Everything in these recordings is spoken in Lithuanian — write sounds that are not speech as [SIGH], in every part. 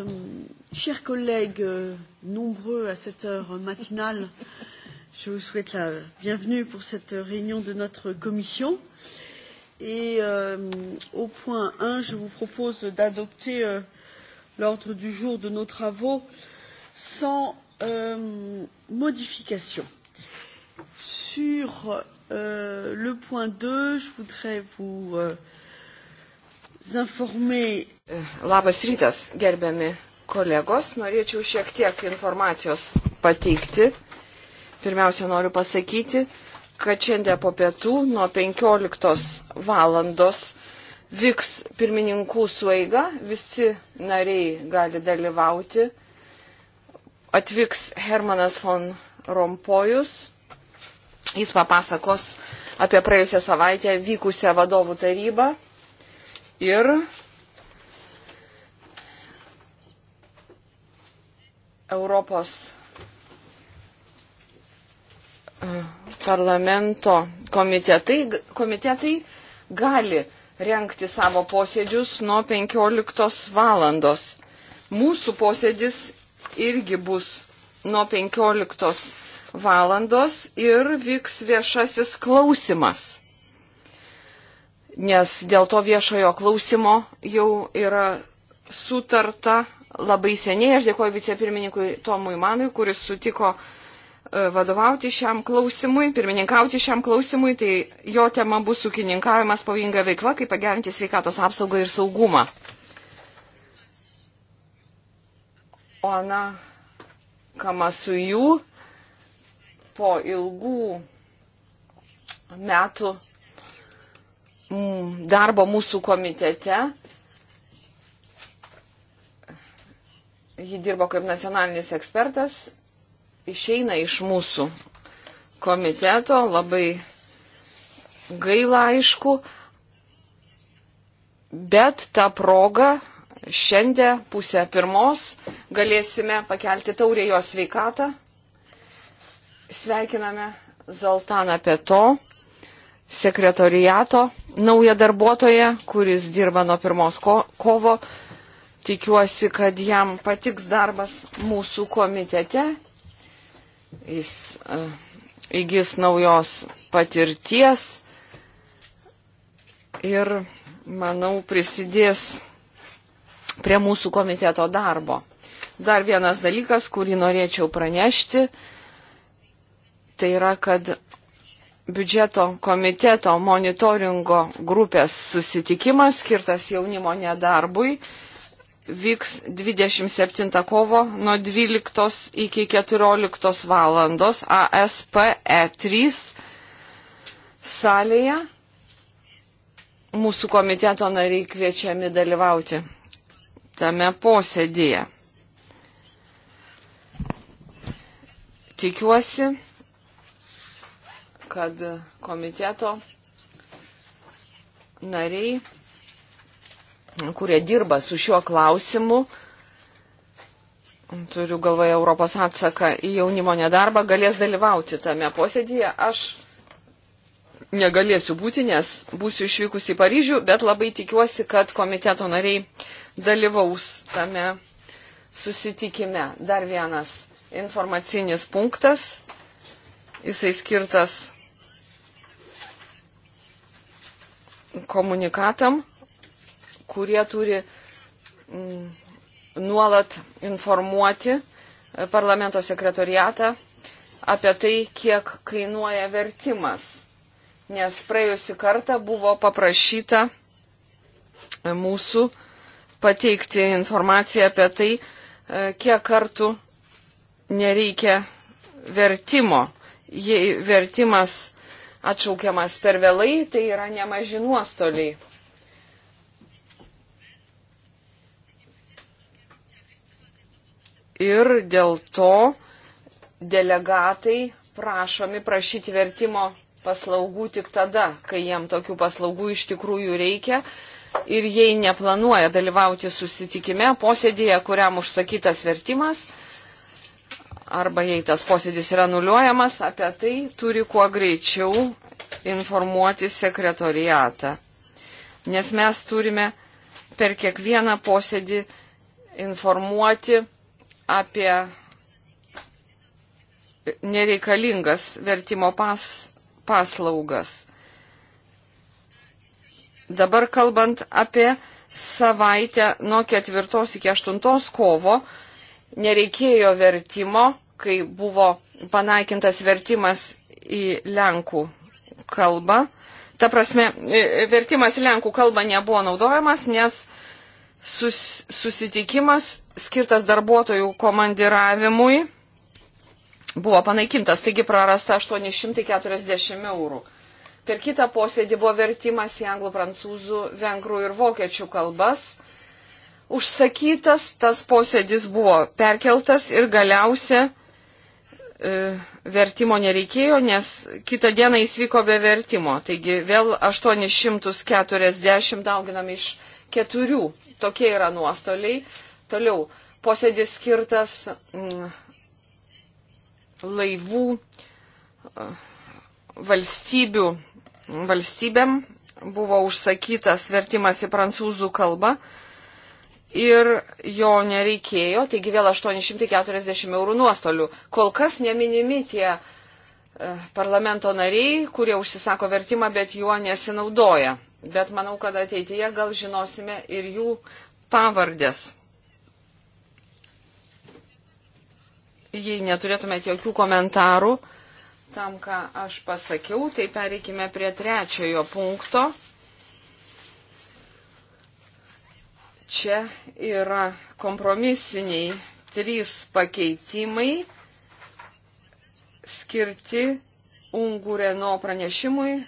Euh, chers collègues, euh, nombreux à cette heure matinale, je vous souhaite la bienvenue pour cette réunion de notre commission. Et euh, au point 1, je vous propose d'adopter euh, l'ordre du jour de nos travaux sans euh, modification. Sur euh, le point 2, je voudrais vous euh, informer. Labas rytas, gerbiami kolegos. Norėčiau šiek tiek informacijos pateikti. Pirmiausia, noriu pasakyti, kad šiandien po pietų nuo 15 valandos vyks pirmininkų suiga, visi nariai gali dalyvauti. Atvyks Hermanas von Rompojus, jis papasakos apie praėjusią savaitę vykusią vadovų tarybą ir Europos e, parlamento komitetai, komitetai gali renkti savo posėdžius nuo 15 valandos. Mūsų posėdis irgi bus nuo 15 valandos ir vyks viešasis klausimas nes dėl to viešojo klausimo jau yra sutarta labai seniai. Aš dėkoju vicepirmininkui Tomui Manui, kuris sutiko e, vadovauti šiam klausimui, pirmininkauti šiam klausimui, tai jo tema bus ūkininkavimas pavojinga veikla, kaip pagerinti sveikatos apsaugą ir saugumą. Ona Kamasujų po ilgų metų Mm, darbo mūsų komitete. Ji dirbo kaip nacionalinis ekspertas, išeina iš mūsų komiteto, labai gaila aišku, bet tą progą šiandien pusę pirmos galėsime pakelti taurę jos sveikatą. Sveikiname Zoltaną Peto sekretoriato naują darbuotoją, kuris dirba nuo pirmos ko kovo. Tikiuosi, kad jam patiks darbas mūsų komitete. Jis uh, įgis naujos patirties ir, manau, prisidės prie mūsų komiteto darbo. Dar vienas dalykas, kurį norėčiau pranešti, tai yra, kad biudžeto komiteto monitoringo grupės susitikimas skirtas jaunimo nedarbui vyks 27 kovo nuo 12 iki 14 valandos ASPE3 salėje. Mūsų komiteto nariai kviečiami dalyvauti tame posėdėje. Tikiuosi, kad komiteto nariai, kurie dirba su šiuo klausimu, turiu galvoje Europos atsaką į jaunimo nedarbą, galės dalyvauti tame posėdėje. Aš negalėsiu būti, nes būsiu išvykus į Paryžių, bet labai tikiuosi, kad komiteto nariai dalyvaus tame susitikime. Dar vienas informacinis punktas. Jisai skirtas komunikatam, kurie turi mm, nuolat informuoti e, parlamento sekretoriatą apie tai, kiek kainuoja vertimas. Nes praėjusi kartą buvo paprašyta e, mūsų pateikti informaciją apie tai, e, kiek kartų nereikia vertimo. Jei vertimas atšaukiamas per vėlai, tai yra nemaži nuostoliai. Ir dėl to delegatai prašomi prašyti vertimo paslaugų tik tada, kai jiem tokių paslaugų iš tikrųjų reikia. Ir jei neplanuoja dalyvauti susitikime, posėdėje, kuriam užsakytas vertimas, arba jei tas posėdis yra nuliuojamas, apie tai turi kuo greičiau informuoti sekretoriatą. Nes mes turime per kiekvieną posėdį informuoti apie nereikalingas vertimo pas, paslaugas. Dabar kalbant apie savaitę nuo 4 iki 8 kovo, nereikėjo vertimo, kai buvo panaikintas vertimas į Lenkų kalbą. Ta prasme, e, e, vertimas į Lenkų kalbą nebuvo naudojamas, nes sus, susitikimas skirtas darbuotojų komandiravimui buvo panaikintas, taigi prarasta 840 eurų. Per kitą posėdį buvo vertimas į anglų, prancūzų, vengrų ir vokiečių kalbas užsakytas, tas posėdis buvo perkeltas ir galiausia e, vertimo nereikėjo, nes kitą dieną jis vyko be vertimo. Taigi vėl 840 dauginam iš keturių. Tokie yra nuostoliai. Toliau posėdis skirtas m, mm, laivų e, valstybių, valstybėm. Buvo užsakytas vertimas į prancūzų kalbą ir jo nereikėjo, taigi vėl 840 eurų nuostolių. Kol kas neminimi tie e, parlamento nariai, kurie užsisako vertimą, bet juo nesinaudoja. Bet manau, kad ateityje gal žinosime ir jų pavardės. Jei neturėtumėte jokių komentarų tam, ką aš pasakiau, tai pereikime prie trečiojo punkto. Čia yra kompromisiniai trys pakeitimai skirti Ungureno pranešimui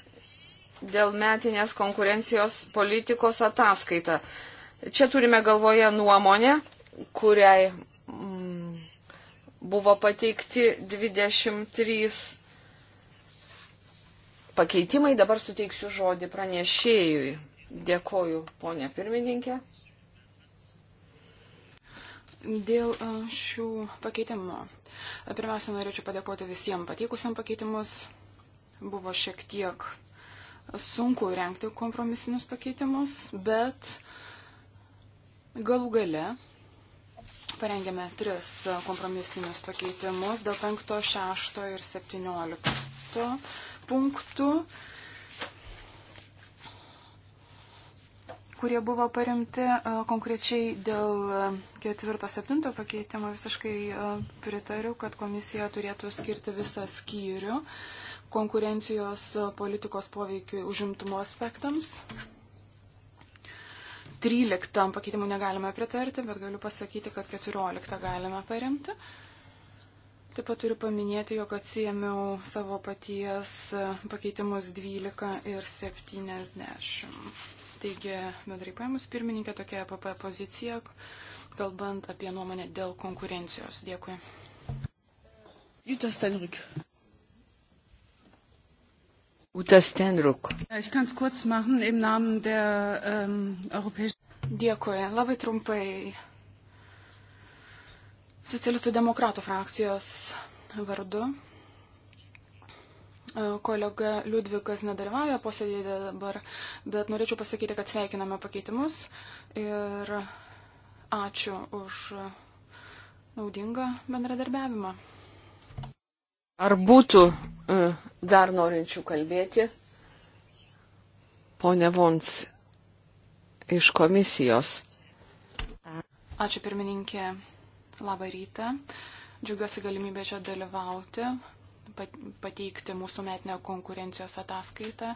dėl metinės konkurencijos politikos ataskaita. Čia turime galvoje nuomonę, kuriai mm, buvo pateikti 23 pakeitimai. Dabar suteiksiu žodį pranešėjui. Dėkoju, ponė pirmininkė. Dėl šių pakeitimų. Pirmiausia, norėčiau padėkoti visiems pateikusiam pakeitimus. Buvo šiek tiek sunku renkti kompromisinius pakeitimus, bet galų gale parengėme tris kompromisinius pakeitimus dėl 5, 6 ir 17 punktų. kurie buvo paremti e, konkrečiai dėl e, ketvirto, septinto pakeitimo, visiškai e, pritariu, kad komisija turėtų skirti visą skyrių konkurencijos politikos poveikiai užimtumo aspektams. 13 pakeitimų negalime pritarti, bet galiu pasakyti, kad 14 galime paremti. Taip pat turiu paminėti, jog atsijėmiau savo paties pakeitimus 12 ir 70. Taigi, bendrai paėmus, pirmininkė tokia APP e pozicija, kalbant apie nuomonę dėl konkurencijos. Dėkui. Jutta Steinrück. Jutta Steinrück. Ich kann es kurz machen im Namen der ähm, Europäischen. Dėkui. Labai trumpai. Socialistų demokratų frakcijos vardu E, kolega Liudvikas nedalyvauja posėdėje dabar, bet norėčiau pasakyti, kad sveikiname pakeitimus ir ačiū už naudingą bendradarbiavimą. Ar būtų e, dar norinčių kalbėti? Pone Vons iš komisijos. Ačiū pirmininkė. Labą rytą. Džiugiuosi galimybę čia dalyvauti pateikti mūsų metinę konkurencijos ataskaitą,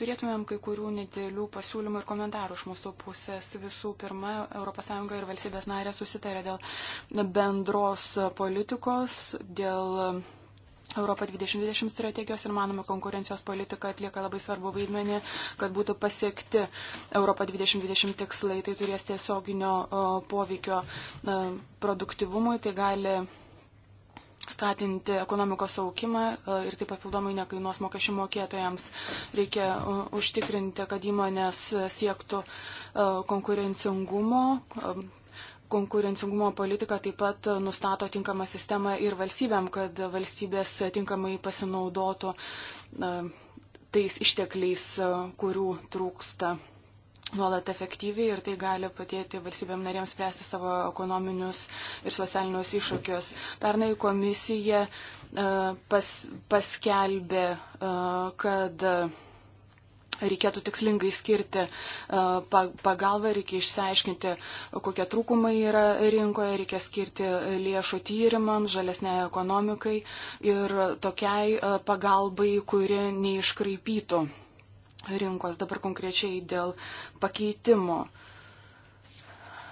turėtumėm kai kurių nedėlių pasiūlymų ir komentarų iš mūsų pusės. Visų pirma, ES ir valstybės narė susitarė dėl bendros politikos, dėl Europa 2020 strategijos ir manome konkurencijos politika atlieka labai svarbu vaidmenį, kad būtų pasiekti Europa 2020 tikslai. Tai turės tiesioginio poveikio e, produktivumui, tai gali skatinti ekonomikos aukimą e, ir tai papildomai nekainuos mokesčių mokėtojams. Reikia e, užtikrinti, kad įmonės siektų e, konkurencingumo. Konkurencingumo politika taip pat nustato tinkamą sistemą ir valstybėm, kad valstybės tinkamai pasinaudotų tais ištekliais, kurių trūksta nuolat efektyviai ir tai gali padėti valstybėm narėms spręsti savo ekonominius ir socialinius iššūkius. Pernai komisija e, pas, paskelbė, e, kad reikėtų tikslingai skirti e, pagalbą, reikia išsiaiškinti, kokie trūkumai yra rinkoje, reikia skirti lėšų tyrimams, žalesnei ekonomikai ir tokiai pagalbai, kuri neiškraipytų rinkos. Dabar konkrečiai dėl pakeitimo.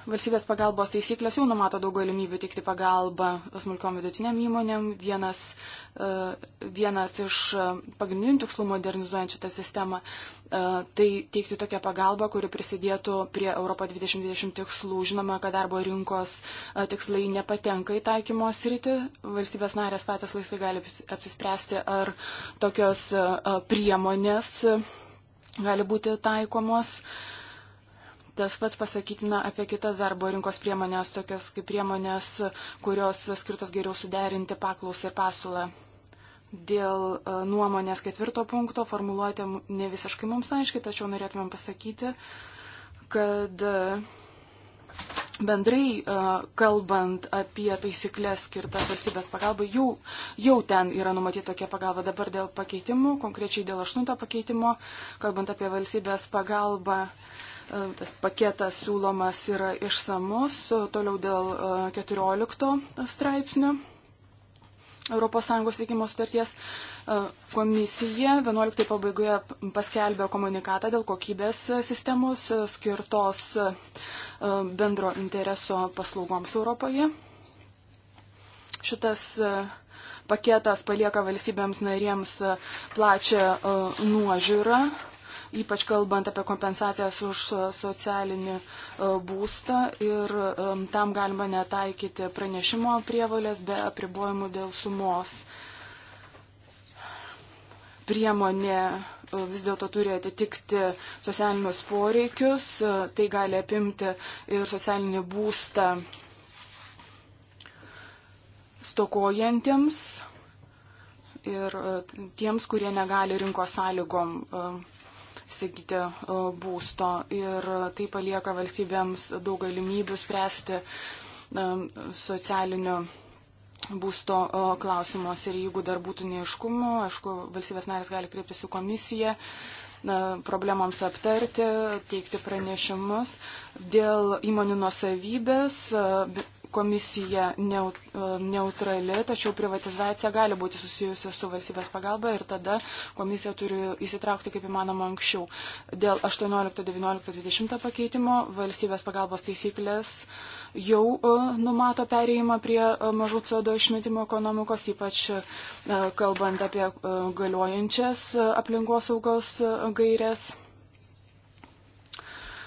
Valstybės pagalbos taisyklės jau numato daug galimybių teikti pagalbą smulkiom vidutiniam įmonėm. Vienas, e, vienas iš e, pagrindinių tikslų modernizuojant šitą sistemą e, - tai teikti tokią pagalbą, kuri prisidėtų prie Europo 2020 tikslų. Žinoma, kad darbo rinkos tikslai nepatenka į taikymo sritį. Valstybės narės patys laisvai gali apsispręsti, ar tokios priemonės gali būti taikomos. Tas pats pasakytina apie kitas darbo rinkos priemonės, tokias kaip priemonės, kurios skirtos geriau suderinti paklausą ir pasiūlą. Dėl e, nuomonės ketvirto punkto formuluotė ne visiškai mums aiškiai, tačiau norėtumėm pasakyti, kad uh, bendrai e, kalbant apie taisyklės skirtas valstybės pagalbai, jau, jau ten yra numatyta tokia pagalba. Dabar dėl pakeitimų, konkrečiai dėl aštunto pakeitimo, kalbant apie valstybės pagalbą, e, tas paketas siūlomas yra išsamus, toliau dėl e, keturiolikto straipsnio ES veikimo sutarties e, komisija 11 pabaigoje paskelbė komunikatą dėl kokybės sistemos e, skirtos e, bendro intereso paslaugoms Europoje. Šitas paketas palieka valstybėms narėms plačią nuožiūrą ypač kalbant apie kompensacijas už socialinį e, būstą ir e, tam galima netaikyti pranešimo prievalės be apribojimų dėl sumos. Priemonė e, vis dėlto turi atitikti socialinius poreikius, tai gali apimti ir socialinį būstą stokojantiems ir tiems, kurie negali rinkos sąlygom įsigyti e, būsto ir tai palieka valstybėms daug galimybių spręsti e, socialinių būsto e, klausimus ir jeigu dar būtų neiškumų, aišku, valstybės narės gali kreiptis į komisiją problemams aptarti, teikti pranešimus. Dėl įmonių nusavybės komisija e, neutrali, tačiau privatizacija gali būti susijusi su valstybės pagalba ir tada komisija turi įsitraukti kaip įmanoma anksčiau. Dėl 18, 19, 20 pakeitimo valstybės pagalbos taisyklės jau e, numato pereimą prie e, mažų CO2 išmetimo ekonomikos, ypač kalbant apie galiojančias aplinkosaugos gairias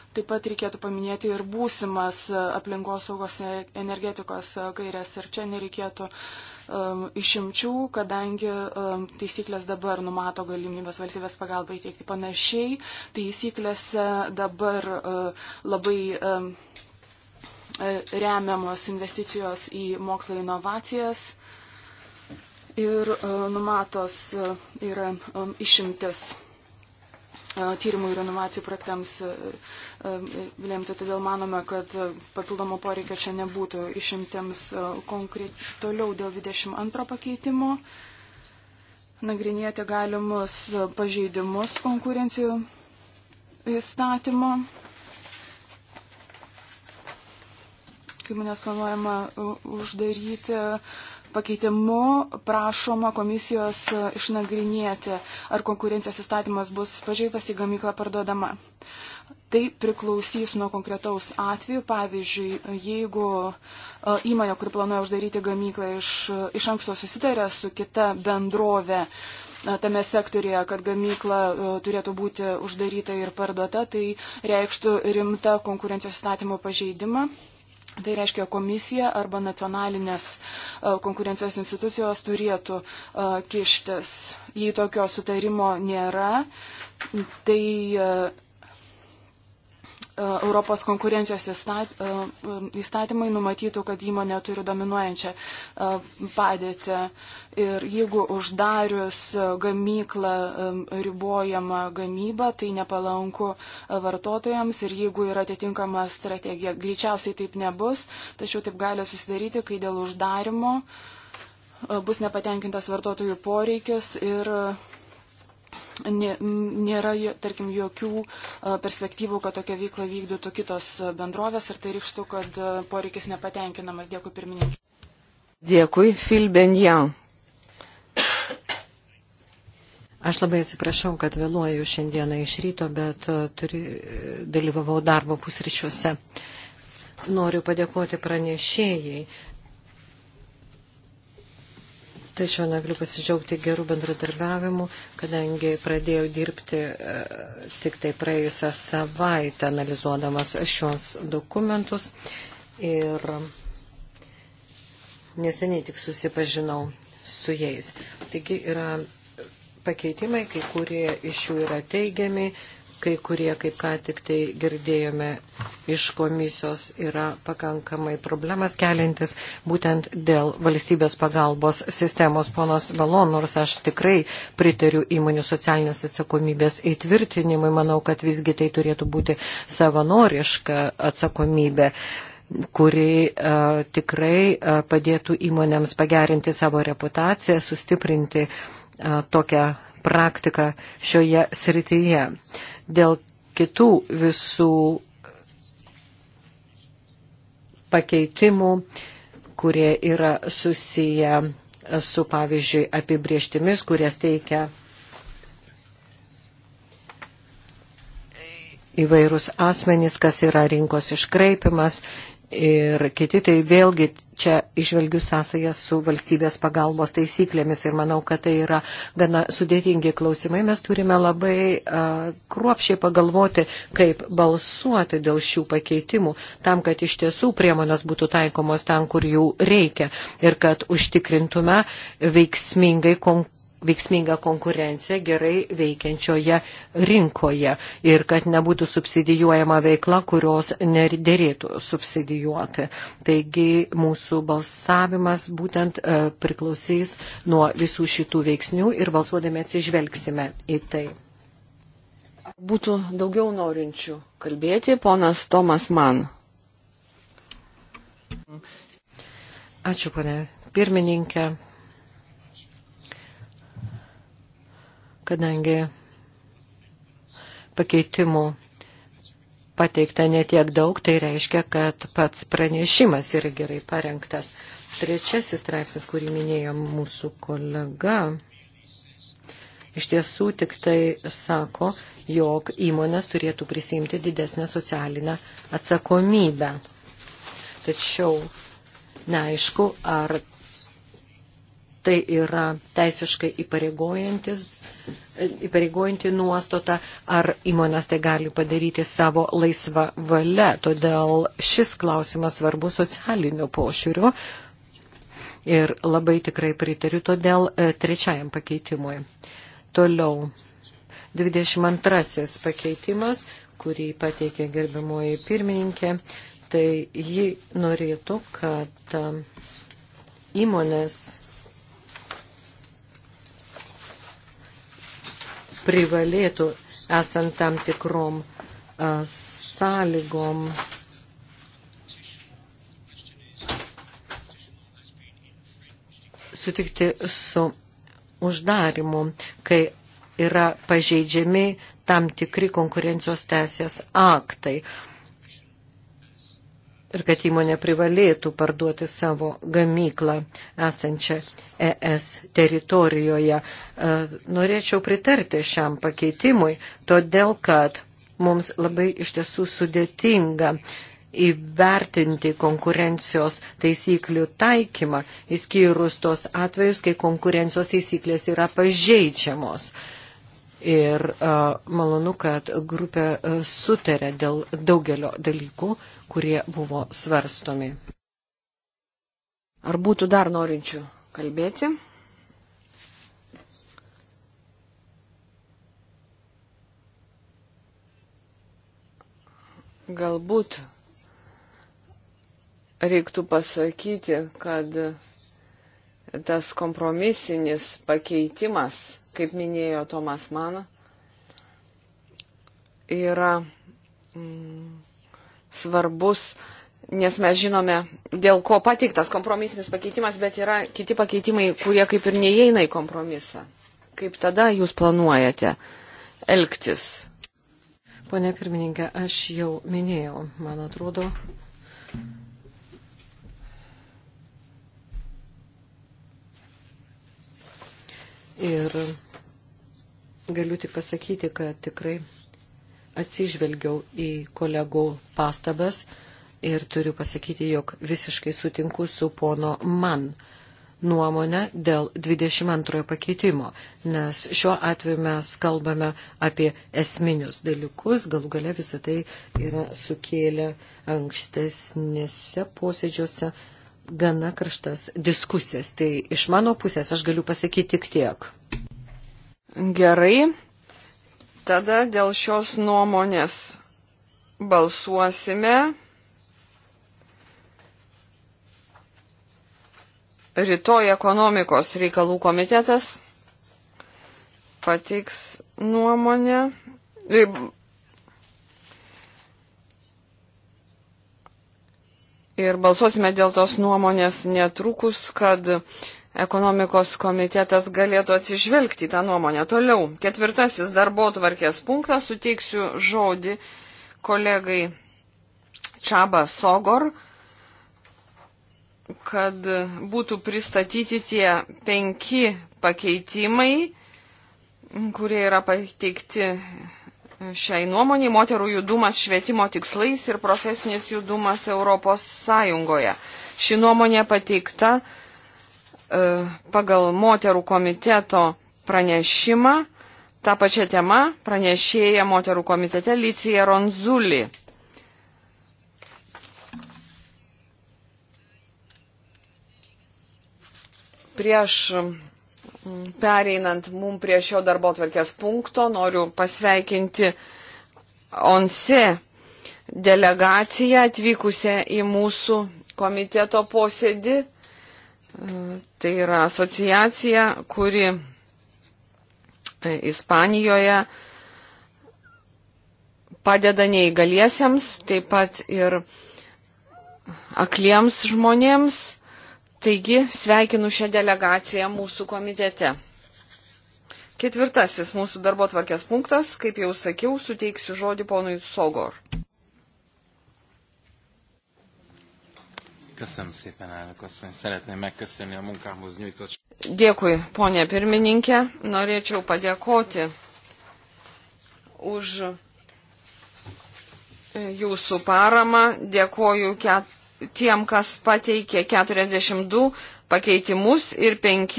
Taip pat reikėtų paminėti ir būsimas aplinkos saugos energetikos gairias. Ir čia nereikėtų um, išimčių, kadangi um, taisyklės dabar numato galimybės valstybės pagalbai teikti panašiai. Taisyklėse dabar uh, labai. Um, remiamos investicijos į mokslo inovacijas ir uh, numatos uh, yra um, išimtis uh, tyrimų ir inovacijų projektams uh, lemti, todėl manome, kad e, papildomo poreikio čia nebūtų išimtiems e, konkrečiai toliau dėl 22 pakeitimo. Nagrinėti galimus e, pažeidimus konkurencijų įstatymo. Kaip manęs planuojama uždaryti pakeitimu prašoma komisijos išnagrinėti, ar konkurencijos įstatymas bus pažeistas į gamyklą parduodama. Tai priklausys nuo konkretaus atveju. Pavyzdžiui, jeigu e, įmonė, kuri planuoja uždaryti gamyklą, iš, e, iš anksto susitarė su kita bendrovė e, tame sektorėje, kad gamykla turėtų būti uždaryta ir parduota, tai reikštų rimtą konkurencijos įstatymo pažeidimą. Tai reiškia, komisija arba nacionalinės konkurencijos institucijos turėtų kištis. Jei tokio sutarimo nėra, tai E, Europos konkurencijos e, įstatymai numatytų, kad įmonė turi dominuojančią e, padėtį. Ir jeigu uždarius gamyklą ribojama gamyba, tai nepalanku vartotojams ir jeigu yra atitinkama strategija. Greičiausiai taip nebus, tačiau taip gali susidaryti, kai dėl uždarimo bus nepatenkintas vartotojų poreikis ir nėra, tarkim, jokių perspektyvų, kad tokią veiklą vykdytų kitos bendrovės ir tai reikštų, kad poreikis nepatenkinamas. Dėkui, pirmininkė. Dėkui, Phil Benjan. Aš labai atsiprašau, kad vėluoju šiandieną iš ryto, bet turi, dalyvavau darbo pusryčiuose. Noriu padėkoti pranešėjai Tačiau negaliu pasidžiaugti gerų bendradarbiavimų, kadangi pradėjau dirbti e, tik tai praėjusią savaitę analizuodamas šios dokumentus ir neseniai tik susipažinau su jais. Taigi yra pakeitimai, kai kurie iš jų yra teigiami, kai kurie, kaip ką tik tai girdėjome iš komisijos, yra pakankamai problemas keliantis būtent dėl valstybės pagalbos sistemos. Ponas Valon, nors aš tikrai pritariu įmonių socialinės atsakomybės įtvirtinimui, manau, kad visgi tai turėtų būti savanoriška atsakomybė kuri uh, tikrai uh, padėtų įmonėms pagerinti savo reputaciją, sustiprinti uh, tokią praktiką šioje srityje. Dėl kitų visų pakeitimų, kurie yra susiję su, pavyzdžiui, apibrieštimis, kurias teikia įvairūs asmenys, kas yra rinkos iškraipimas, ir kiti, tai vėlgi čia išvelgiu sąsają su valstybės pagalbos taisyklėmis ir manau, kad tai yra gana sudėtingi klausimai. Mes turime labai uh, kruopšiai pagalvoti, kaip balsuoti dėl šių pakeitimų, tam, kad iš tiesų priemonės būtų taikomos ten, kur jų reikia ir kad užtikrintume veiksmingai konkursą veiksmingą konkurenciją gerai veikiančioje rinkoje ir kad nebūtų subsidijuojama veikla, kurios nedėrėtų subsidijuoti. Taigi mūsų balsavimas būtent e, priklausys nuo visų šitų veiksnių ir balsuodami atsižvelgsime į tai. Būtų daugiau norinčių kalbėti, ponas Tomas Mann. Ačiū, ponė pirmininkė. kadangi pakeitimų pateikta netiek daug, tai reiškia, kad pats pranešimas yra gerai parengtas. Trečiasis straipsnis, kurį minėjo mūsų kolega, iš tiesų tik tai sako, jog įmonės turėtų prisimti didesnę socialinę atsakomybę. Tačiau neaišku, ar tai yra teisiškai įpareigojanti nuostata, ar įmonės tai gali padaryti savo laisvą valią. Todėl šis klausimas svarbu socialiniu pošiūriu ir labai tikrai pritariu todėl e, trečiajam pakeitimui. Toliau. 22 pakeitimas, kurį pateikė gerbiamoji pirmininkė, tai ji norėtų, kad e, įmonės privalėtų esant tam tikrom a, sąlygom sutikti su uždarimu, kai yra pažeidžiami tam tikri konkurencijos teisės aktai ir kad įmonė privalėtų parduoti savo gamyklą esančią ES teritorijoje. E, norėčiau pritarti šiam pakeitimui, todėl kad mums labai iš tiesų sudėtinga įvertinti konkurencijos taisyklių taikymą, įskyrus tos atvejus, kai konkurencijos taisyklės yra pažeidžiamos. Ir uh, malonu, kad grupė uh, sutarė dėl daugelio dalykų, uh, kurie buvo svarstomi. Ar būtų dar norinčių kalbėti? Galbūt reiktų pasakyti, kad tas kompromisinis pakeitimas, kaip minėjo Tomas Mano, yra mm, svarbus, nes mes žinome, dėl ko pateiktas kompromisinis pakeitimas, bet yra kiti pakeitimai, kurie kaip ir neįeina į kompromisą. Kaip tada jūs planuojate elgtis? Pone pirmininkė, aš jau minėjau, man atrodo, Ir galiu tik pasakyti, kad tikrai atsižvelgiau į kolegų pastabas ir turiu pasakyti, jog visiškai sutinku su pono man nuomonę dėl 22 pakeitimo, nes šiuo atveju mes kalbame apie esminius dalykus, galų gale visą tai yra sukėlę ankstesnėse posėdžiuose gana karštas diskusijas. Tai iš mano pusės aš galiu pasakyti tik tiek. Gerai, Tada dėl šios nuomonės balsuosime rytoj ekonomikos reikalų komitetas patiks nuomonę. Ir balsuosime dėl tos nuomonės netrukus, kad ekonomikos komitetas galėtų atsižvelgti tą nuomonę. Toliau, ketvirtasis darbo tvarkės punktas, suteiksiu žodį kolegai Čaba Sogor, kad būtų pristatyti tie penki pakeitimai, kurie yra pateikti šiai nuomoniai moterų judumas švietimo tikslais ir profesinis judumas Europos Sąjungoje. Ši nuomonė pateikta E, pagal moterų komiteto pranešimą, tą pačią temą pranešėja moterų komitete Licija Ronzulį. Prieš pereinant mum prie šio darbo tvarkės punkto, noriu pasveikinti ONSE delegaciją atvykusią į mūsų komiteto posėdį. Tai yra asociacija, kuri e, Ispanijoje padeda neįgaliesiems, taip pat ir akliems žmonėms. Taigi sveikinu šią delegaciją mūsų komitete. Ketvirtasis mūsų darbo tvarkės punktas, kaip jau sakiau, suteiksiu žodį ponui Sogor. Köszönöm szépen, elnök asszony. Szeretném megköszönni a munkámhoz nyújtott. Dėkui, ponė pirmininkė. Norėčiau padėkoti už jūsų paramą. Dėkoju ket... tiem, kas pateikė 42 pakeitimus ir 5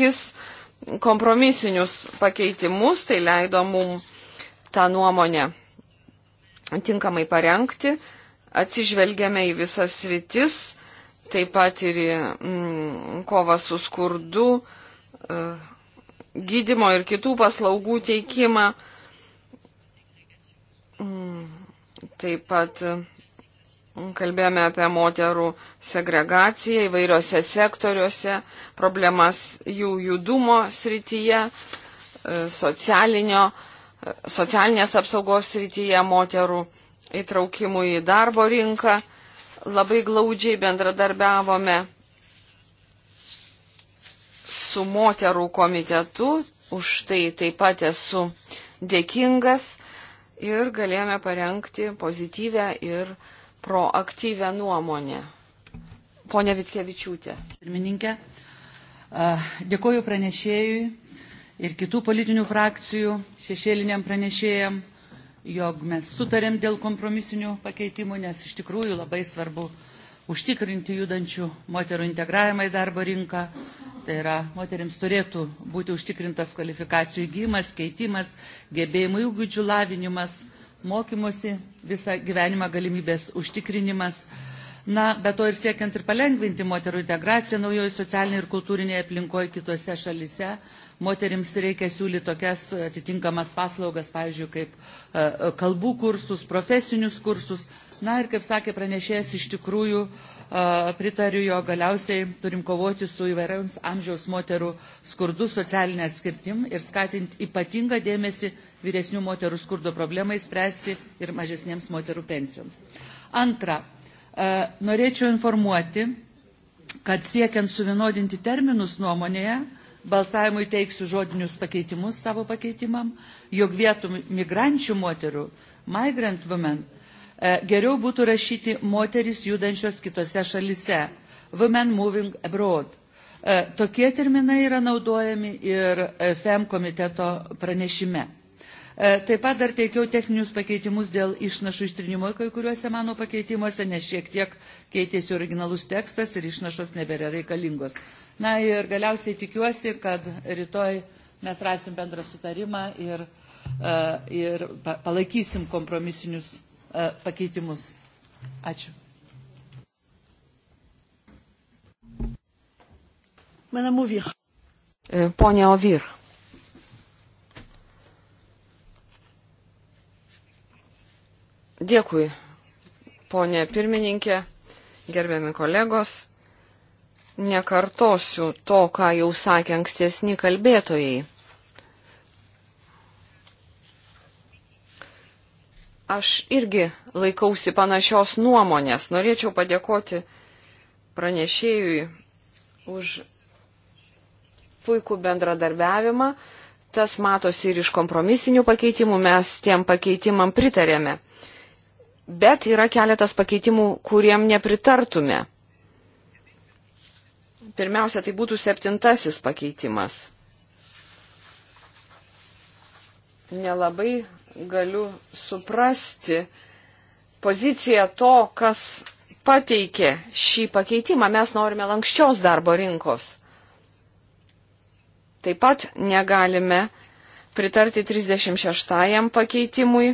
kompromisinius pakeitimus. Tai leido mum tą nuomonę tinkamai parengti. Atsižvelgėme į visas rytis taip pat ir į mm, kovą su skurdu, e, gydimo ir kitų paslaugų teikimą. Mm, taip pat mm, kalbėjome apie moterų segregaciją įvairiose sektoriuose, problemas jų judumo srityje, e, e, socialinės apsaugos srityje, moterų įtraukimų į darbo rinką labai glaudžiai bendradarbiavome su moterų komitetu, už tai taip pat esu dėkingas ir galėjome parengti pozityvę ir proaktyvę nuomonę. Pone Vitkevičiūtė. Pirmininkė, dėkoju pranešėjui ir kitų politinių frakcijų šešėliniam pranešėjam jog mes sutarėm dėl kompromisinių pakeitimų, nes iš tikrųjų labai svarbu užtikrinti judančių moterų integravimą į darbo rinką. Tai yra, moteriams turėtų būti užtikrintas kvalifikacijų įgymas, keitimas, gebėjimų įgūdžių lavinimas, mokymosi visą gyvenimą galimybės užtikrinimas. Uh, Na, be to ir siekiant ir palengvinti moterų integraciją naujoje socialinėje ir kultūrinėje aplinkoje kitose šalise, moterims reikia siūlyti tokias atitinkamas paslaugas, pavyzdžiui, kaip e, e, kalbų kursus, profesinius kursus. Na ir, kaip sakė pranešėjas, iš tikrųjų e, pritariu jo galiausiai turim kovoti su įvairiams amžiaus moterų skurdu, socialinė atskirtim ir skatinti ypatingą dėmesį vyresnių moterų skurdo problemai spręsti ir mažesniems moterų pensijoms. Antra, E, norėčiau informuoti, kad siekiant suvienodinti terminus nuomonėje, balsavimui teiksiu žodinius pakeitimus savo pakeitimam, jog vietų migrančių moterų, migrant women, e, geriau būtų rašyti moteris judančios kitose šalise, women moving abroad. E, tokie terminai yra naudojami ir FEM komiteto pranešime. E, taip pat dar teikiau techninius pakeitimus dėl išnašų ištrinimo kai kuriuose mano pakeitimuose, nes šiek tiek keitėsi originalus tekstas ir išnašos nebėra reikalingos. Na ir galiausiai tikiuosi, kad rytoj mes rasim bendrą sutarimą ir, e, ir palaikysim kompromisinius e, pakeitimus. Ačiū. Madame Ovir. Ponia Ovir. Dėkui, ponė pirmininkė, gerbiami kolegos. Nekartosiu to, ką jau sakė ankstesni kalbėtojai. Aš irgi laikausi panašios nuomonės. Norėčiau padėkoti pranešėjui už puikų bendradarbiavimą. Tas matosi ir iš kompromisinių pakeitimų, mes tiem pakeitimam pritarėme bet yra keletas pakeitimų, kuriem nepritartume. Pirmiausia, tai būtų septintasis pakeitimas. Nelabai galiu suprasti poziciją to, kas pateikė šį pakeitimą. Mes norime lankščios darbo rinkos. Taip pat negalime pritarti 36 pakeitimui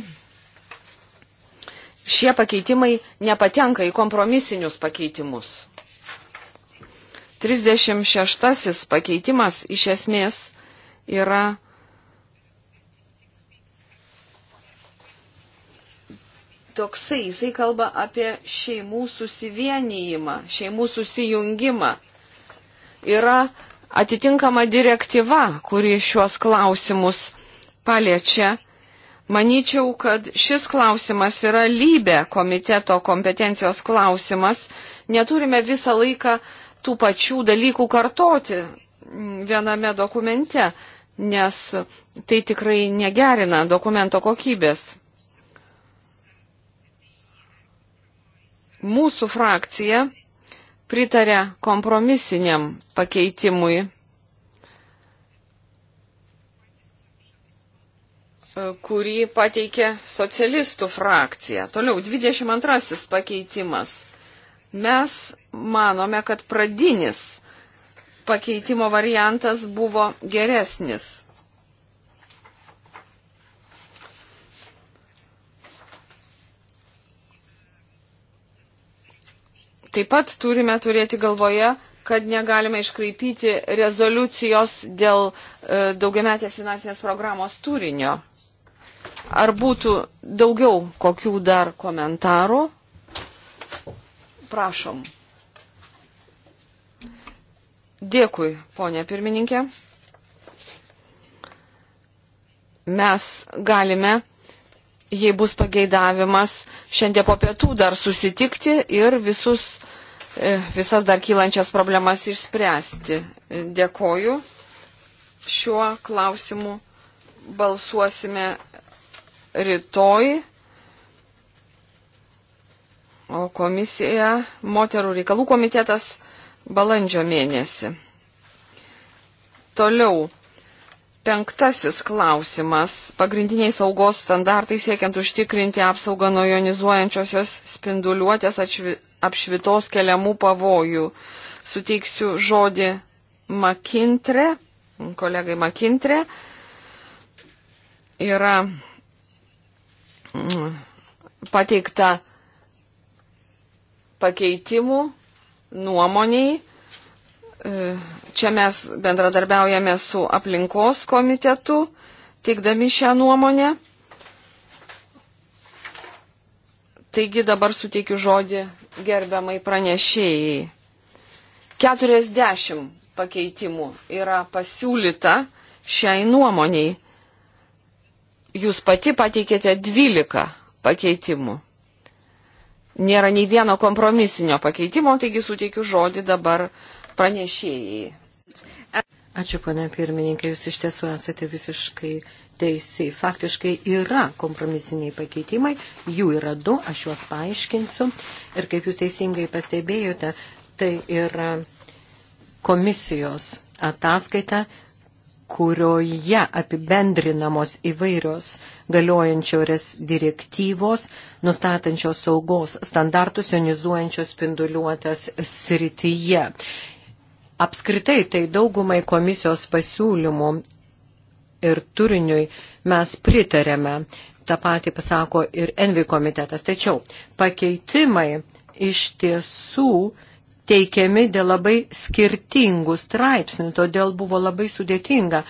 šie pakeitimai nepatenka į kompromisinius pakeitimus. 36 pakeitimas iš esmės yra toksai, jisai kalba apie šeimų susivienijimą, šeimų susijungimą. Yra atitinkama direktyva, kuri šiuos klausimus paliečia Manyčiau, kad šis klausimas yra lybė komiteto kompetencijos klausimas. Neturime visą laiką tų pačių dalykų kartoti viename dokumente, nes tai tikrai negerina dokumento kokybės. Mūsų frakcija pritarė kompromisiniam pakeitimui kurį pateikė socialistų frakcija. Toliau, 22 pakeitimas. Mes manome, kad pradinis pakeitimo variantas buvo geresnis. Taip pat turime turėti galvoje, kad negalime iškraipyti rezoliucijos dėl e, daugiametės finansinės programos turinio. Ar būtų daugiau kokių dar komentarų? Prašom. Dėkui, ponė pirmininkė. Mes galime, jei bus pageidavimas, šiandien po pietų dar susitikti ir visus, e, visas dar kylančias problemas išspręsti. Dėkoju. Šiuo klausimu balsuosime rytoj O komisija, moterų reikalų komitetas balandžio mėnesį. Toliau. Penktasis klausimas. Pagrindiniai saugos standartai siekiant užtikrinti apsaugą nuo jonizuojančiosios spinduliuotės atšvi, apšvitos keliamų pavojų. Suteiksiu žodį Makintre, kolegai Makintre. Yra pateikta pakeitimų nuomoniai. E, čia mes bendradarbiaujame su aplinkos komitetu, teikdami šią nuomonę. Taigi dabar suteikiu žodį gerbiamai pranešėjai. 40 pakeitimų yra pasiūlyta šiai nuomoniai jūs pati pateikėte 12 pakeitimų. Nėra nei vieno kompromisinio pakeitimo, taigi suteikiu žodį dabar pranešėjai. Ačiū, pane pirmininkai, jūs iš tiesų esate visiškai teisi. Faktiškai yra kompromisiniai pakeitimai, jų yra du, aš juos paaiškinsiu. Ir kaip jūs teisingai pastebėjote, tai yra komisijos ataskaita kurioje apibendrinamos įvairios galiojančios direktyvos, nustatančios saugos standartus jonizuojančios spinduliuotės srityje. Apskritai, tai daugumai komisijos pasiūlymų ir turiniui mes pritarėme. Ta pati pasako ir Envi komitetas. Tačiau pakeitimai iš tiesų teikiami dėl labai skirtingų straipsnių, todėl buvo labai sudėtinga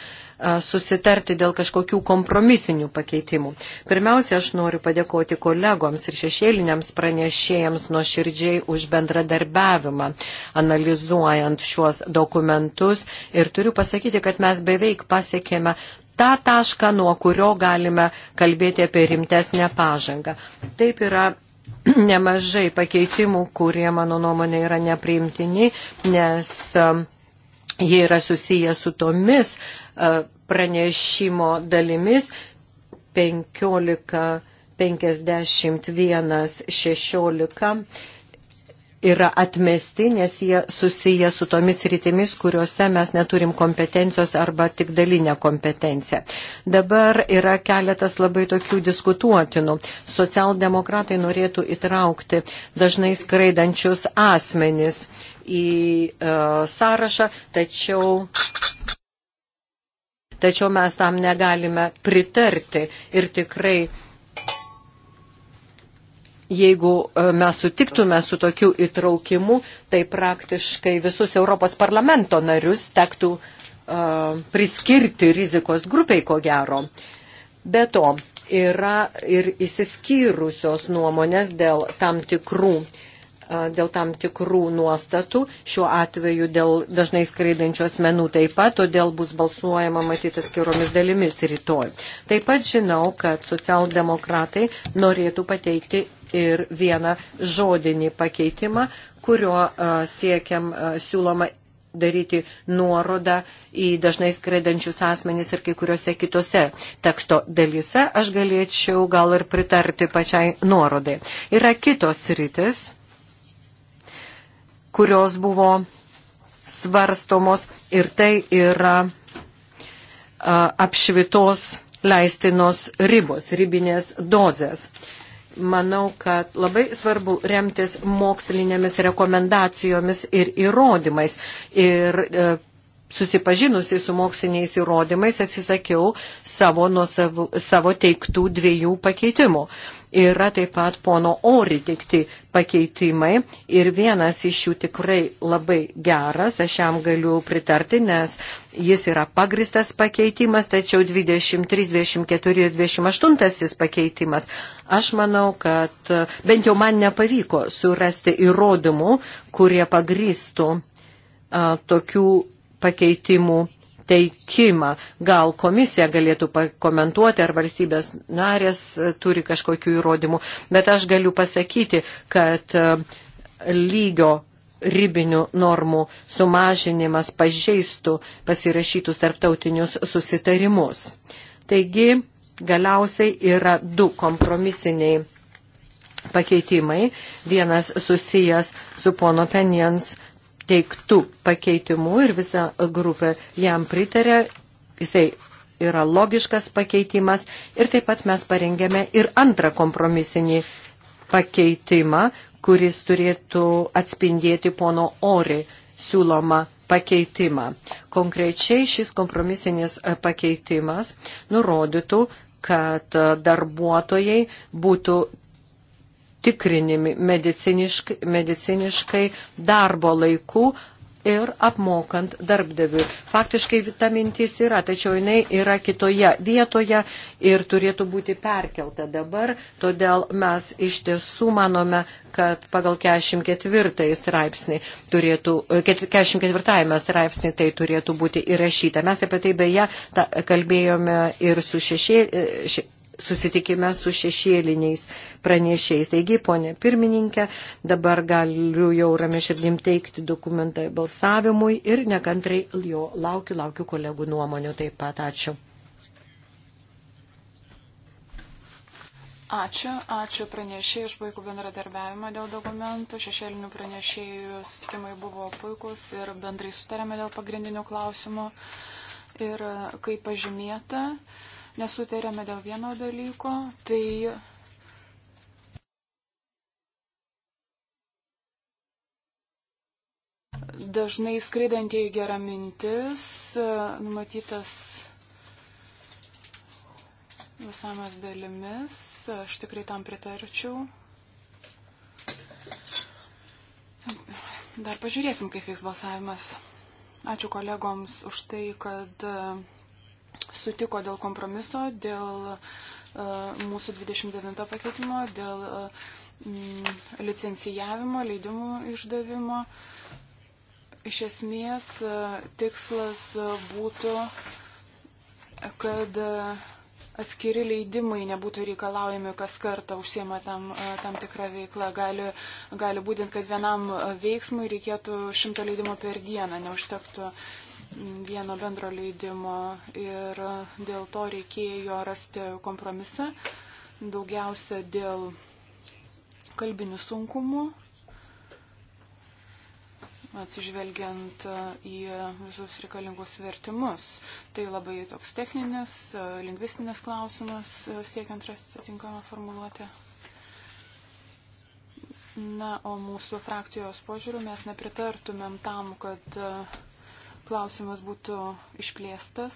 susitarti dėl kažkokių kompromisinių pakeitimų. Pirmiausia, aš noriu padėkoti kolegoms ir šešėliniams pranešėjams nuo širdžiai už bendradarbiavimą, analizuojant šiuos dokumentus. Ir turiu pasakyti, kad mes beveik pasiekėme tą tašką, nuo kurio galime kalbėti apie rimtesnę pažangą. Taip yra [CLEARS THROAT] nemažai pakeitimų, kurie, mano nuomonė, yra nepriimtini, nes um, jie yra susiję su tomis uh, pranešimo dalimis 15, 51, 16 yra atmesti, nes jie susiję su tomis rytimis, kuriuose mes neturim kompetencijos arba tik dalinę kompetenciją. Dabar yra keletas labai tokių diskutuotinų. Socialdemokratai norėtų įtraukti dažnai skraidančius asmenis į e, sąrašą, tačiau tačiau mes tam negalime pritarti ir tikrai jeigu e, mes sutiktume su tokiu įtraukimu, tai praktiškai visus Europos parlamento narius tektų uh, priskirti rizikos grupiai, ko gero. Be to, yra ir įsiskyrusios nuomonės dėl tam tikrų uh, dėl tam tikrų nuostatų, šiuo atveju dėl dažnai skraidančių asmenų taip pat, todėl bus balsuojama matyti atskiromis dalimis rytoj. Taip pat žinau, kad socialdemokratai norėtų pateikti ir vieną žodinį pakeitimą, kurio siekiam siūloma daryti nuorodą į dažnai skraidančius asmenys ir kai kuriuose kitose teksto dalyse, aš galėčiau gal ir pritarti pačiai nuorodai. Yra kitos rytis, kurios buvo svarstomos ir tai yra apšvitos leistinos ribos, ribinės dozės. Manau, kad labai svarbu remtis mokslinėmis rekomendacijomis ir įrodymais. Ir e, susipažinusi su moksliniais įrodymais atsisakiau savo, nuo savo, savo teiktų dviejų pakeitimų. Yra taip pat pono Ori tikti pakeitimai ir vienas iš jų tikrai labai geras, aš jam galiu pritarti, nes jis yra pagristas pakeitimas, tačiau 23, 24 ir 28 pakeitimas. Aš manau, kad e, bent jau man nepavyko surasti įrodymų, kurie pagristų a, e, tokių pakeitimų pateikimą. Gal komisija galėtų pakomentuoti, ar valstybės narės e, turi kažkokių įrodymų, bet aš galiu pasakyti, kad e, lygio ribinių normų sumažinimas pažeistų pasirašytus tarptautinius susitarimus. Taigi, galiausiai yra du kompromisiniai pakeitimai. Vienas susijęs su pono Penjans teiktų pakeitimų ir visa grupė jam pritarė. Jisai yra logiškas pakeitimas ir taip pat mes parengėme ir antrą kompromisinį pakeitimą, kuris turėtų atspindėti pono Ori siūlomą pakeitimą. Konkrečiai šis kompromisinis pakeitimas nurodytų, kad darbuotojai būtų tikrinimi mediciniškai, mediciniškai darbo laiku ir apmokant darbdaviui. Faktiškai ta mintis yra, tačiau jinai yra kitoje vietoje ir turėtų būti perkelta dabar, todėl mes iš tiesų manome, kad pagal 44 straipsnį turėtų, 44 straipsnį tai turėtų būti įrašyta. Mes apie tai beje ta, kalbėjome ir su šešė, še, susitikime su šešėliniais pranešiais. Taigi, ponė pirmininkė, dabar galiu jau ramiai širdim teikti dokumentą balsavimui ir nekantrai jo laukiu, laukiu kolegų nuomonių taip pat. Ačiū. Ačiū, ačiū pranešėjai už puikų bendradarbiavimą dėl dokumentų. Šešėlinių pranešėjų sutikimai buvo puikus ir bendrai sutarėme dėl pagrindinių klausimų. Ir kaip pažymėta, nesutarėme dėl vieno dalyko, tai dažnai skraidantieji gera mintis, numatytas visamas dalimis, aš tikrai tam pritarčiau. Dar pažiūrėsim, kaip vyks balsavimas. Ačiū kolegoms už tai, kad sutiko dėl kompromiso, dėl e, mūsų 29 pakeitimo, dėl e, licencijavimo, leidimų išdavimo. Iš esmės e, tikslas būtų, kad atskiri leidimai nebūtų reikalaujami kas kartą užsiema tam, tam tikrą veiklą. Gali, gali būtent, kad vienam veiksmui reikėtų šimto leidimo per dieną, neužtektų vieno bendro leidimo ir dėl to reikėjo rasti kompromisą, daugiausia dėl kalbinių sunkumų, atsižvelgiant į visus reikalingus vertimus. Tai labai toks techninis, lingvistinis klausimas, siekiant rasti tinkamą formuluotę. Na, o mūsų frakcijos požiūrių mes nepritartumėm tam, kad uh, klausimas būtų išplėstas.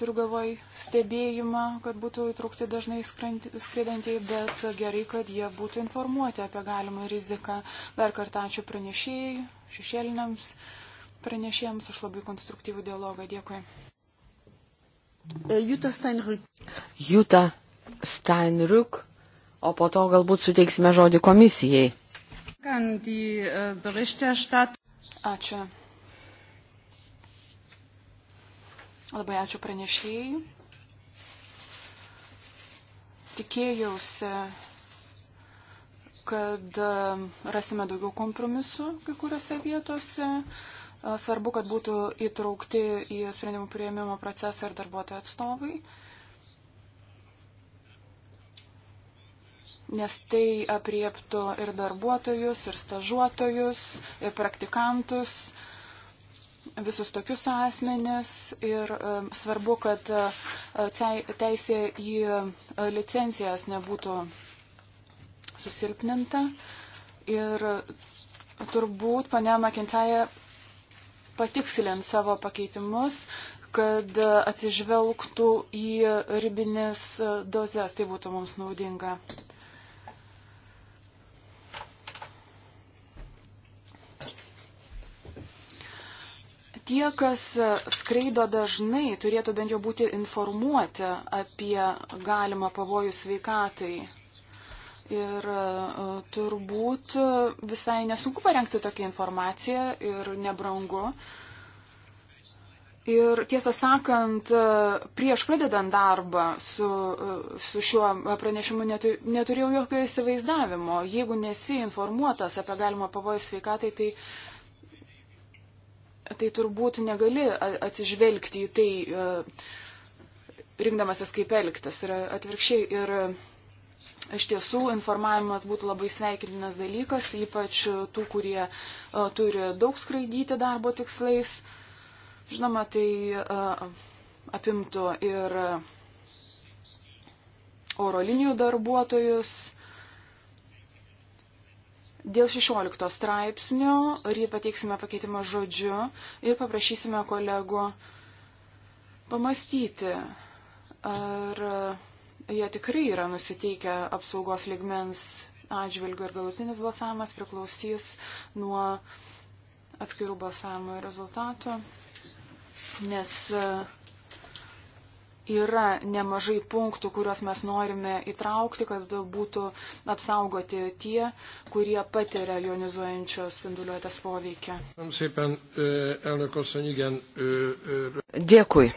Turiu galvoj stebėjimą, kad būtų įtraukti dažnai skraidantieji, bet gerai, kad jie būtų informuoti apie galimą riziką. Dar kartą ačiū pranešėjai, šešėliniams pranešėjams už labai konstruktyvų dialogą. Dėkui. E, Jūta Steinruk. Jūta Steinruk, o po to galbūt suteiksime žodį komisijai. E, ačiū. Labai ačiū pranešėjai. Tikėjausi, kad um, rasime daugiau kompromisų kai kuriuose vietose. Svarbu, kad būtų įtraukti į sprendimų prieimimo procesą ir darbuotojų atstovai. nes tai apriektų ir darbuotojus, ir stažuotojus, ir praktikantus, visus tokius asmenis ir svarbu, kad e, teisė į e, licencijas nebūtų susilpninta. Ir turbūt pane Makintaja patikslint savo pakeitimus, kad atsižvelgtų į ribinės e, dozes. Tai būtų mums naudinga. Tie, kas e, skraido dažnai, turėtų bent jau būti informuoti apie galimą pavojų sveikatai. Ir e, turbūt e, visai nesunku parengti tokią informaciją ir nebrangu. Ir tiesą sakant, prieš pradedant darbą su, su šiuo pranešimu netur, neturėjau jokio įsivaizdavimo. Jeigu nesi informuotas apie galimą pavojų sveikatai, tai tai turbūt negali atsižvelgti į tai, e, rinkdamasis kaip elgtis ir atvirkščiai. Ir e, iš tiesų informavimas būtų labai sveikintinas dalykas, ypač e, tų, kurie turi daug skraidyti darbo tikslais. Žinoma, tai apimtų ir oro linijų darbuotojus Dėl 16 straipsnio ryt pateiksime pakeitimą žodžiu ir paprašysime kolegų pamastyti, ar jie tikrai yra nusiteikę apsaugos ligmens atžvilgių ir galutinis balsavimas priklausys nuo atskirų balsavimo rezultatų, nes uh, yra nemažai punktų, kuriuos mes norime įtraukti, kad būtų apsaugoti tie, kurie patiria jonizuojančio spinduliuotės poveikį. Dėkui,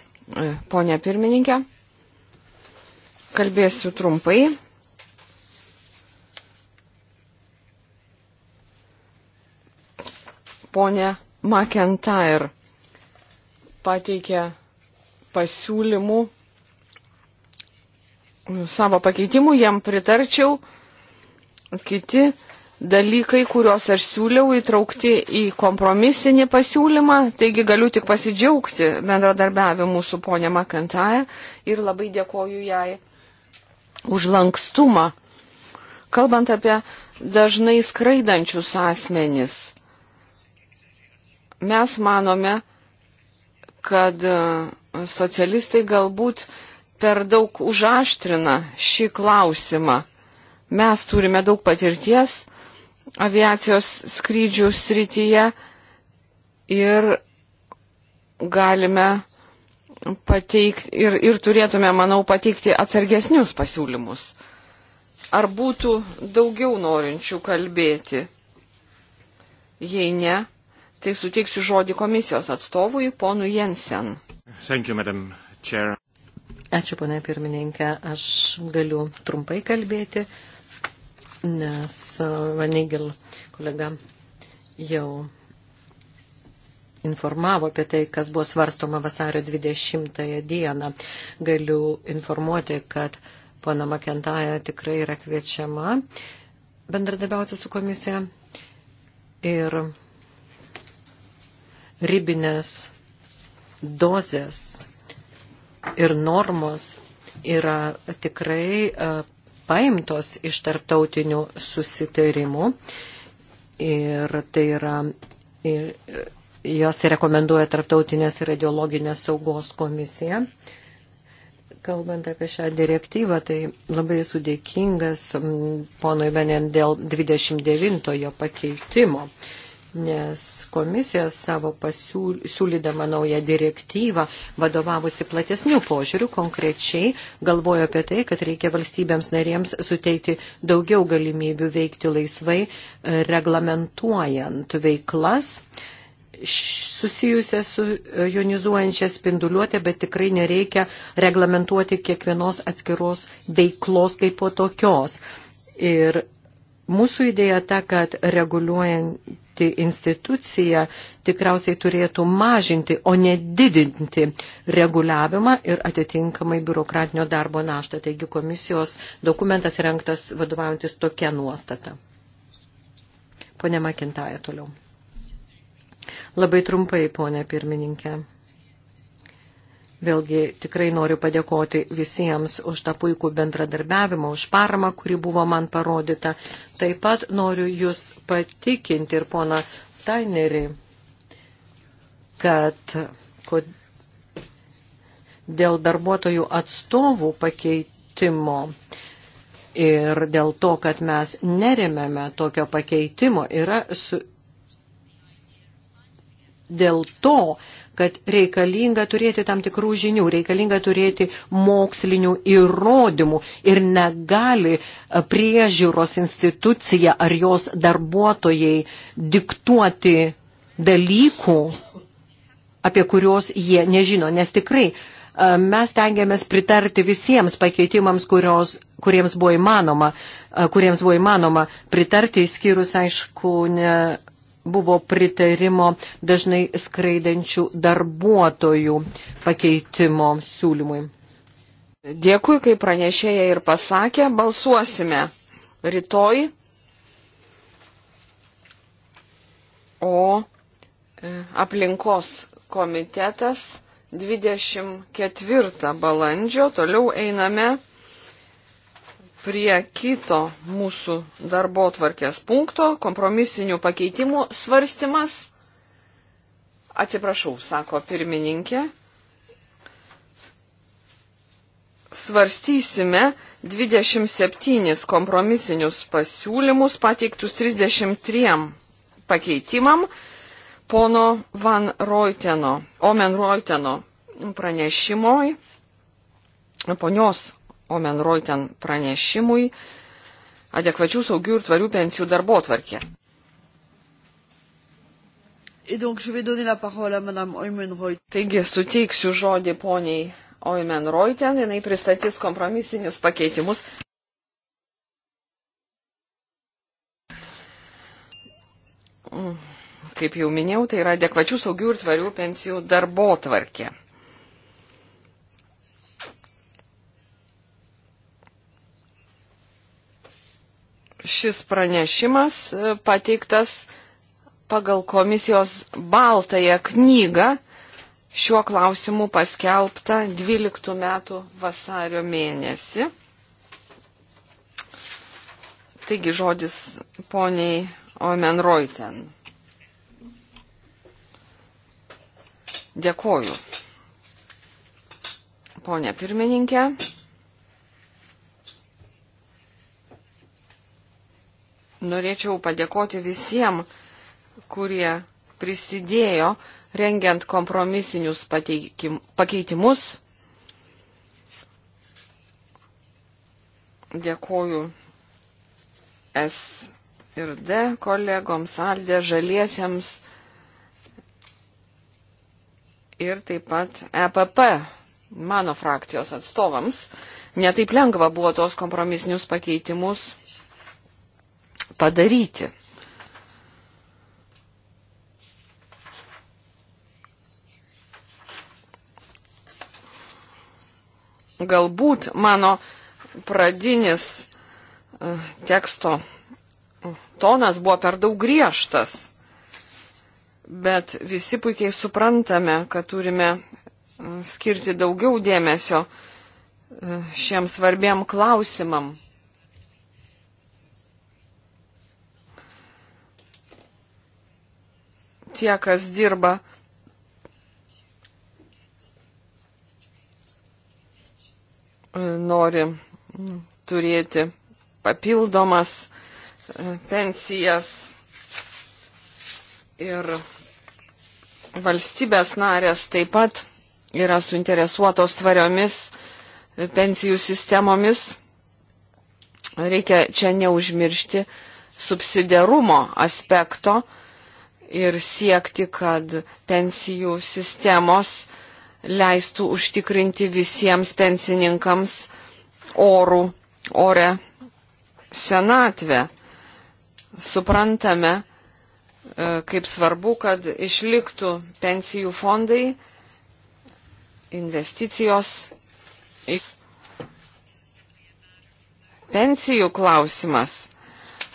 ponė pirmininkė. Kalbėsiu trumpai. Pone McIntyre pateikė pasiūlymų, savo pakeitimų, jam pritarčiau. Kiti dalykai, kuriuos aš siūliau įtraukti į kompromisinį pasiūlymą, taigi galiu tik pasidžiaugti bendradarbiavimu su ponia Makantaja ir labai dėkoju jai už lankstumą. Kalbant apie dažnai skraidančius asmenis, mes manome, kad uh, socialistai galbūt per daug užaštrina šį klausimą. Mes turime daug patirties aviacijos skrydžių srityje ir galime pateikti ir, ir turėtume, manau, pateikti atsargesnius pasiūlymus. Ar būtų daugiau norinčių kalbėti? Jei ne, tai suteiksiu žodį komisijos atstovui, ponui Jensen. Thank you, Madam Chair. Ačiū, ponai pirmininkė. Aš galiu trumpai kalbėti, nes e, Vanigil kolega jau informavo apie tai, kas buvo svarstoma vasario 20 dieną. Galiu informuoti, kad pana Makentaja tikrai yra kviečiama bendradarbiauti su komisija ir ribinės dozės ir normos yra tikrai e, paimtos iš tarptautinių susitarimų ir tai yra, jos rekomenduoja tarptautinės radiologinės saugos komisija. Kalbant apie šią direktyvą, tai labai sudėkingas ponui Benen dėl 29 pakeitimo nes komisija savo pasiūlydama naują direktyvą vadovavusi platesnių požiūrių, konkrečiai galvojo apie tai, kad reikia valstybėms narėms suteikti daugiau galimybių veikti laisvai, e, reglamentuojant veiklas susijusią su e, jonizuojančia spinduliuotė, bet tikrai nereikia reglamentuoti kiekvienos atskiros veiklos kaip po tokios. Ir Mūsų idėja ta, kad reguliuojanti institucija tikriausiai turėtų mažinti, o ne didinti reguliavimą ir atitinkamai biurokratinio darbo naštą. Taigi komisijos dokumentas renktas vadovaujantis tokia nuostata. Pone Makintaja toliau. Labai trumpai, ponė pirmininkė. Vėlgi tikrai noriu padėkoti visiems už tą puikų bendradarbiavimą, už paramą, kuri buvo man parodyta. Taip pat noriu Jūs patikinti ir pona Tainerį, kad dėl darbuotojų atstovų pakeitimo ir dėl to, kad mes neremėme tokio pakeitimo, yra su, dėl to, kad reikalinga turėti tam tikrų žinių, reikalinga turėti mokslinių įrodymų ir negali e, priežiūros institucija ar jos darbuotojai diktuoti dalykų, apie kuriuos jie nežino, nes tikrai e, mes tengiamės pritarti visiems pakeitimams, kurios, kuriems, buvo įmanoma, e, kuriems buvo įmanoma pritarti, išskyrus, aišku, ne, buvo pritarimo dažnai skraidančių darbuotojų pakeitimo siūlymui. Dėkui, kaip pranešėja ir pasakė, balsuosime rytoj. O e, aplinkos komitetas 24 balandžio, toliau einame prie kito mūsų darbo tvarkės punkto, kompromisinių pakeitimų svarstymas. Atsiprašau, sako pirmininkė. Svarstysime 27 kompromisinius pasiūlymus pateiktus 33 pakeitimam pono Van Reuteno, Omen Reuteno pranešimoj, ponios Omenroiten pranešimui adekvačių saugių ir tvarių pensijų darbo tvarkė. Taigi suteiksiu žodį poniai Oimenroiten, jinai pristatys kompromisinius pakeitimus. Mm, kaip jau minėjau, tai yra adekvačių saugių ir tvarių pensijų darbo tvarkė. šis pranešimas e, pateiktas pagal komisijos baltąją knygą šiuo klausimu paskelbta 12 metų vasario mėnesį. Taigi žodis poniai Omenroiten. Dėkoju. Pone pirmininkė. norėčiau padėkoti visiems, kurie prisidėjo rengiant kompromisinius pateikim, pakeitimus. Dėkoju S ir D kolegoms, Aldė, Žaliesiems ir taip pat EPP, mano frakcijos atstovams. Netaip lengva buvo tos kompromisinius pakeitimus padaryti. Galbūt mano pradinis e, teksto e, tonas buvo per daug griežtas, bet visi puikiai suprantame, kad turime e, skirti daugiau dėmesio šiem svarbiem klausimam. tie, kas dirba nori turėti papildomas e, pensijas ir valstybės narės taip pat yra suinteresuotos tvariomis e, pensijų sistemomis. Reikia čia neužmiršti subsidiarumo aspekto, ir siekti, kad pensijų sistemos leistų užtikrinti visiems pensininkams orų, orę senatvę. Suprantame, e, kaip svarbu, kad išliktų pensijų fondai, investicijos. Pensijų klausimas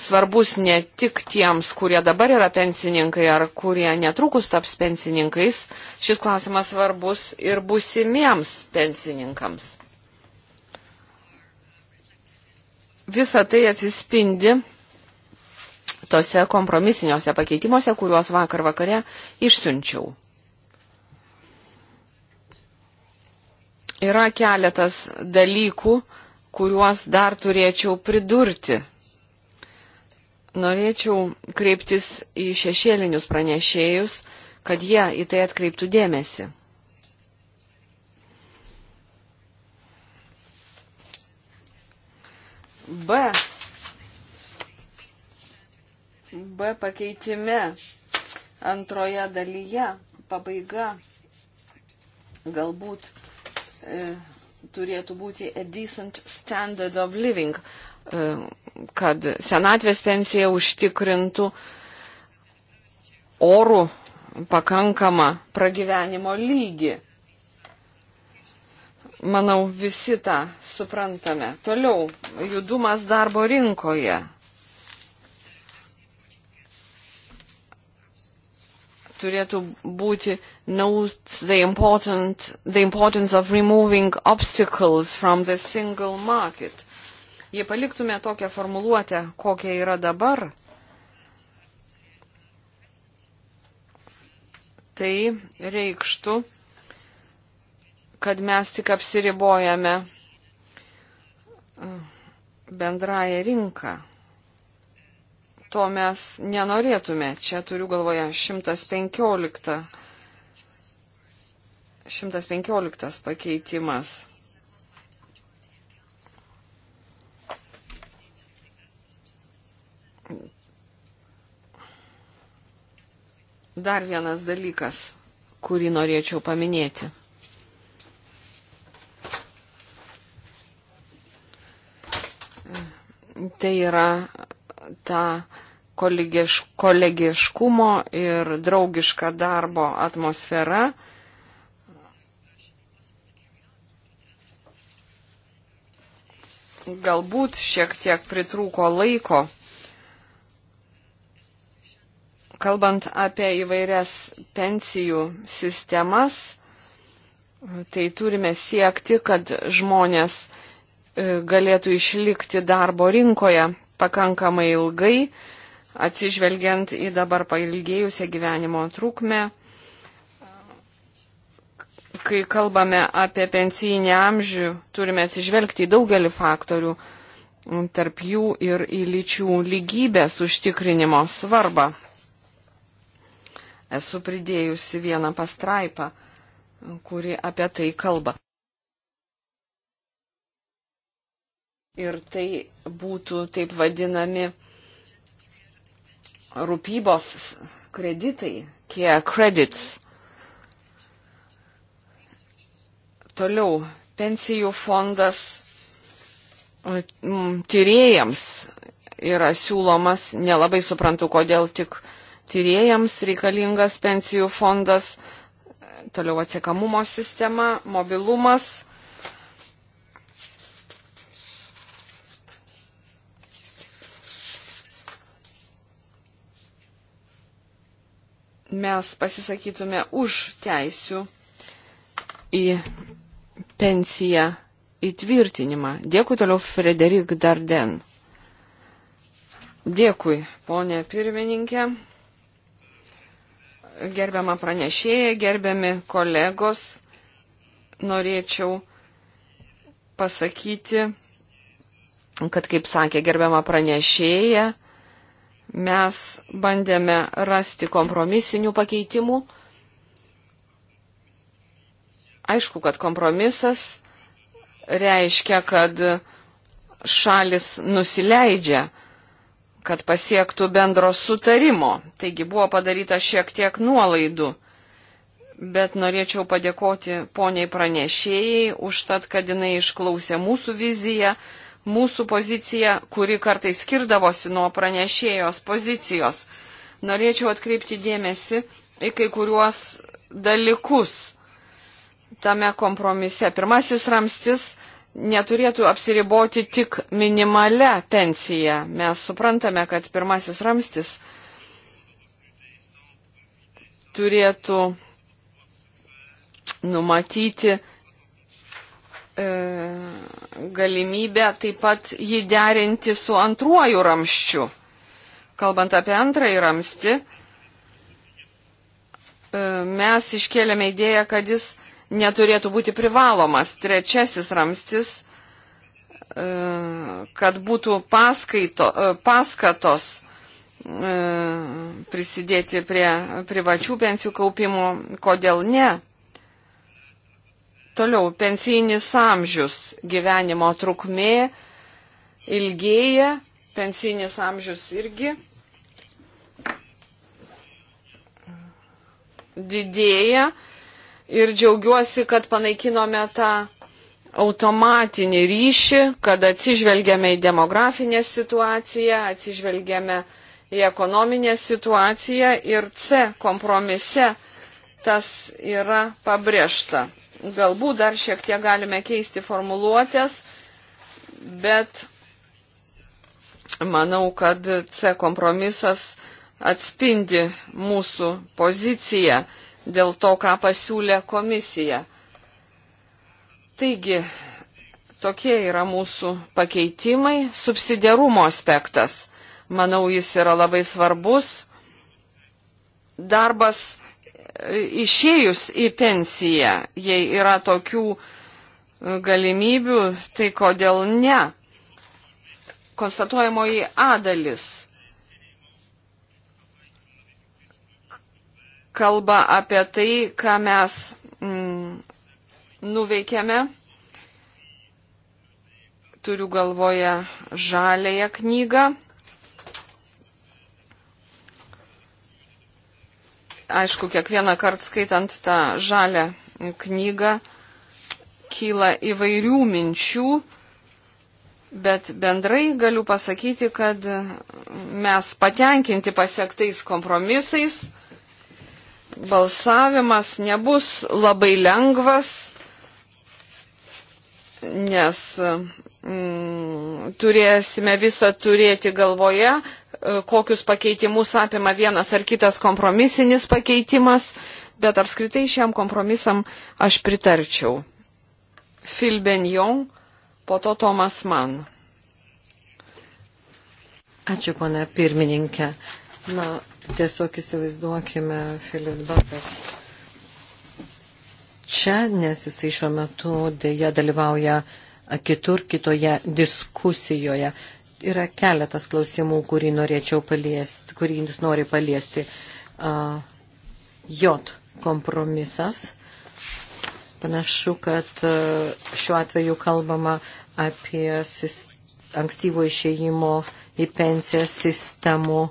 svarbus ne tik tiems, kurie dabar yra pensininkai ar kurie netrukus taps pensininkais, šis klausimas svarbus ir busimiems pensininkams. Visa tai atsispindi tose kompromisiniuose pakeitimuose, kuriuos vakar vakare išsiunčiau. Yra keletas dalykų, kuriuos dar turėčiau pridurti Norėčiau kreiptis į šešėlinius pranešėjus, kad jie į tai atkreiptų dėmesį. B. B pakeitime antroje dalyje pabaiga galbūt e, turėtų būti a decent standard of living. E, kad senatvės pensija užtikrintų orų pakankamą pragyvenimo lygį. Manau, visi tą suprantame. Toliau, judumas darbo rinkoje. turėtų būti notes the, important, the importance of removing obstacles from the single market jei paliktume tokią formuluotę, kokia yra dabar, tai reikštų, kad mes tik apsiribojame bendrąją rinką. To mes nenorėtume. Čia turiu galvoje 115, 115 pakeitimas. Dar vienas dalykas, kurį norėčiau paminėti. Tai yra ta kolegiš, kolegiškumo ir draugiška darbo atmosfera. Galbūt šiek tiek pritrūko laiko Kalbant apie įvairias pensijų sistemas, tai turime siekti, kad žmonės e, galėtų išlikti darbo rinkoje pakankamai ilgai, atsižvelgiant į dabar pailgėjusią gyvenimo trukmę. Kai kalbame apie pensijinį amžių, turime atsižvelgti į daugelį faktorių, tarp jų ir į lyčių lygybės užtikrinimo svarbą esu pridėjusi vieną pastraipą, kuri apie tai kalba. Ir tai būtų taip vadinami rūpybos kreditai, kie credits. Toliau, pensijų fondas mm, tyrėjams yra siūlomas, nelabai suprantu, kodėl tik tyriejams reikalingas pensijų fondas, toliau atsiekamumo sistema, mobilumas. Mes pasisakytume už teisių į pensiją įtvirtinimą. Dėkui toliau Frederik Darden. Dėkui, ponė pirmininkė gerbiama pranešėja, gerbiami kolegos, norėčiau pasakyti, kad, kaip sakė gerbiama pranešėja, mes bandėme rasti kompromisinių pakeitimų. Aišku, kad kompromisas reiškia, kad šalis nusileidžia kad pasiektų bendro sutarimo. Taigi buvo padaryta šiek tiek nuolaidų. Bet norėčiau padėkoti poniai pranešėjai už tad, kad jinai išklausė mūsų viziją, mūsų poziciją, kuri kartais skirdavosi nuo pranešėjos pozicijos. Norėčiau atkreipti dėmesį į kai kuriuos dalykus tame kompromise. Pirmasis ramstis neturėtų apsiriboti tik minimale pensija. Mes suprantame, kad pirmasis ramstis turėtų numatyti e, galimybę taip pat jį derinti su antruoju ramščiu. Kalbant apie antrąjį ramstį, e, mes iškėlėme idėją, kad jis e, neturėtų būti privalomas. Trečiasis ramstis, e, kad būtų paskaito, e, paskatos e, prisidėti prie privačių pensijų kaupimo, kodėl ne. Toliau, pensijinis amžius, gyvenimo trukmė ilgėja, pensijinis amžius irgi didėja ir džiaugiuosi, kad panaikinome tą automatinį ryšį, kad atsižvelgiame į demografinę situaciją, atsižvelgiame į ekonominę situaciją ir C kompromise tas yra pabrėžta. Galbūt dar šiek tiek galime keisti formuluotės, bet manau, kad C kompromisas atspindi mūsų poziciją dėl to, ką pasiūlė komisija. Taigi, tokie yra mūsų pakeitimai. Subsidiarumo aspektas, manau, jis yra labai svarbus. Darbas e, išėjus į pensiją, jei yra tokių e, galimybių, tai kodėl ne? Konstatuojamoji A dalis kalba apie tai, ką mes mm, nuveikėme. Turiu galvoje žalėją knygą. Aišku, kiekvieną kartą skaitant tą žalę knygą kyla įvairių minčių, bet bendrai galiu pasakyti, kad mes patenkinti pasiektais kompromisais balsavimas nebus labai lengvas, nes mm, turėsime visą turėti galvoje, e, kokius pakeitimus apima vienas ar kitas kompromisinis pakeitimas, bet apskritai šiam kompromisam aš pritarčiau. Phil Benjon, po to Tomas Mann. Ačiū, pana pirmininkė. Na, Tiesiog įsivaizduokime Filip Bakas čia, nes jisai šiuo metu dėja dalyvauja kitur, kitoje diskusijoje. Yra keletas klausimų, kurį norėčiau paliesti, kurį jūs nori paliesti. Uh, J kompromisas. Panašu, kad uh, šiuo atveju kalbama apie ankstyvo išėjimo į pensiją sistemų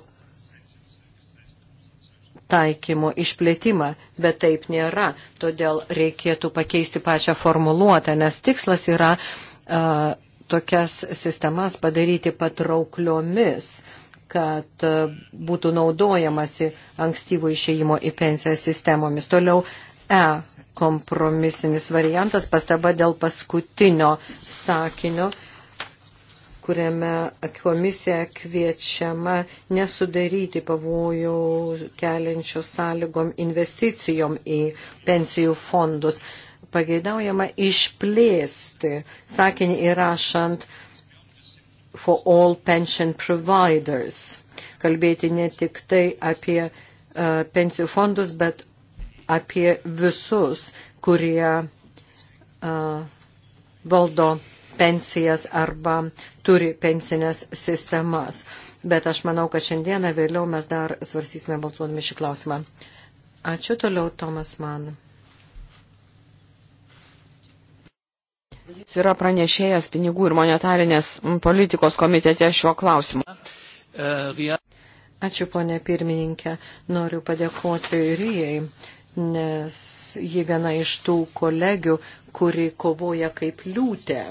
taikymo išplėtimą, bet taip nėra. Todėl reikėtų pakeisti pačią formuluotę, nes tikslas yra a, tokias sistemas padaryti patraukliomis kad būtų naudojamasi ankstyvo išėjimo į pensiją sistemomis. Toliau E kompromisinis variantas, pastaba dėl paskutinio sakinio kuriame komisija kviečiama nesudaryti pavojų keliančių sąlygom investicijom į pensijų fondus. Pageidaujama išplėsti sakinį įrašant for all pension providers. Kalbėti ne tik tai apie uh, pensijų fondus, bet apie visus, kurie uh, valdo pensijas arba turi pensinės sistemas. Bet aš manau, kad šiandieną vėliau mes dar svarstysime balsuodami šį klausimą. Ačiū toliau, Tomas Man. Jis yra pranešėjas pinigų ir monetarinės politikos komitete šiuo klausimu. Ačiū, ponė pirmininkė. Noriu padėkoti Rijai, nes ji viena iš tų kolegių, kuri kovoja kaip liūtė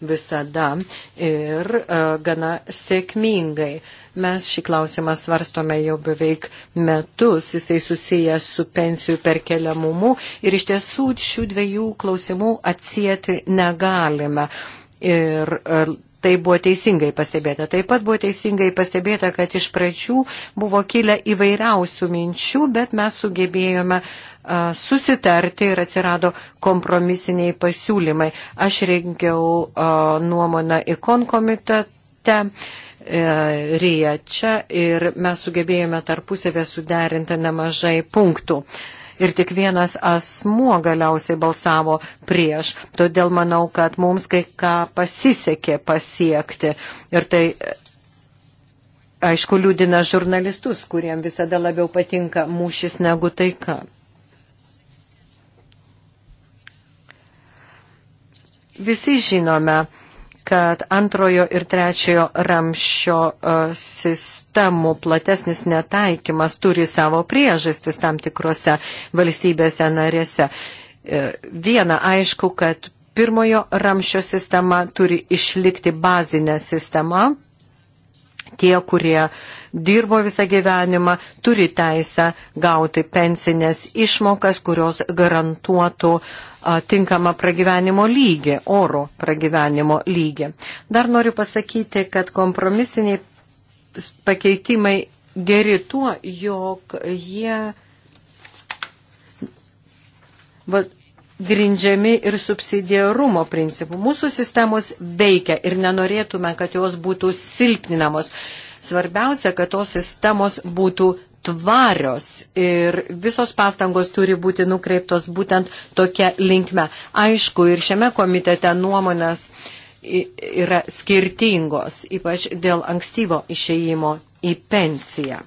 visada ir e, gana sėkmingai. Mes šį klausimą svarstome jau beveik metus, jisai susijęs su pensijų perkeliamumu ir iš tiesų šių dviejų klausimų atsijėti negalime. Ir e, tai buvo teisingai pastebėta. Taip pat buvo teisingai pastebėta, kad iš pradžių buvo kilę įvairiausių minčių, bet mes sugebėjome susitarti ir atsirado kompromisiniai pasiūlymai. Aš rengiau nuomonę ikon komitete. E, Riečia ir mes sugebėjome tarpusavę suderinti nemažai punktų. Uh, ir tik vienas asmuo galiausiai balsavo prieš. Todėl manau, kad mums kai ką pasisekė pasiekti. Ir tai aišku, liūdina žurnalistus, kuriem visada labiau patinka mūšis negu taika. Visi žinome, kad antrojo ir trečiojo ramščio e, sistemų platesnis netaikymas turi savo priežastis tam tikrose valstybėse narėse. E, viena aišku, kad pirmojo ramščio sistema turi išlikti bazinę sistemą. Tie, kurie dirbo visą gyvenimą, turi teisę gauti pensinės išmokas, kurios garantuotų uh, tinkamą pragyvenimo lygį, oro pragyvenimo lygį. Dar noriu pasakyti, kad kompromisiniai pakeitimai geri tuo, jog jie va, grindžiami ir subsidiarumo principų. Mūsų sistemos veikia ir nenorėtume, kad jos būtų silpninamos. Svarbiausia, kad tos sistemos būtų tvarios ir visos pastangos turi būti nukreiptos būtent tokia linkme. Aišku, ir šiame komitete nuomonės yra skirtingos, ypač dėl ankstyvo išeimo į pensiją.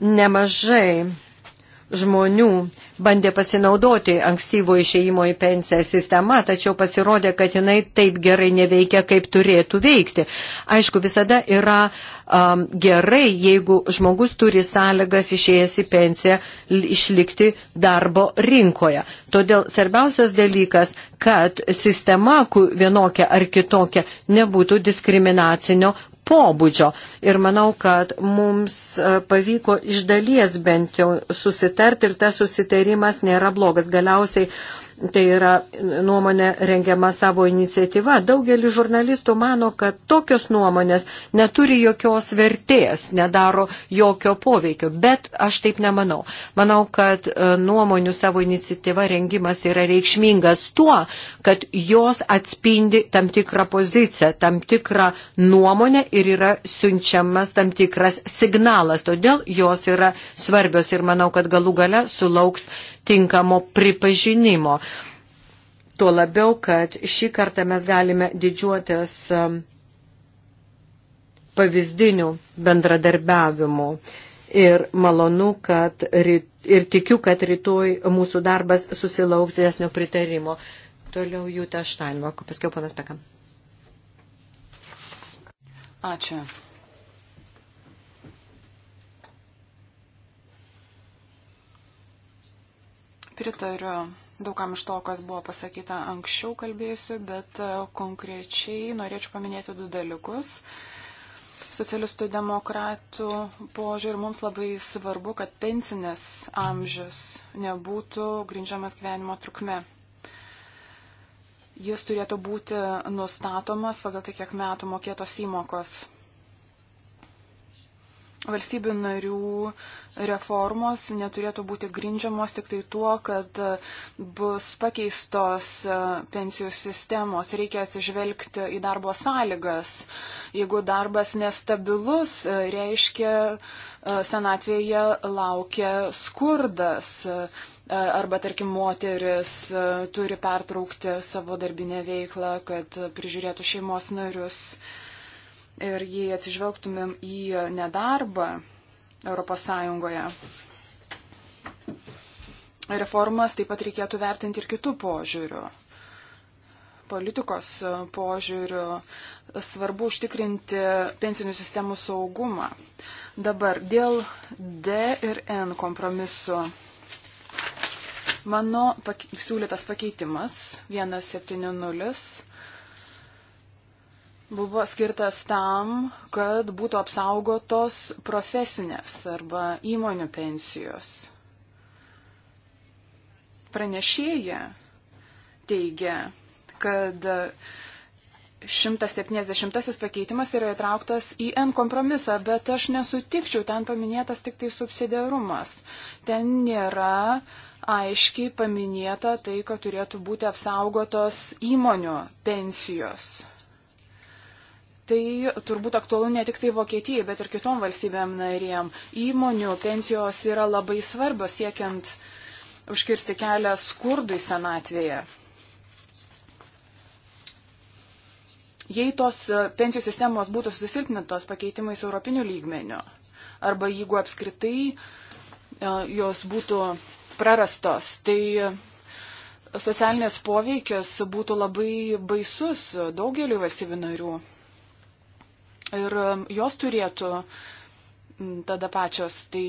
Nemažai žmonių bandė pasinaudoti ankstyvo išeimo į pensiją sistema, tačiau pasirodė, kad jinai taip gerai neveikia, kaip turėtų veikti. Aišku, visada yra um, gerai, jeigu žmogus turi sąlygas išėjęs į pensiją išlikti darbo rinkoje. Todėl svarbiausias dalykas, kad sistema vienokia ar kitokia nebūtų diskriminacinio pobūdžio. Ir manau, kad mums e, pavyko iš dalies bent jau susitarti ir tas susitarimas nėra blogas. Galiausiai tai yra nuomonė rengiama savo iniciatyva. Daugelis žurnalistų mano, kad tokios nuomonės neturi jokios vertės, nedaro jokio poveikio, bet aš taip nemanau. Manau, kad e, nuomonių savo iniciatyva rengimas yra reikšmingas tuo, kad jos atspindi tam tikrą poziciją, tam tikrą nuomonę ir yra siunčiamas tam tikras signalas. Todėl jos yra svarbios ir manau, kad galų gale sulauks tinkamo pripažinimo. Tuo labiau, kad šį kartą mes galime didžiuotis um, pavyzdinių bendradarbiavimų. Ir malonu, kad ir tikiu, kad rytoj mūsų darbas susilauks dėsnio pritarimo. Toliau Jūta Štainvako, paskui panas Pekam. Ačiū. pritariu daugam iš to, kas buvo pasakyta anksčiau kalbėsiu, bet e, konkrečiai norėčiau paminėti du dalykus. Socialistų demokratų požiūrį mums labai svarbu, kad pensinis amžius nebūtų grindžiamas gyvenimo trukme. Jis turėtų būti nustatomas pagal tai, kiek metų mokėtos įmokos valstybių narių reformos neturėtų būti grindžiamos tik tai tuo, kad bus pakeistos e, pensijų sistemos. Reikia atsižvelgti į darbo sąlygas. Jeigu darbas nestabilus, e, reiškia e, senatvėje laukia skurdas. Arba, tarkim, moteris turi pertraukti savo darbinę veiklą, kad prižiūrėtų šeimos narius. Uh, ir jei atsižvelgtumėm į nedarbą ES, reformas taip pat reikėtų vertinti ir kitų požiūrių. Politikos požiūrių svarbu užtikrinti pensinių sistemų saugumą. Dabar dėl D ir N kompromisu. Mano pake, siūlytas pakeitimas 170 buvo skirtas tam, kad būtų apsaugotos profesinės arba įmonių pensijos. Pranešėja teigia, kad 170 pakeitimas yra įtrauktas į N kompromisą, bet aš nesutikčiau, ten paminėtas tik tai subsidiarumas. Ten nėra aiškiai paminėta tai, kad turėtų būti apsaugotos įmonių pensijos tai turbūt aktualu ne tik tai Vokietijai, bet ir kitom valstybėm narėm. Įmonių pensijos yra labai svarbios siekiant užkirsti kelią skurdui senatvėje. Jei tos pensijų sistemos būtų susilpnintos pakeitimais europinių lygmenių, arba jeigu apskritai e, jos būtų prarastos, tai socialinės poveikis būtų labai baisus daugeliu valstybių narių ir um, jos turėtų mm, tada pačios tai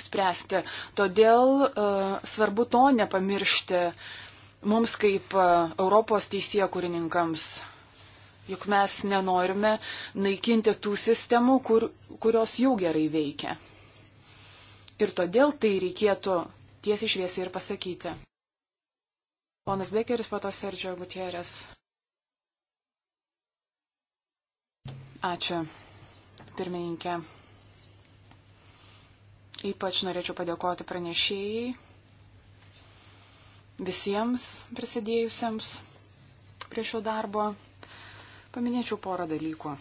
spręsti. Todėl uh, svarbu to nepamiršti mums kaip uh, Europos teisėkurininkams. Juk mes nenorime naikinti tų sistemų, kur, kurios jau gerai veikia. Ir todėl tai reikėtų tiesiai šviesiai ir pasakyti. Ponas Bekeris, po to Sergio Gutierrez. Ačiū, pirmininkė. Ypač norėčiau padėkoti pranešėjai, visiems prisidėjusiems prie šio darbo. Paminėčiau porą dalykų.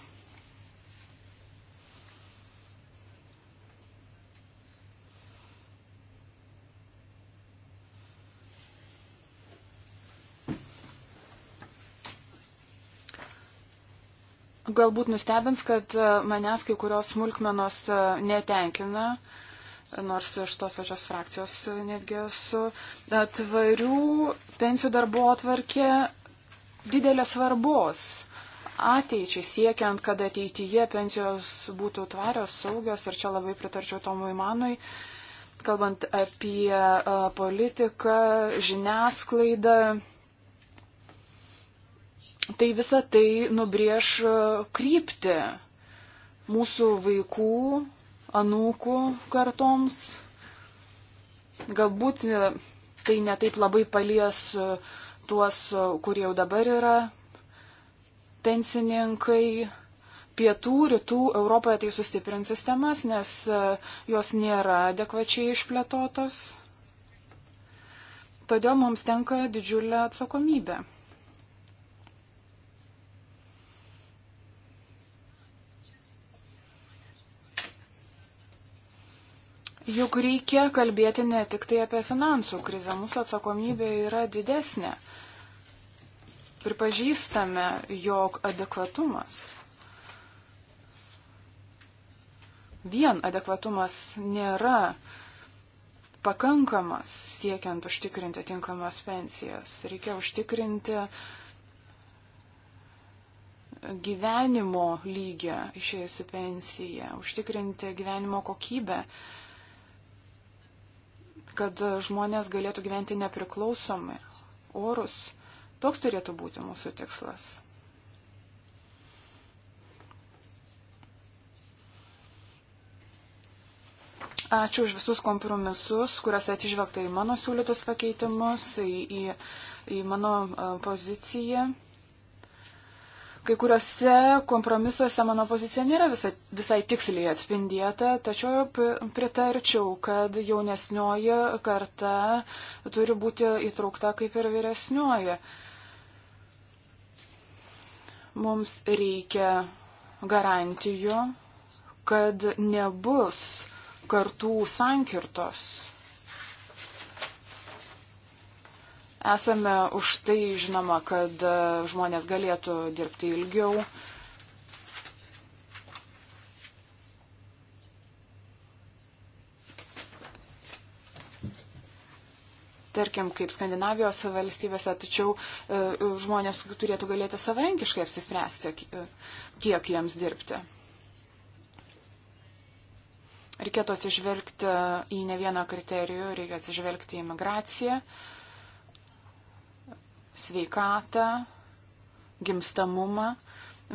Galbūt nustebins, kad e, manęs kai kurios smulkmenos e, netenkina, nors iš tos pačios frakcijos e, netgi esu. Tvarių pensijų darbo atvarkė didelės svarbos ateičiai, siekiant, kad ateityje pensijos būtų tvarios, saugios ir čia labai pritarčiau Tomui Manui kalbant apie politiką, žiniasklaidą, tai visa tai nubrieš krypti mūsų vaikų, anūkų kartoms. Galbūt e, tai netaip labai palies e, tuos, e, kurie jau dabar yra pensininkai. Pietų, rytų Europoje tai sustiprins sistemas, nes jos nėra adekvačiai išplėtotos. Todėl mums tenka didžiulė atsakomybė. Juk reikia kalbėti ne tik tai apie finansų krizę, mūsų atsakomybė yra didesnė. Pripažįstame, jog adekvatumas, vien adekvatumas nėra pakankamas siekiant užtikrinti tinkamas pensijas. Reikia užtikrinti gyvenimo lygį išėjusi pensiją, užtikrinti gyvenimo kokybę kad žmonės galėtų gyventi nepriklausomai, orus. Toks turėtų būti mūsų tikslas. Ačiū už visus kompromisus, kuriuose atsižvelgta į mano siūlytus pakeitimus, į, į, į mano poziciją. Kai kuriuose kompromisuose mano pozicija nėra visai, visai tiksliai atspindėta, tačiau pritarčiau, kad jaunesnioji karta turi būti įtraukta kaip ir vyresnioji. Mums reikia garantijų, kad nebus kartų sankirtos Esame už tai, žinoma, kad e, žmonės galėtų dirbti ilgiau. tarkim, kaip Skandinavijos valstybėse, tačiau e, žmonės turėtų galėti savarankiškai apsispręsti, e, kiek jiems dirbti. Reikėtų atsižvelgti į ne vieną kriterijų, reikia atsižvelgti į migraciją. Uh, sveikatą, gimstamumą.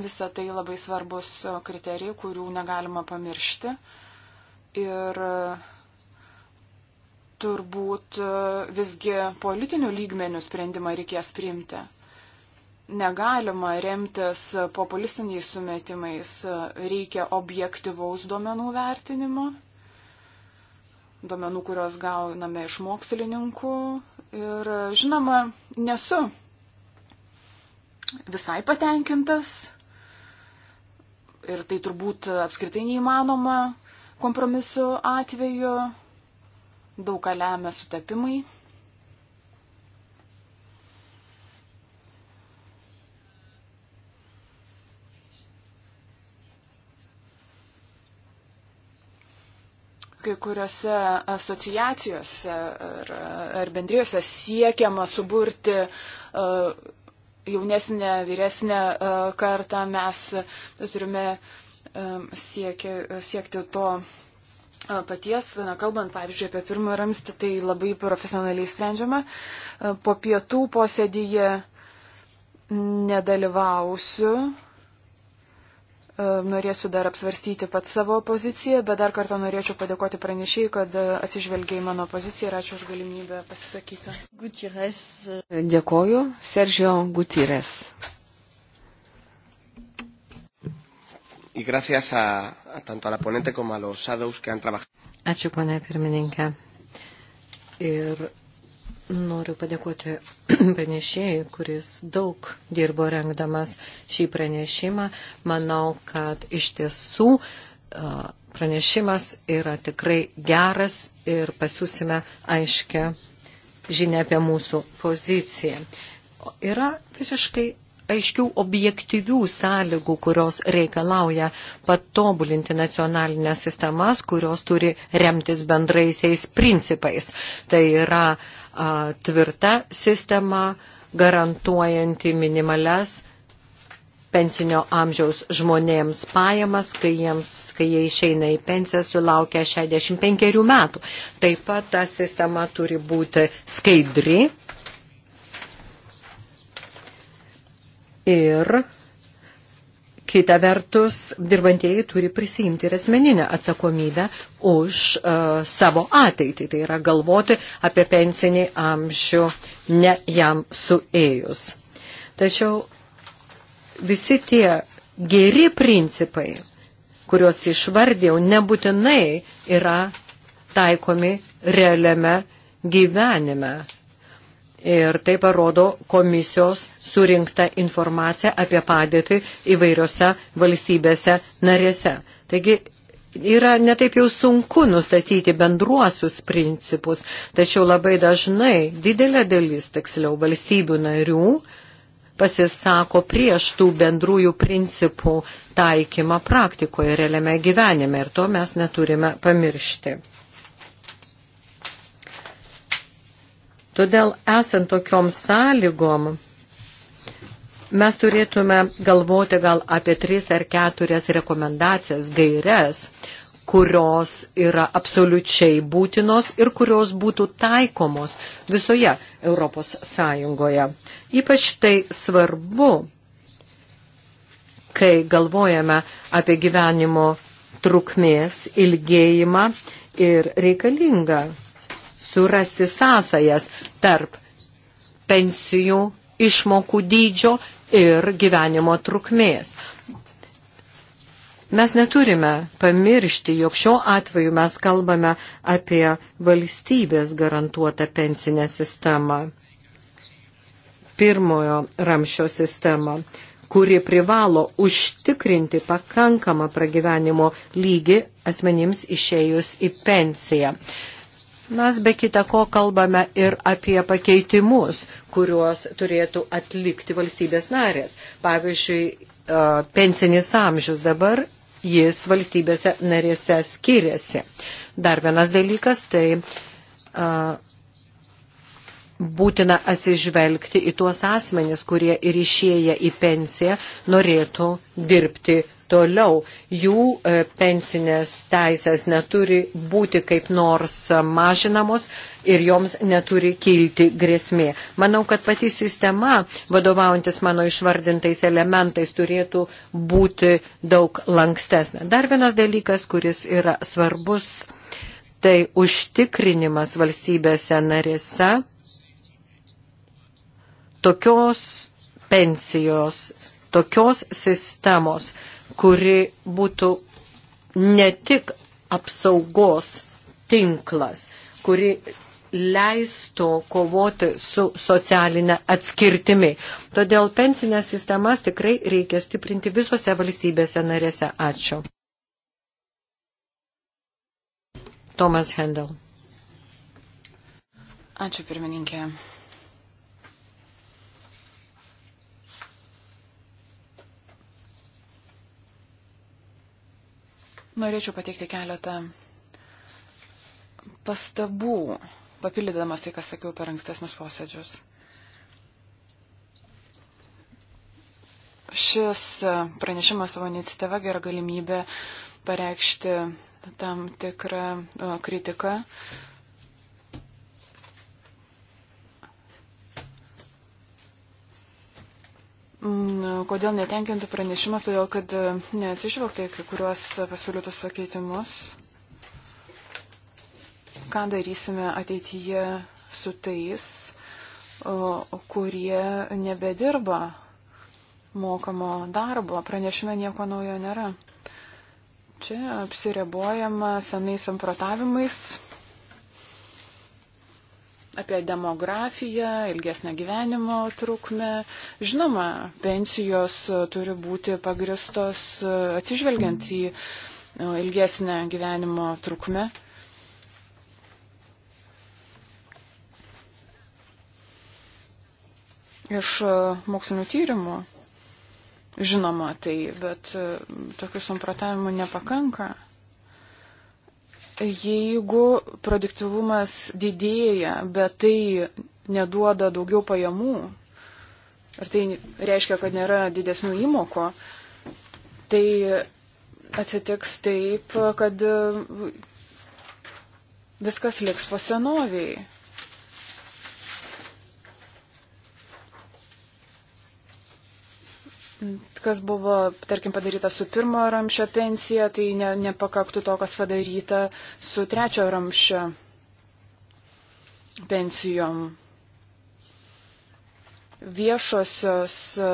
Visa tai labai svarbus kriterijai, kurių negalima pamiršti. Ir turbūt visgi politinių lygmenių sprendimą reikės priimti. Negalima remtis populistiniais sumetimais, reikia objektivaus duomenų vertinimo duomenų, kuriuos gauname iš mokslininkų. Ir žinoma, nesu visai patenkintas. Ir tai turbūt apskritai neįmanoma kompromisu atveju. Daug ką lemia sutapimai. kai kuriuose asociacijose ar, ar bendrijose siekiama suburti e, jaunesnę, vyresnę e, kartą, mes turime e, sieki, siekti to paties, na, kalbant, pavyzdžiui, apie pirmą ramstį, tai labai profesionaliai sprendžiama. Po pietų posėdyje nedalyvausiu E, norėsiu dar apsvarstyti pat savo poziciją, bet dar kartą norėčiau padėkoti pranešėjai, kad e, atsižvelgiai mano poziciją ir ačiū už galimybę pasisakyti. Gutierrez. E. Dėkoju, Sergio Gutierrez. Y gracias a, a tanto a la ponente como a los shadows que han trabajado. Ačiū, ponė pirmininkė. Ir Noriu padėkoti [CLEARS THROAT] pranešėjai, kuris daug dirbo rengdamas šį pranešimą. Manau, kad iš tiesų pranešimas yra tikrai geras ir pasiūsime aiškę žinę apie mūsų poziciją. Yra visiškai aiškių objektyvių sąlygų, kurios reikalauja patobulinti nacionalinės sistemas, kurios turi remtis bendraisiais principais. Tai yra tvirta sistema, garantuojanti minimales pensinio amžiaus žmonėms pajamas, kai, jiems, kai jie išeina į pensiją sulaukia 65 metų. Taip pat ta sistema turi būti skaidri ir Kita vertus, dirbantieji turi prisimti ir asmeninę atsakomybę už uh, savo ateitį, tai yra galvoti apie pensinį amžių ne jam suėjus. Tačiau visi tie geri principai, kuriuos išvardėjau, nebūtinai yra taikomi realiame gyvenime Ir tai parodo komisijos surinkta informacija apie padėtį įvairiose valstybėse narėse. Taigi yra netaip jau sunku nustatyti bendruosius principus, tačiau labai dažnai didelė dalis, tiksliau, valstybių narių pasisako prieš tų bendrųjų principų taikymą praktikoje, realiame gyvenime ir to mes neturime pamiršti. Todėl esant tokiom sąlygom, mes turėtume galvoti gal apie tris ar keturias rekomendacijas, gairias, kurios yra absoliučiai būtinos ir kurios būtų taikomos visoje Europos Sąjungoje. Ypač tai svarbu, kai galvojame apie gyvenimo trukmės ilgėjimą ir reikalingą surasti sąsajas tarp pensijų išmokų dydžio ir gyvenimo trukmės. Mes neturime pamiršti, jog šiuo atveju mes kalbame apie valstybės garantuotą pensinę sistemą, pirmojo ramšio sistemą, kuri privalo užtikrinti pakankamą pragyvenimo lygį asmenims išėjus į pensiją. Mes be kita ko kalbame ir apie pakeitimus, kuriuos turėtų atlikti valstybės narės. Pavyzdžiui, e, pensinis amžius dabar jis valstybėse narėse skiriasi. Dar vienas dalykas, tai a, e, būtina atsižvelgti į tuos asmenis, kurie ir išėję į pensiją norėtų dirbti toliau. Jų e, pensinės teisės neturi būti kaip nors mažinamos ir joms neturi kilti grėsmė. Manau, kad pati sistema, vadovaujantis mano išvardintais elementais, turėtų būti daug lankstesnė. Dar vienas dalykas, kuris yra svarbus, tai užtikrinimas valstybėse narėse tokios pensijos, tokios sistemos, kuri būtų ne tik apsaugos tinklas, kuri leistų kovoti su socialinė atskirtimi. Todėl pensinės sistemas tikrai reikia stiprinti visose valstybėse narėse. Ačiū. Tomas Hendel. Ačiū pirmininkė. Norėčiau pateikti keletą pastabų, papildydamas tai, ką sakiau per ankstesnius posėdžius. Šis pranešimas savo iniciatyva gera galimybė pareikšti tam tikrą uh, kritiką Mm, kodėl netenkintų pranešimas, todėl kad e, neatsižvelgtai kai kuriuos pasiūlytus pakeitimus. Ką darysime ateityje su tais, kurie nebedirba mokamo darbo. Pranešime nieko naujo nėra. Čia apsiribuojama senais samprotavimais, apie demografiją, ilgesnę gyvenimo trukmę. Žinoma, pensijos turi būti pagristos e, atsižvelgiant į e, ilgesnę gyvenimo trukmę. Iš e, mokslinių tyrimų, žinoma, tai, bet tokių samprotavimų nepakanka. Jeigu produktivumas didėja, bet tai neduoda daugiau pajamų, ar tai reiškia, kad nėra didesnių įmoko, tai atsitiks taip, kad viskas liks po senoviai kas buvo, tarkim, padaryta su pirmo ramšio pensija, tai ne, nepakaktų to, kas padaryta su trečio ramšio pensijom. Viešosios e,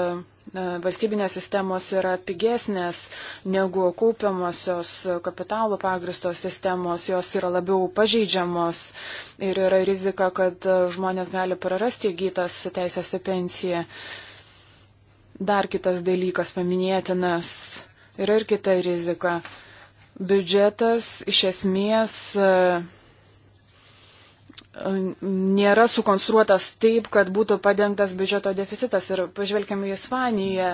valstybinės sistemos yra pigesnės negu kaupiamosios kapitalų pagristos sistemos, jos yra labiau pažeidžiamos ir yra rizika, kad žmonės gali prarasti įgytas teisės į pensiją. Uh, Dar kitas dalykas paminėtinas yra ir kita rizika. Biudžetas iš esmės e, nėra sukonstruotas taip, kad būtų padengtas biudžeto deficitas. Ir pažvelgiam į Ispaniją.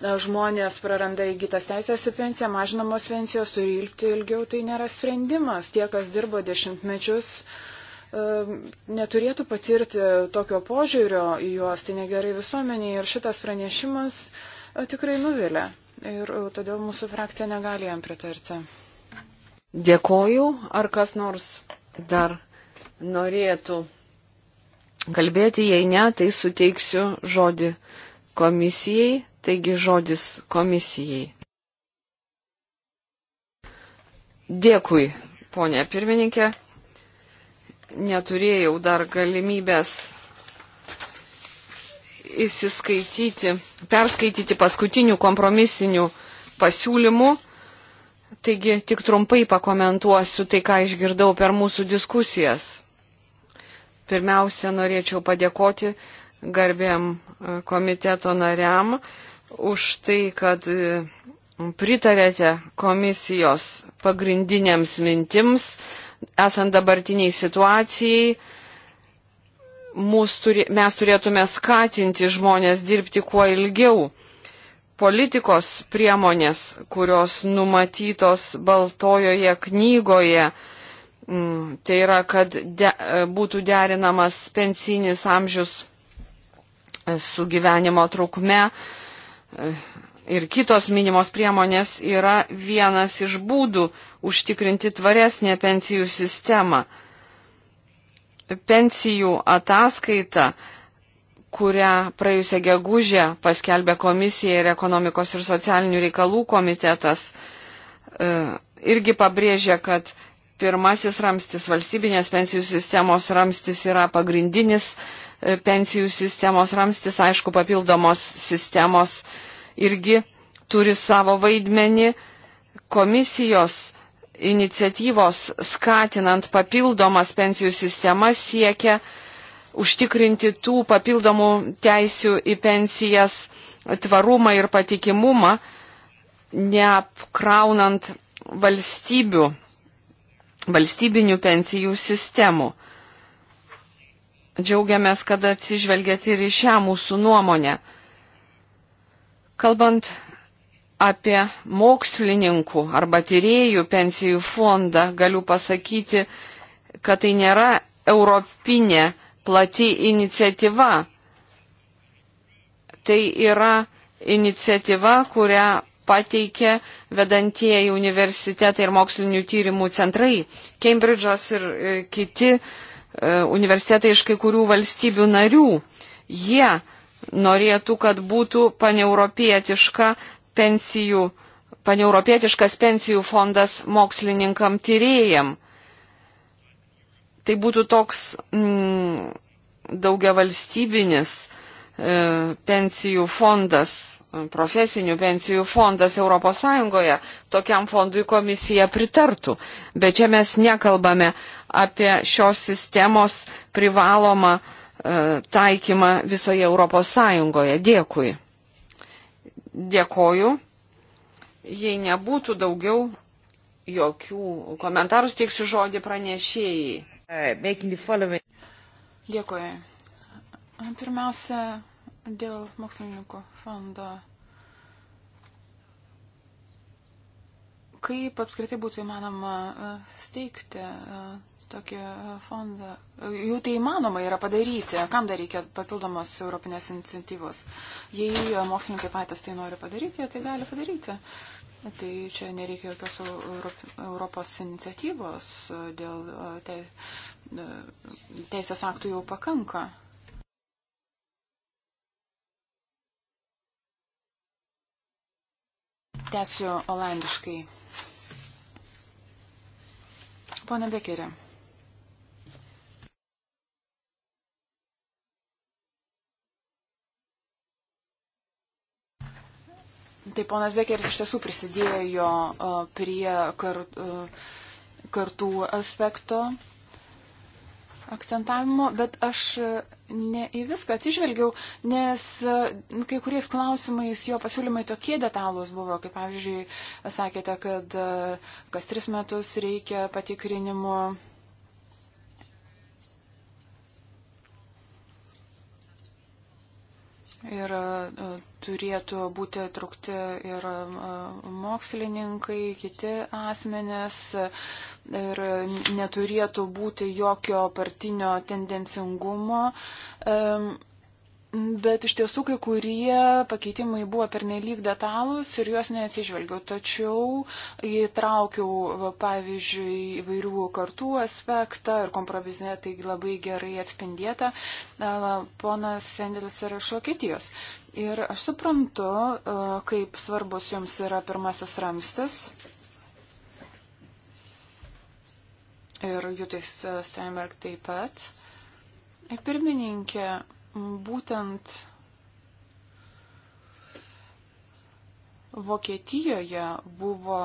E, žmonės praranda įgytas teisės į pensiją, mažinamos pensijos turi ilgti ilgiau, tai nėra sprendimas. Tie, kas dirbo dešimtmečius, uh, neturėtų patirti tokio požiūrio į juos, tai negerai visuomeniai ir šitas pranešimas e, tikrai nuvilia. Ir e, todėl mūsų frakcija negali jam pritarti. Dėkoju, ar kas nors dar norėtų kalbėti, jei ne, tai suteiksiu žodį komisijai, taigi žodis komisijai. Dėkui, ponė pirmininkė neturėjau dar galimybės įsiskaityti, perskaityti paskutinių kompromisinių pasiūlymų. Taigi tik trumpai pakomentuosiu tai, ką išgirdau per mūsų diskusijas. Pirmiausia, norėčiau padėkoti garbėm e, komiteto nariam už tai, kad e, pritarėte komisijos pagrindinėms mintims, esant dabartiniai situacijai, turi, mes turėtume skatinti žmonės dirbti kuo ilgiau. Politikos priemonės, kurios numatytos Baltojoje knygoje, mm, tai yra, kad de, būtų derinamas pensinis amžius su gyvenimo trukme, ir kitos minimos priemonės yra vienas iš būdų užtikrinti tvaresnę pensijų sistemą. Pensijų ataskaita, kurią praėjusią gegužę paskelbė komisija ir ekonomikos ir socialinių reikalų komitetas, e, irgi pabrėžė, kad pirmasis ramstis valstybinės pensijų sistemos ramstis yra pagrindinis e, pensijų sistemos ramstis, aišku, papildomos sistemos uh, irgi turi savo vaidmenį komisijos iniciatyvos skatinant papildomas pensijų sistemas siekia užtikrinti tų papildomų teisių į pensijas tvarumą ir patikimumą, neapkraunant valstybių, valstybinių pensijų sistemų. Džiaugiamės, kad atsižvelgėte ir į šią mūsų nuomonę. Kalbant apie mokslininkų arba tyriejų pensijų fondą, galiu pasakyti, kad tai nėra europinė plati iniciatyva. Tai yra iniciatyva, kurią pateikė vedantieji universitetai ir mokslinių tyrimų centrai, Kembridžas ir e, kiti e, universitetai iš kai kurių valstybių narių. Jie norėtų, kad būtų paneuropietiška pensijų, paneuropietiškas pensijų fondas mokslininkam tyrėjam. Tai būtų toks mm, daugia valstybinis e, pensijų fondas, profesinių pensijų fondas ES. Tokiam fondui komisija pritartų. Bet čia mes nekalbame apie šios sistemos privalomą e, E, taikymą visoje Europos Sąjungoje. Dėkui. Dėkoju. Jei nebūtų daugiau jokių komentarų, teiksiu žodį pranešėjai. Dėkoju. Pirmiausia, dėl mokslininkų fondo. Kaip apskritai būtų įmanoma e, steigti e, tokį e, fondą. Jau tai įmanoma yra padaryti. Kam dar reikia papildomos europinės iniciatyvos? Jei e, mokslininkai patys tai nori padaryti, jie tai gali padaryti. Tai čia nereikia jokios Europos iniciatyvos, e, dėl te, teisės aktų jau pakanka. Tęsiu olandiškai. Pone Bekerė. Tai ponas Bekeris iš tiesų prisidėjo e, prie kar, e, kartų aspekto akcentavimo, bet aš ne į viską atsižvelgiau, nes e, kai kuriais klausimais jo pasiūlymai tokie detalūs buvo, kaip pavyzdžiui, sakėte, kad kas tris metus reikia patikrinimo Ir e, turėtų būti traukti ir e, mokslininkai, kiti asmenės. Ir neturėtų būti jokio partinio tendencingumo. Bet iš tiesų kai kurie pakeitimai buvo pernelyg detalūs ir juos neatsižvelgiau. Tačiau įtraukiau, pavyzdžiui, įvairių kartų aspektą ir kompromisinė tai labai gerai atspindėta. Ponas Sendelis yra iš Vokietijos. Ir aš suprantu, kaip svarbus jums yra pirmasis ramstis. Ir Jutis Steinberg taip pat. Pirmininkė būtent Vokietijoje buvo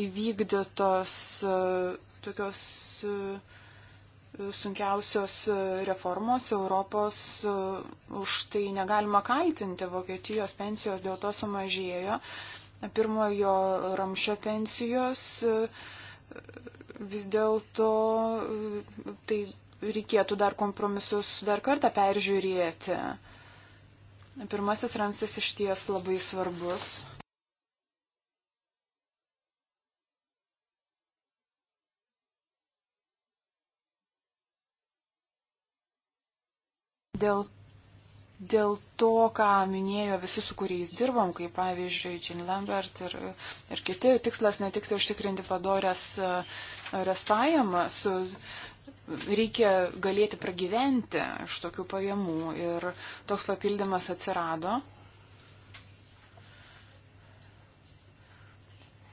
įvykdytos e, tokios e, sunkiausios e, reformos Europos už tai negalima kaltinti. Vokietijos pensijos dėl to sumažėjo. Pirmojo ramšio pensijos vis dėlto tai reikėtų dar kompromisus dar kartą peržiūrėti. Pirmasis ramstis iš ties labai svarbus. Dėl dėl to, ką minėjo visi, su kuriais dirbom, kaip pavyzdžiui, Jean Lambert ir, ir kiti, tikslas ne tik tai užtikrinti padorės eh, pajamas, reikia galėti pragyventi iš tokių pajamų ir toks papildymas atsirado.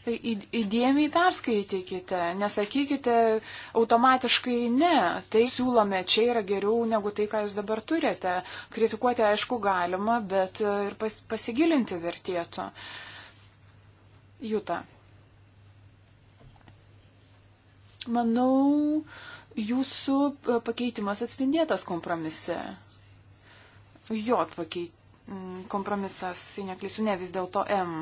Tai įdėmiai perskaitykite, nesakykite automatiškai ne, tai siūlome, čia yra geriau negu tai, ką jūs dabar turite. Kritikuoti aišku galima, bet ir pas, pasigilinti vertėtų. Jūta. Manau, jūsų e, pakeitimas atspindėtas kompromise. J pakeit, mm, kompromisas, neklysiu, ne vis dėlto M.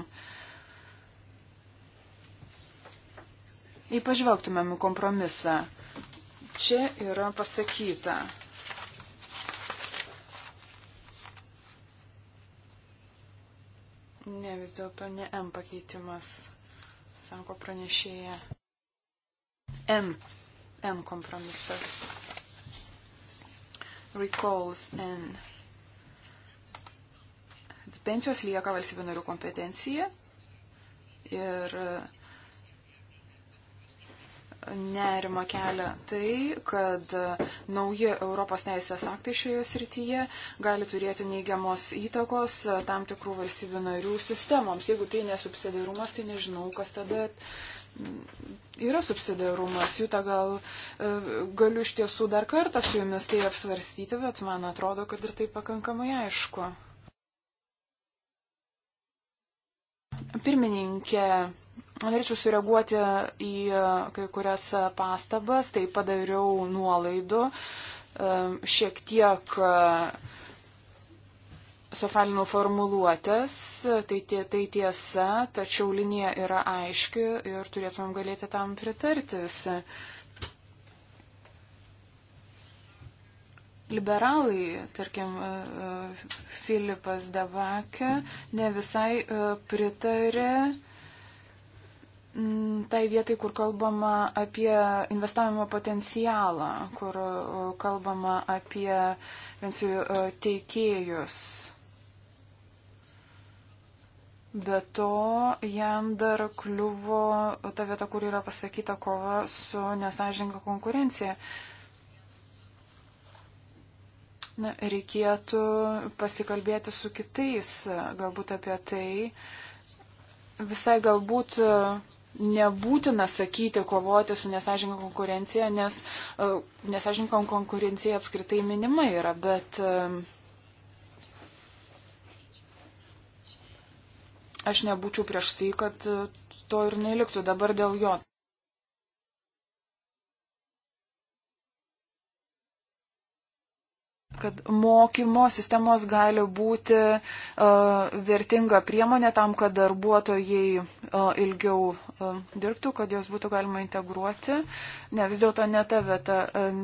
Jei pažvelgtumėm į kompromisą, čia yra pasakyta. Ne, vis dėlto ne M pakeitimas, sako pranešėja. N M kompromisas. Recalls N. Pensijos lieka valstybių narių kompetencija ir e, nerima kelia tai, kad e, nauji Europos teisės aktai šioje srityje gali turėti neigiamos įtakos e, tam tikrų valstybių narių sistemoms. Jeigu tai nesubsidiarumas, tai nežinau, kas tada yra subsidiarumas. Jūta, gal e, galiu iš tiesų dar kartą su jumis tai apsvarstyti, bet man atrodo, kad ir tai pakankamai aišku. Pirmininkė, norėčiau sureaguoti į e, kai kurias pastabas, tai padariau nuolaidų e, šiek tiek sofalinų formuluotės, tai, tie, tai tiesa, tačiau linija yra aiški ir turėtumėm galėti tam pritarti visi. Liberalai, tarkim, Filipas Davakė ne visai e, pritarė mm, tai vietai, kur kalbama apie investavimo potencialą, kur e, kalbama apie pensijų e, teikėjus. Be to, jam dar kliuvo ta vieta, kur yra pasakyta kova su nesažinga konkurencija. Na, reikėtų pasikalbėti su kitais galbūt apie tai. Visai galbūt nebūtina sakyti kovoti su nesažinga konkurencija, nes e, nesažinga konkurencija apskritai minima yra, bet. Uh, Aš nebūčiau prieš tai, kad e, to ir neliktų dabar dėl jo. kad mokymo sistemos gali būti uh, vertinga priemonė tam, kad darbuotojai uh, ilgiau uh, dirbtų, kad jos būtų galima integruoti. Ne, vis dėlto ne ta vieta. Um,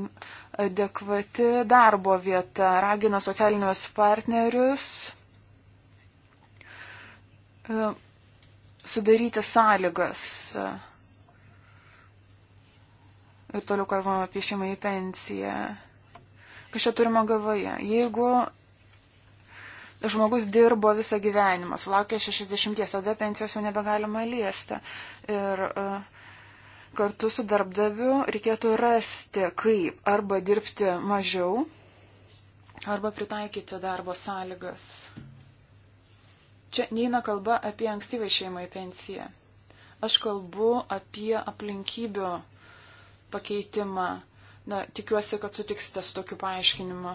adekvati darbo vieta ragina socialinius partnerius E, sudaryti sąlygas. E, ir toliau kalbam apie šeimą į pensiją. Kas čia turima galvoje? Jeigu žmogus dirbo visą gyvenimą, sulaukė 60, tada pensijos jau nebegalima liesti. Ir e, kartu su darbdaviu reikėtų rasti, kaip arba dirbti mažiau, arba pritaikyti darbo sąlygas. Čia neina kalba apie ankstyvą šeimą į pensiją. Aš kalbu apie aplinkybių pakeitimą. Na, tikiuosi, kad sutiksite su tokiu paaiškinimu.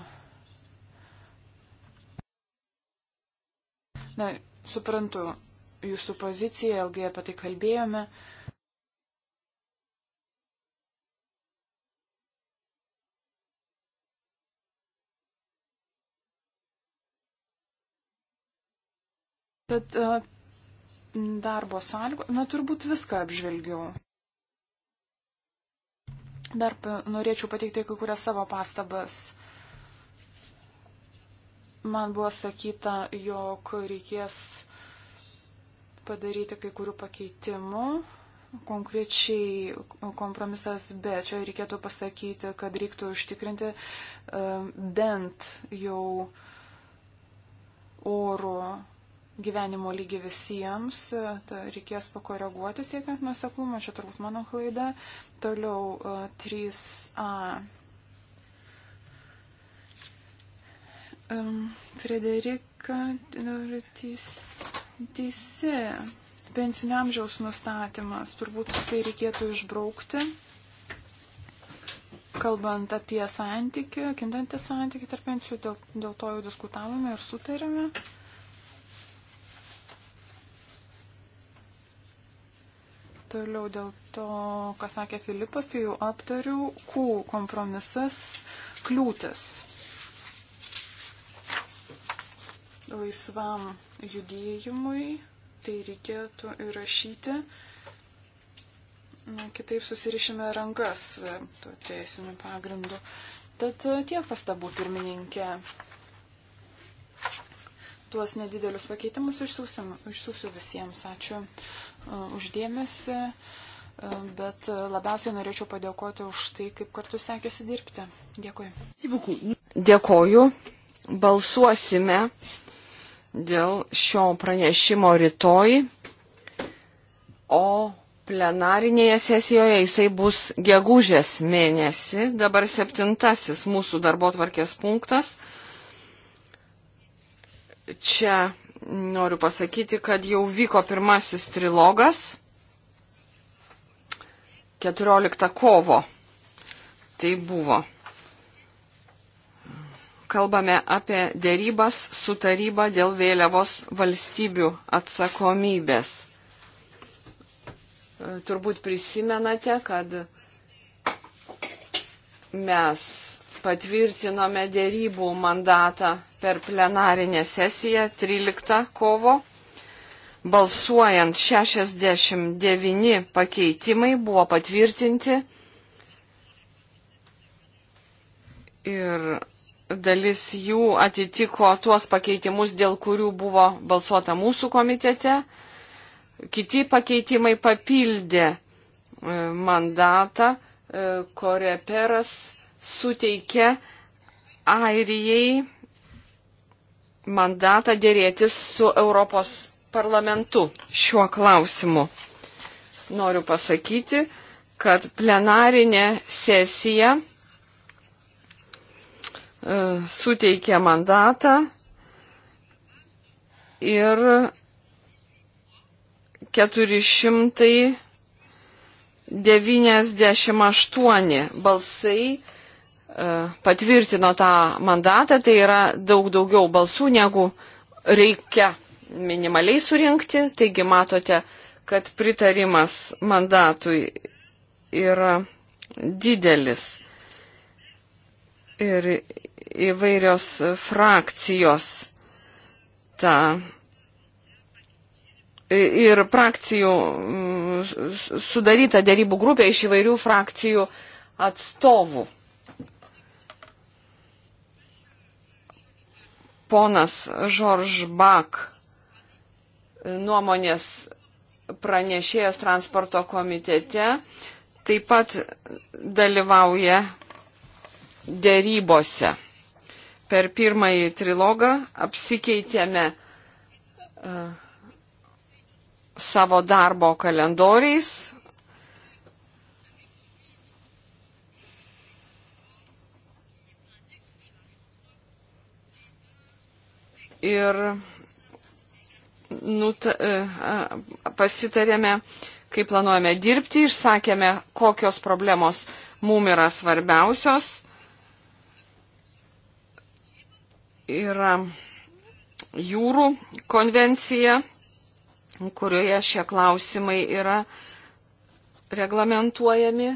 Na, suprantu jūsų poziciją, ilgai apie tai kalbėjome. Uh, Tad e, darbo sąlygų, na turbūt viską apžvelgiau. Dar norėčiau pateikti kai kurias savo pastabas. Man buvo sakyta, jog reikės padaryti kai kurių pakeitimų, konkrečiai kompromisas B. Čia reikėtų pasakyti, kad reiktų užtikrinti e, bent jau oro gyvenimo lygį visiems, tai reikės pakoreguoti siekiant nuseklumą, čia turbūt mano klaida. Toliau 3A. E, Frederika e, teisi. Pensinio amžiaus nustatymas. Turbūt tai reikėtų išbraukti. Kalbant apie santykių, kintantį santykių tarp pensijų, dėl, dėl to jau diskutavome ir sutarėme. Uh, Toliau dėl to, ką sakė Filipas, tai jau aptariau. Q kompromisas kliūtis laisvam judėjimui, tai reikėtų įrašyti. Na, kitaip susirišime rankas tuo teisiniu pagrindu. Tad tiek pastabų pirmininkė. Tuos nedidelius pakeitimus išsiųsiu visiems. Ačiū uždėmesi, bet labiausiai norėčiau padėkoti už tai, kaip kartu sekėsi dirbti. Dėkui. Dėkoju. Balsuosime dėl šio pranešimo rytoj, o plenarinėje sesijoje jisai bus gegužės mėnesį. Dabar septintasis mūsų darbo tvarkės punktas. Čia noriu pasakyti, kad jau vyko pirmasis trilogas 14 kovo. Tai buvo. Kalbame apie dėrybas su taryba dėl vėliavos valstybių atsakomybės. Turbūt prisimenate, kad mes patvirtinome dėrybų mandatą per plenarinę sesiją 13 kovo. Balsuojant 69 pakeitimai buvo patvirtinti ir dalis jų atitiko tuos pakeitimus, dėl kurių buvo balsuota mūsų komitete. Kiti pakeitimai papildė e, mandatą, e, koreperas suteikia Airijai mandatą dėrėtis su Europos parlamentu šiuo klausimu. Noriu pasakyti, kad plenarinė sesija e, suteikia mandatą ir 498 balsai patvirtino tą mandatą, tai yra daug daugiau balsų, negu reikia minimaliai surinkti. Taigi matote, kad pritarimas mandatui yra didelis. Ir įvairios frakcijos tą. Ir frakcijų mm, sudaryta dėrybų grupė iš įvairių frakcijų atstovų. ponas Žorž Bak e, nuomonės pranešėjas transporto komitete taip pat dalyvauja dėrybose. Per pirmąjį trilogą apsikeitėme uh, savo darbo kalendoriais, ir nut, e, pasitarėme, kaip planuojame dirbti, išsakėme, kokios problemos mum yra svarbiausios. Yra jūrų konvencija, kurioje šie klausimai yra reglamentuojami.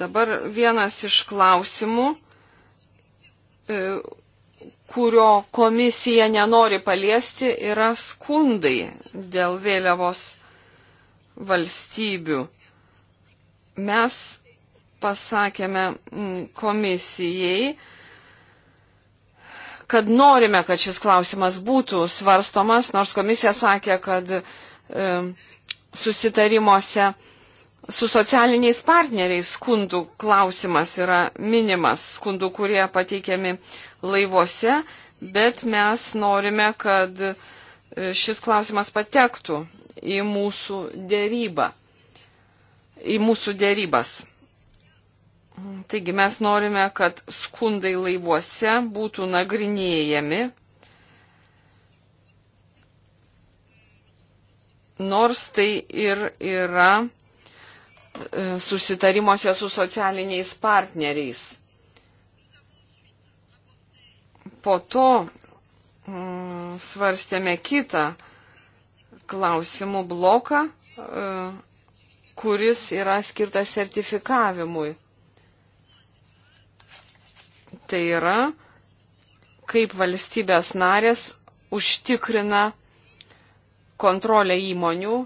Dabar vienas iš klausimų E, kurio komisija nenori paliesti, yra skundai dėl vėliavos valstybių. Mes pasakėme mm, komisijai, kad norime, kad šis klausimas būtų svarstomas, nors komisija sakė, kad e, susitarimuose e, su socialiniais partneriais skundų klausimas yra minimas, skundų, kurie pateikiami laivuose, bet mes norime, kad e, šis klausimas patektų į mūsų dėrybą. Į mūsų dėrybas. Taigi mes norime, kad skundai laivuose būtų nagrinėjami, nors tai ir yra E, susitarimuose su socialiniais partneriais. Po to mm, svarstėme kitą klausimų bloką, e, kuris yra skirtas sertifikavimui. Tai yra, kaip valstybės narės užtikrina kontrolę įmonių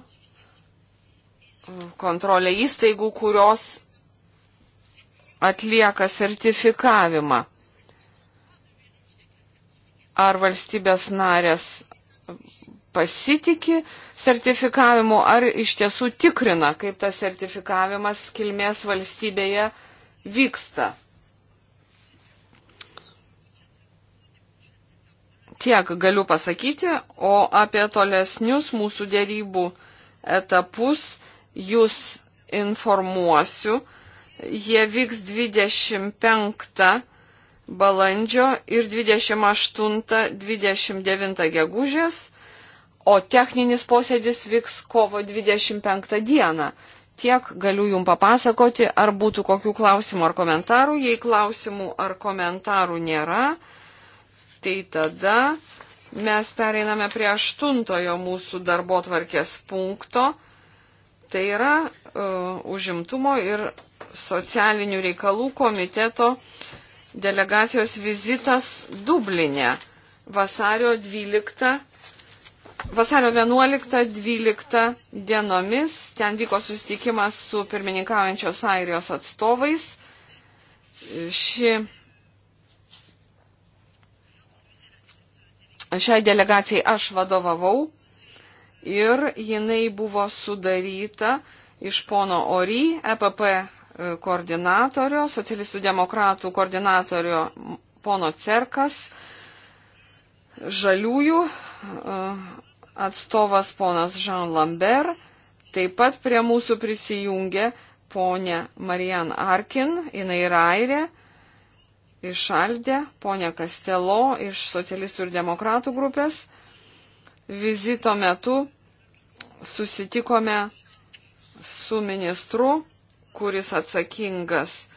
kontrolę įstaigų, kurios atlieka sertifikavimą. Ar valstybės narės pasitiki sertifikavimu, ar iš tiesų tikrina, kaip tas sertifikavimas kilmės valstybėje vyksta. Tiek galiu pasakyti, o apie tolesnius mūsų dėrybų etapus jūs informuosiu. Jie vyks 25 balandžio ir 28-29 gegužės, o techninis posėdis vyks kovo 25 dieną. Tiek galiu Jums papasakoti, ar būtų kokių klausimų ar komentarų. Jei klausimų ar komentarų nėra, tai tada mes pereiname prie aštuntojo mūsų darbo tvarkės punkto Tai yra e, užimtumo ir socialinių reikalų komiteto delegacijos vizitas Dublinė vasario 12 Vasario 11-12 dienomis ten vyko susitikimas su pirmininkaujančios Airijos atstovais. Ši, šiai delegacijai aš vadovavau ir jinai buvo sudaryta iš pono Ory, EPP e, koordinatorio, socialistų demokratų koordinatorio pono Cerkas, žaliųjų e, atstovas ponas Jean Lambert, taip pat prie mūsų prisijungė ponė Marian Arkin, jinai yra airė, išaldė, ponė Kastelo iš socialistų ir demokratų grupės. Vizito metu susitikome su ministru, kuris atsakingas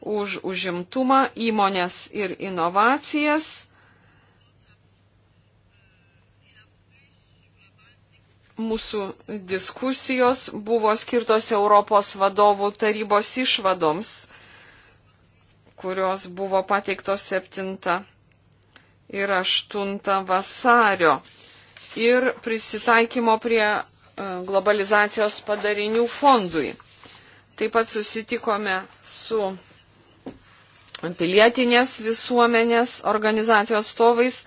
už užimtumą, įmonės ir inovacijas. Mūsų diskusijos buvo skirtos Europos vadovų tarybos išvadoms, kurios buvo pateiktos 7 ir 8 vasario ir prisitaikymo prie E, globalizacijos padarinių fondui. Taip pat susitikome su pilietinės visuomenės organizacijos atstovais,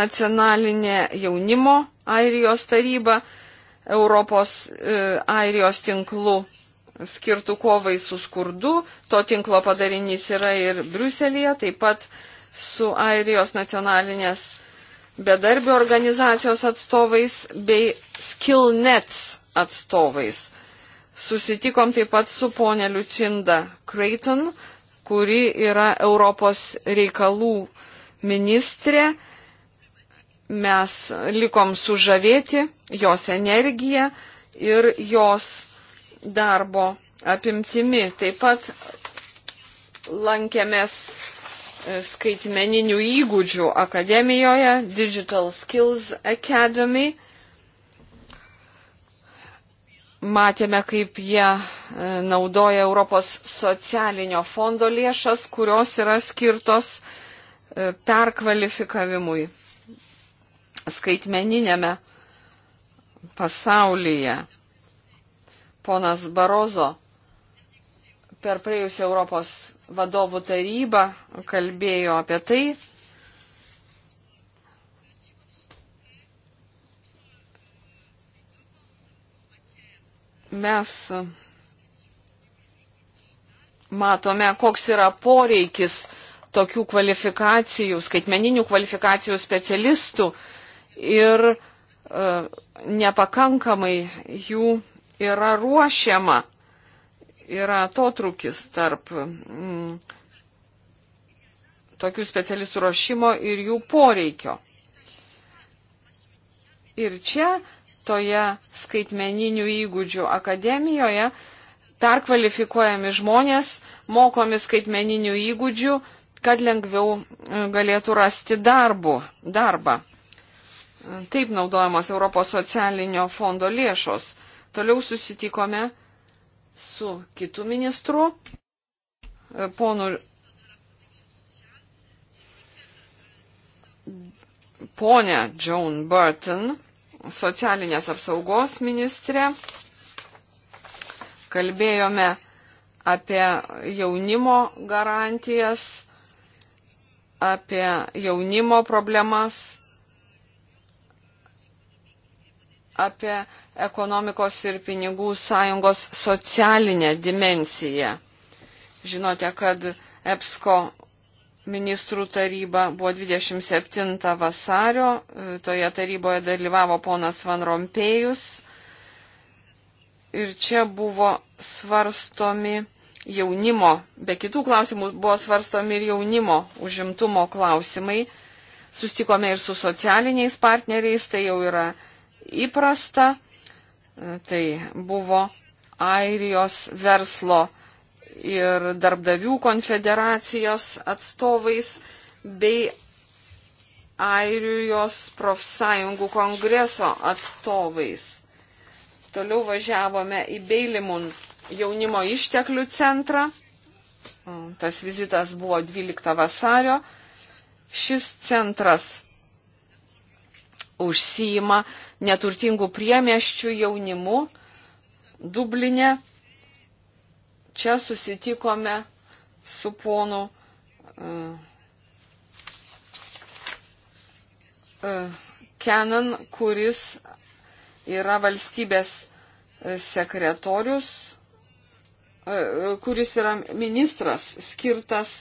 nacionalinė jaunimo Airijos taryba, Europos e, Airijos tinklų skirtų kovai su skurdu. To tinklo padarinys yra ir Bruselėje, taip pat su Airijos nacionalinės bedarbių organizacijos atstovais bei Skillnets atstovais. Susitikom taip pat su ponė Lucinda Creighton, kuri yra Europos reikalų ministrė. Mes likom sužavėti jos energiją ir jos darbo apimtimi. Taip pat lankėmės E, skaitmeninių įgūdžių akademijoje, Digital Skills Academy. Matėme, kaip jie e, naudoja Europos socialinio fondo lėšas, kurios yra skirtos e, perkvalifikavimui skaitmeninėme pasaulyje. Ponas Barozo per praėjusią Europos vadovų taryba kalbėjo apie tai. Mes matome, koks yra poreikis tokių kvalifikacijų, skaitmeninių kvalifikacijų specialistų ir e, nepakankamai jų yra ruošiama yra totrukis tarp mm, tokių specialistų ruošimo ir jų poreikio. Ir čia toje skaitmeninių įgūdžių akademijoje perkvalifikuojami žmonės, mokomi skaitmeninių įgūdžių, kad lengviau mm, galėtų rasti darbų, darbą. Taip naudojamos Europos socialinio fondo lėšos. Toliau susitikome su kitu ministru, e, ponu ponę Joan Burton, socialinės apsaugos ministrė. Kalbėjome apie jaunimo garantijas, apie jaunimo problemas, apie ekonomikos ir pinigų sąjungos socialinę dimensiją. Žinote, kad EPSCO ministrų taryba buvo 27 vasario, e, toje taryboje dalyvavo ponas Van Rompėjus ir čia buvo svarstomi jaunimo, be kitų klausimų buvo svarstomi ir jaunimo užimtumo klausimai. Sustikome ir su socialiniais partneriais, tai jau yra įprasta. E, tai buvo Airijos verslo ir darbdavių konfederacijos atstovais bei Airijos profsąjungų kongreso atstovais. Toliau važiavome į Beilimun jaunimo išteklių centrą. Tas vizitas buvo 12 vasario. Šis centras užsijima neturtingų priemeščių jaunimu Dublinė. Čia susitikome su ponu uh, uh, Kenan, kuris yra valstybės sekretorius, uh, kuris yra ministras skirtas,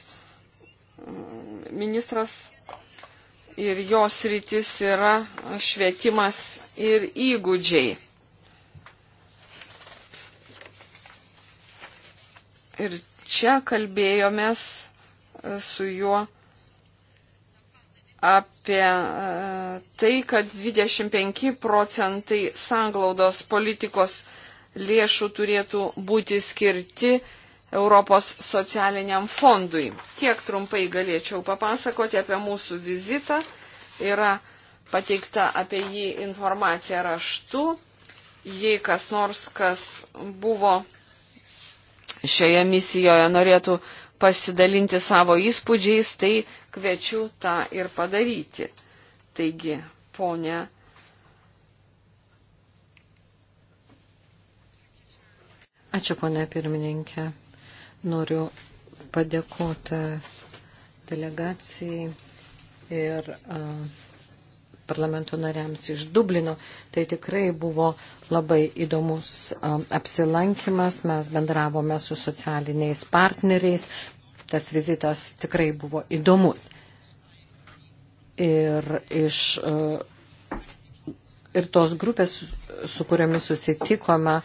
ministras ir jos rytis yra švietimas ir įgūdžiai. Ir čia kalbėjomės e, su juo apie e, tai, kad 25 procentai sanglaudos politikos lėšų turėtų būti skirti Europos socialiniam fondui. Tiek trumpai galėčiau papasakoti apie mūsų vizitą. Yra pateikta apie jį informacija raštu. Jei kas nors, kas buvo šioje misijoje, norėtų pasidalinti savo įspūdžiais, tai kviečiu tą ir padaryti. Taigi, ponia. Ačiū, ponia pirmininkė. Noriu padėkoti delegacijai ir a, parlamento nariams iš Dublino. Tai tikrai buvo labai įdomus a, apsilankimas. Mes bendravome su socialiniais partneriais. Tas vizitas tikrai buvo įdomus. Ir iš a, ir tos grupės, su kuriomis susitikome,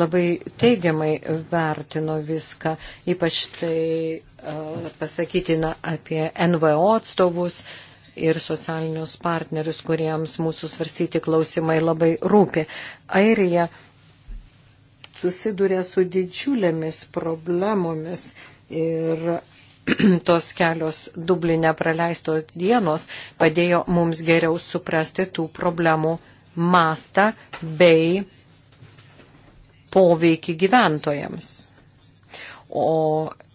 labai teigiamai vertino viską, ypač tai e, pasakytina apie NVO atstovus ir socialinius partnerius, kuriems mūsų svarstyti klausimai labai rūpi. Airija susiduria su didžiulėmis problemomis ir [CLEARS THROAT] tos kelios Dublinė praleisto dienos padėjo mums geriau suprasti tų problemų mastą bei poveikį gyventojams. O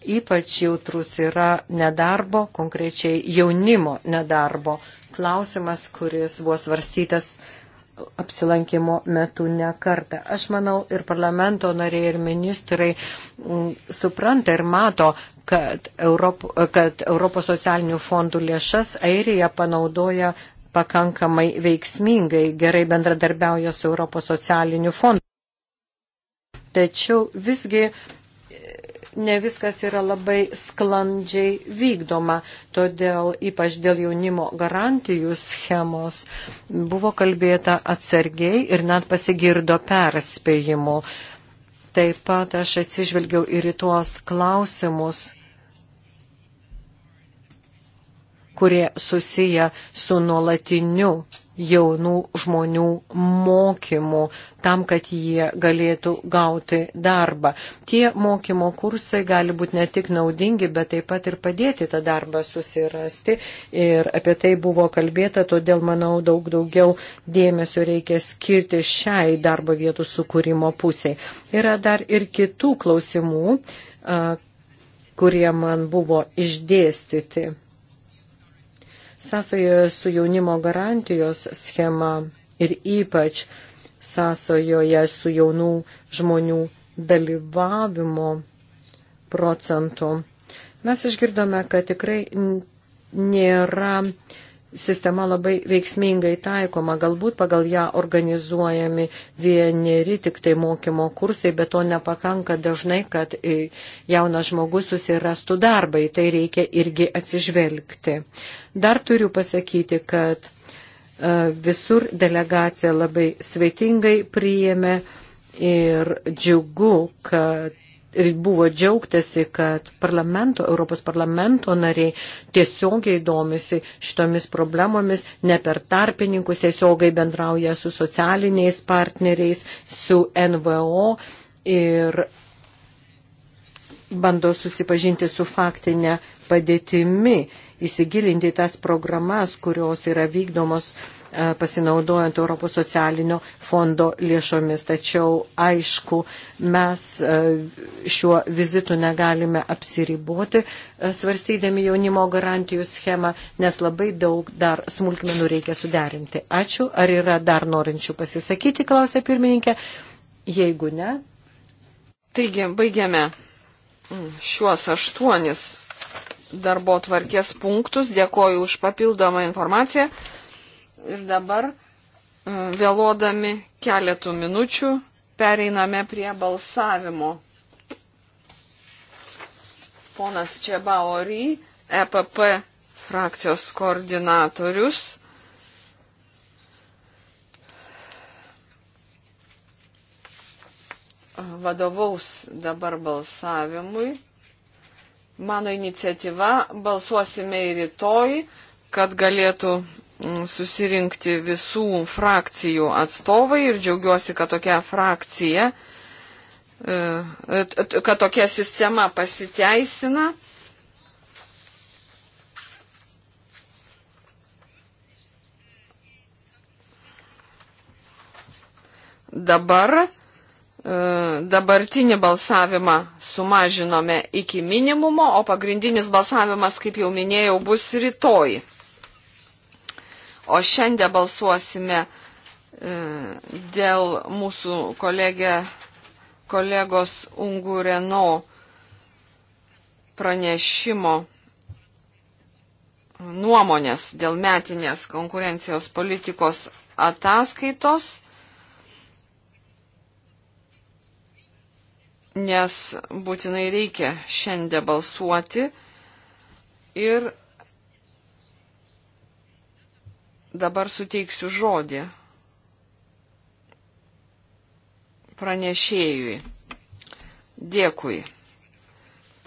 ypač jautrus yra nedarbo, konkrečiai jaunimo nedarbo klausimas, kuris buvo svarstytas apsilankimo metu ne kartą. Aš manau, ir parlamento nariai, ir ministrai mm, supranta ir mato, kad, Europ, kad Europos socialinių fondų lėšas Airija panaudoja pakankamai veiksmingai gerai bendradarbiauja su Europos socialiniu fondu. Tačiau visgi e, ne viskas yra labai sklandžiai vykdoma, todėl ypač dėl jaunimo garantijų schemos buvo kalbėta atsargiai ir net pasigirdo perspėjimų. Taip pat aš atsižvelgiau ir į tuos klausimus, kurie susiję su nuolatiniu jaunų žmonių mokymų tam, kad jie galėtų gauti darbą. Tie mokymo kursai gali būti ne tik naudingi, bet taip pat ir padėti tą darbą susirasti. Ir apie tai buvo kalbėta, todėl manau daug daugiau dėmesio reikia skirti šiai darbo vietų sukūrimo pusiai. Yra dar ir kitų klausimų, kurie man buvo išdėstyti Sąsojoje su jaunimo garantijos schema ir ypač sąsojoje su jaunų žmonių dalyvavimo procentu. Mes išgirdome, kad tikrai nėra sistema labai veiksmingai taikoma, galbūt pagal ją organizuojami vieneri tik tai mokymo kursai, bet to nepakanka dažnai, kad e, jaunas žmogus susirastų darbą, į tai reikia irgi atsižvelgti. Dar turiu pasakyti, kad e, visur delegacija labai sveitingai priėmė ir džiugu, kad buvo džiaugtasi, kad parlamento, Europos parlamento nariai tiesiogiai domisi šitomis problemomis, ne per tarpininkus tiesiogiai bendrauja su socialiniais partneriais, su NVO ir bando susipažinti su faktinė padėtimi, įsigilinti tas programas, kurios yra vykdomos E, pasinaudojant Europos socialinio fondo lėšomis. Tačiau, aišku, mes e, šiuo vizitu negalime apsiriboti, e, svarstydami jaunimo garantijų schemą, nes labai daug dar smulkmenų reikia suderinti. Ačiū. Ar yra dar norinčių pasisakyti, klausė pirmininkė. Jeigu ne. Taigi, baigiame šiuos aštuonis darbo tvarkės punktus. Dėkoju už papildomą informaciją ir dabar mm, vėlodami keletų minučių pereiname prie balsavimo. Ponas Čebaory, EPP frakcijos koordinatorius. Vadovaus dabar balsavimui. Mano iniciatyva balsuosime į rytoj, kad galėtų Mm, susirinkti visų frakcijų atstovai ir džiaugiuosi, kad tokia frakcija, e, kad tokia sistema pasiteisina. Dabar e, dabartinį balsavimą sumažinome iki minimumo, o pagrindinis balsavimas, kaip jau minėjau, bus rytoj o šiandien balsuosime e, dėl mūsų kolegė, kolegos Ungureno pranešimo nuomonės dėl metinės konkurencijos politikos ataskaitos, nes būtinai reikia šiandien balsuoti ir Dabar suteiksiu žodį pranešėjui. Dėkui,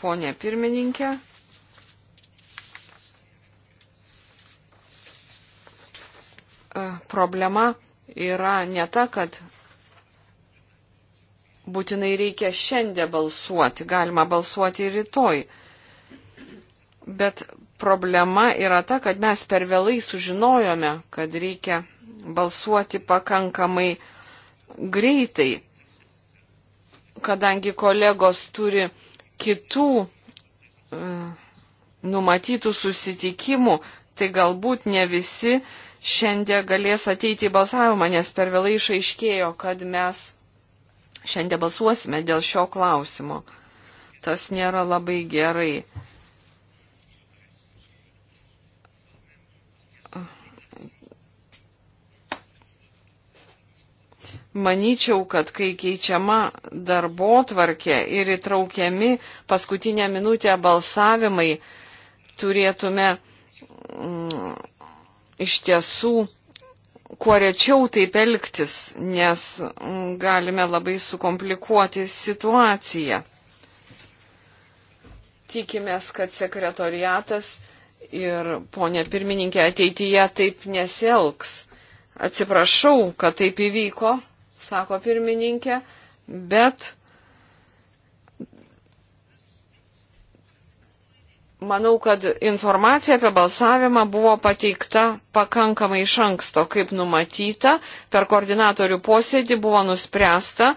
ponė pirmininkė. E, problema yra ne ta, kad būtinai reikia šiandien balsuoti, galima balsuoti ir rytoj. Bet problema yra ta, kad mes per vėlai sužinojome, kad reikia balsuoti pakankamai greitai, kadangi kolegos turi kitų e, numatytų susitikimų, tai galbūt ne visi šiandien galės ateiti į balsavimą, nes per vėlai išaiškėjo, kad mes šiandien balsuosime dėl šio klausimo. Tas nėra labai gerai. Maničiau, kad kai keičiama darbo tvarkė ir įtraukiami paskutinę minutę balsavimai, turėtume mm, iš tiesų kuo rečiau taip elgtis, nes mm, galime labai sukomplikuoti situaciją. Tikimės, kad sekretoriatas ir ponė pirmininkė ateityje taip nesielgs. Atsiprašau, kad taip įvyko sako pirmininkė, bet manau, kad informacija apie balsavimą buvo pateikta pakankamai iš anksto, kaip numatyta. Per koordinatorių posėdį buvo nuspręsta,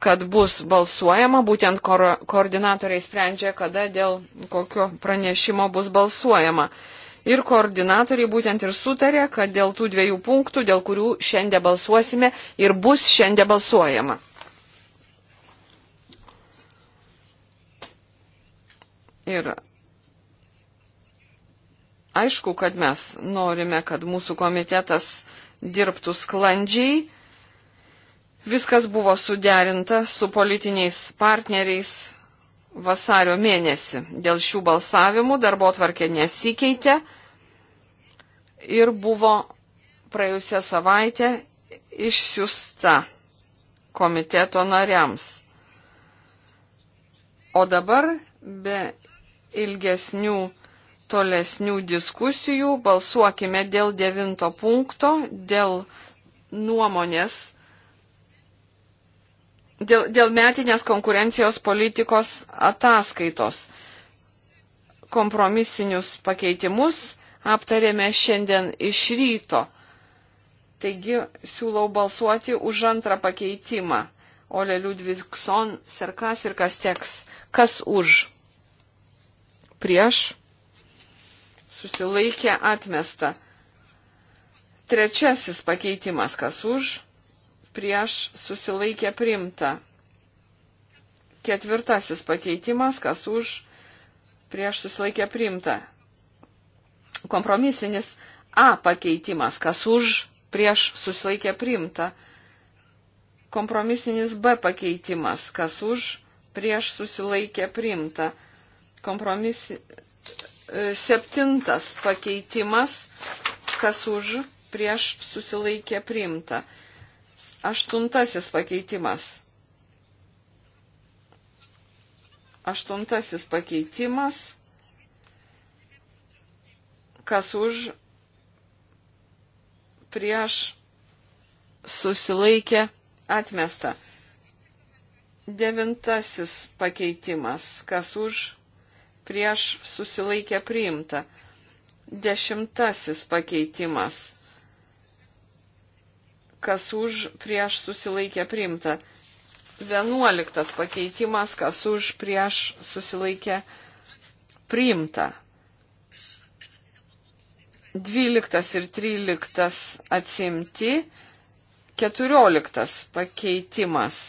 kad bus balsuojama, būtent ko koordinatoriai sprendžia, kada dėl kokio pranešimo bus balsuojama ir koordinatoriai būtent ir sutarė, kad dėl tų dviejų punktų, dėl kurių šiandien balsuosime ir bus šiandien balsuojama. Ir aišku, kad mes norime, kad mūsų komitetas dirbtų sklandžiai. Viskas buvo suderinta su politiniais partneriais, vasario mėnesį. Dėl šių balsavimų darbo tvarkė nesikeitė ir buvo praėjusią savaitę išsiusta komiteto nariams. O dabar be ilgesnių tolesnių diskusijų balsuokime dėl devinto punkto, dėl nuomonės dėl, dėl metinės konkurencijos politikos ataskaitos. Kompromisinius pakeitimus aptarėme šiandien iš ryto. Taigi siūlau balsuoti už antrą pakeitimą. Ole Liudvikson, Serkas ir kas teks. Kas už? Prieš? Susilaikė atmesta. Trečiasis pakeitimas. Kas už? prieš susilaikė primta. Ketvirtasis pakeitimas, kas už prieš susilaikė primta. Kompromisinis A pakeitimas, kas už prieš susilaikė primta. Kompromisinis B pakeitimas, kas už prieš susilaikė primta. Kompromisi... E, septintas pakeitimas, kas už prieš susilaikė primta. Aštuntasis pakeitimas. Aštuntasis pakeitimas. Kas už prieš susilaikė atmesta. Devintasis pakeitimas. Kas už prieš susilaikė priimta. Dešimtasis pakeitimas kas už prieš susilaikė priimta. Vienuoliktas pakeitimas, kas už prieš susilaikė priimta. Dvyliktas ir tryliktas atsimti. Keturioliktas pakeitimas.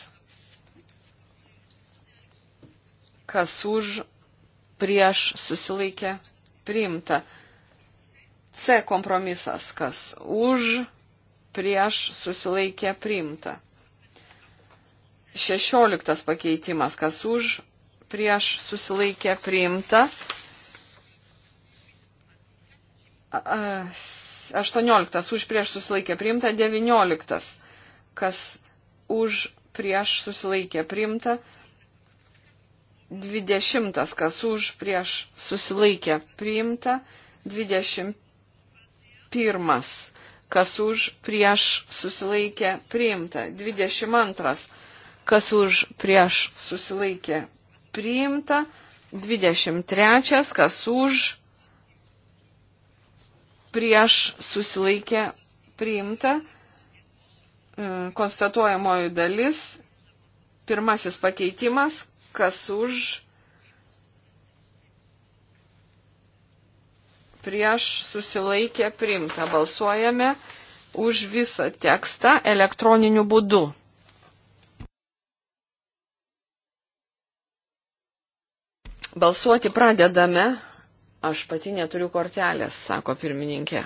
Kas už prieš susilaikė priimta. C kompromisas, kas už prieš susilaikė priimta. Šešioliktas pakeitimas, kas už, prieš susilaikė priimta. Aštuonioliktas už prieš susilaikė priimta, devynioliktas, kas už prieš susilaikė priimta, dvidešimtas, kas už prieš susilaikė priimta, dvidešimt pirmas kas už prieš susilaikė priimta. 22. Kas už prieš susilaikė priimta. 23. Kas už prieš susilaikė priimta. E, konstatuojamoji dalis. Pirmasis pakeitimas. Kas už prieš susilaikė primta. Balsuojame už visą tekstą elektroniniu būdu. Balsuoti pradedame. Aš pati neturiu kortelės, sako pirmininkė.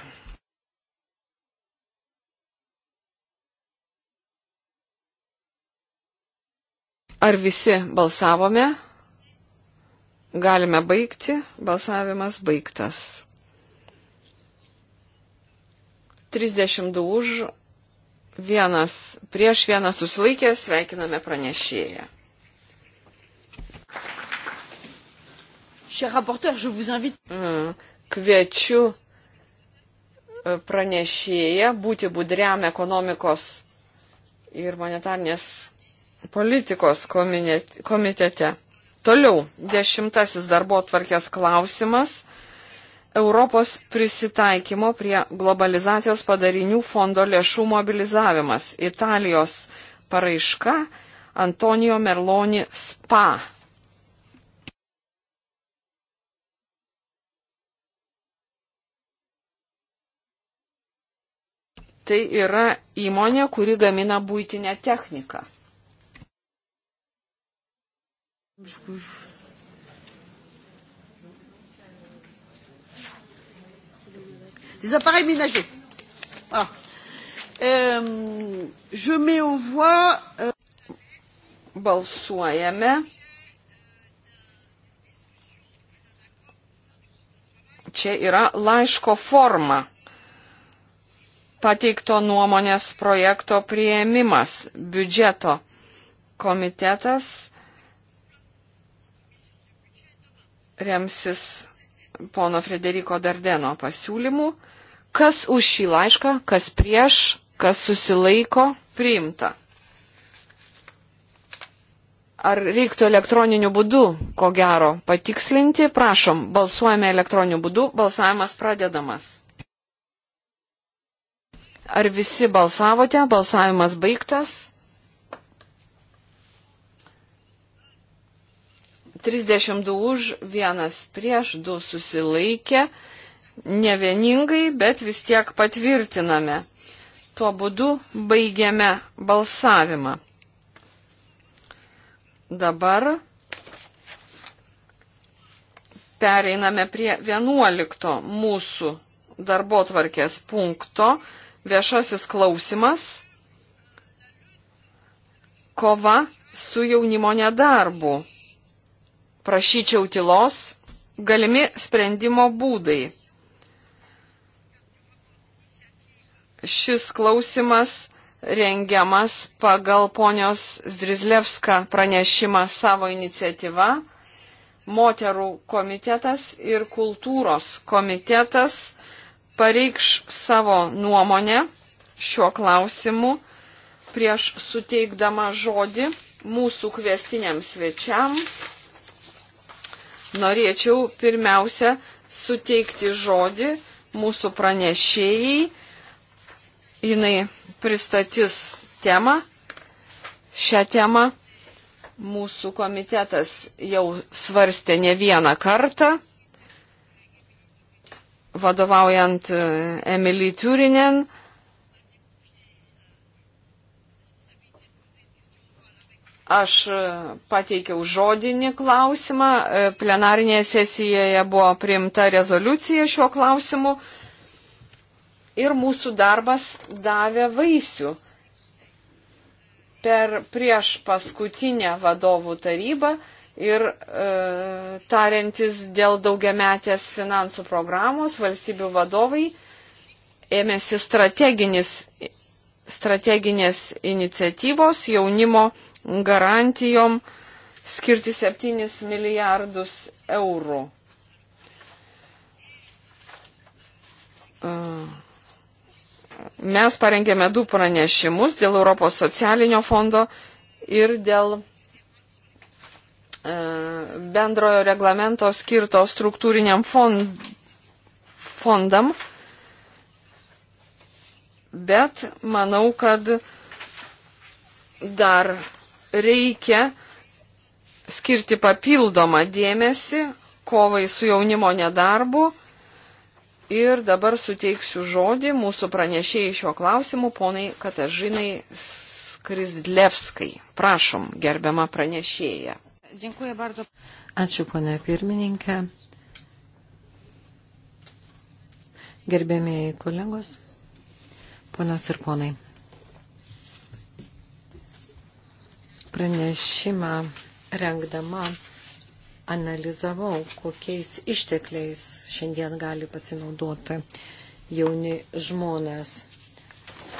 Ar visi balsavome? Galime baigti. Balsavimas baigtas. 32 už, vienas prieš, vienas susilaikęs, sveikiname pranešėją. Mm, kviečiu e, pranešėją būti budriam ekonomikos ir monetarnės politikos komitete. Toliau, dešimtasis darbo atvarkės klausimas Europos prisitaikymo prie globalizacijos padarinių fondo lėšų mobilizavimas. Italijos paraiška Antonijo Merloni SPA. Tai yra įmonė, kuri gamina būtinę techniką. Žkuž. des appareils ménagers. Voilà. Ah. Euh, je mets aux voix. Euh... Balsuojame. Čia yra laiško forma. Pateikto nuomonės projekto prieimimas. Biudžeto komitetas remsis pono Frederiko Dardeno pasiūlymų. Kas už šį laišką, kas prieš, kas susilaiko, priimta. Ar reiktų elektroniniu būdu, ko gero, patikslinti? Prašom, balsuojame elektroniniu būdu, balsavimas pradedamas. Ar visi balsavote, balsavimas baigtas? 32 už, vienas prieš, du susilaikė, ne vieningai, bet vis tiek patvirtiname. Tuo būdu baigiame balsavimą. Dabar pereiname prie 11 mūsų darbo tvarkės punkto viešasis klausimas - kova su jaunimo nedarbu prašyčiau tylos, galimi sprendimo būdai. Šis klausimas rengiamas pagal ponios Zdrizlevską pranešimą savo iniciatyvą. Moterų komitetas ir kultūros komitetas pareikš savo nuomonę šiuo klausimu prieš suteikdama žodį mūsų kvestiniam svečiam norėčiau pirmiausia suteikti žodį mūsų pranešėjai. Jis pristatys temą. Šią temą mūsų komitetas jau svarstė ne vieną kartą, vadovaujant e, Emily Turinen. Aš e, pateikiau žodinį klausimą, e, plenarinėje sesijoje buvo priimta rezoliucija šiuo klausimu ir mūsų darbas davė vaisių. Per prieš paskutinę vadovų tarybą ir e, tariantis dėl daugiametės finansų programos valstybių vadovai ėmėsi strateginės iniciatyvos jaunimo garantijom skirti 7 milijardus eurų. Mes parengėme du pranešimus dėl Europos socialinio fondo ir dėl bendrojo reglamento skirto struktūriniam fond, fondam. Bet manau, kad dar reikia skirti papildomą dėmesį kovai su jaunimo nedarbu. Ir dabar suteiksiu žodį mūsų pranešėjai šiuo klausimu, ponai Katažinai Skrisdlevskai. Prašom, gerbiama pranešėja. Ačiū, ponė pirmininkė. Gerbėmiai kolegos, ponios ir ponai. Pranešimą rengdama analizavau, kokiais ištekliais šiandien gali pasinaudoti jauni žmonės.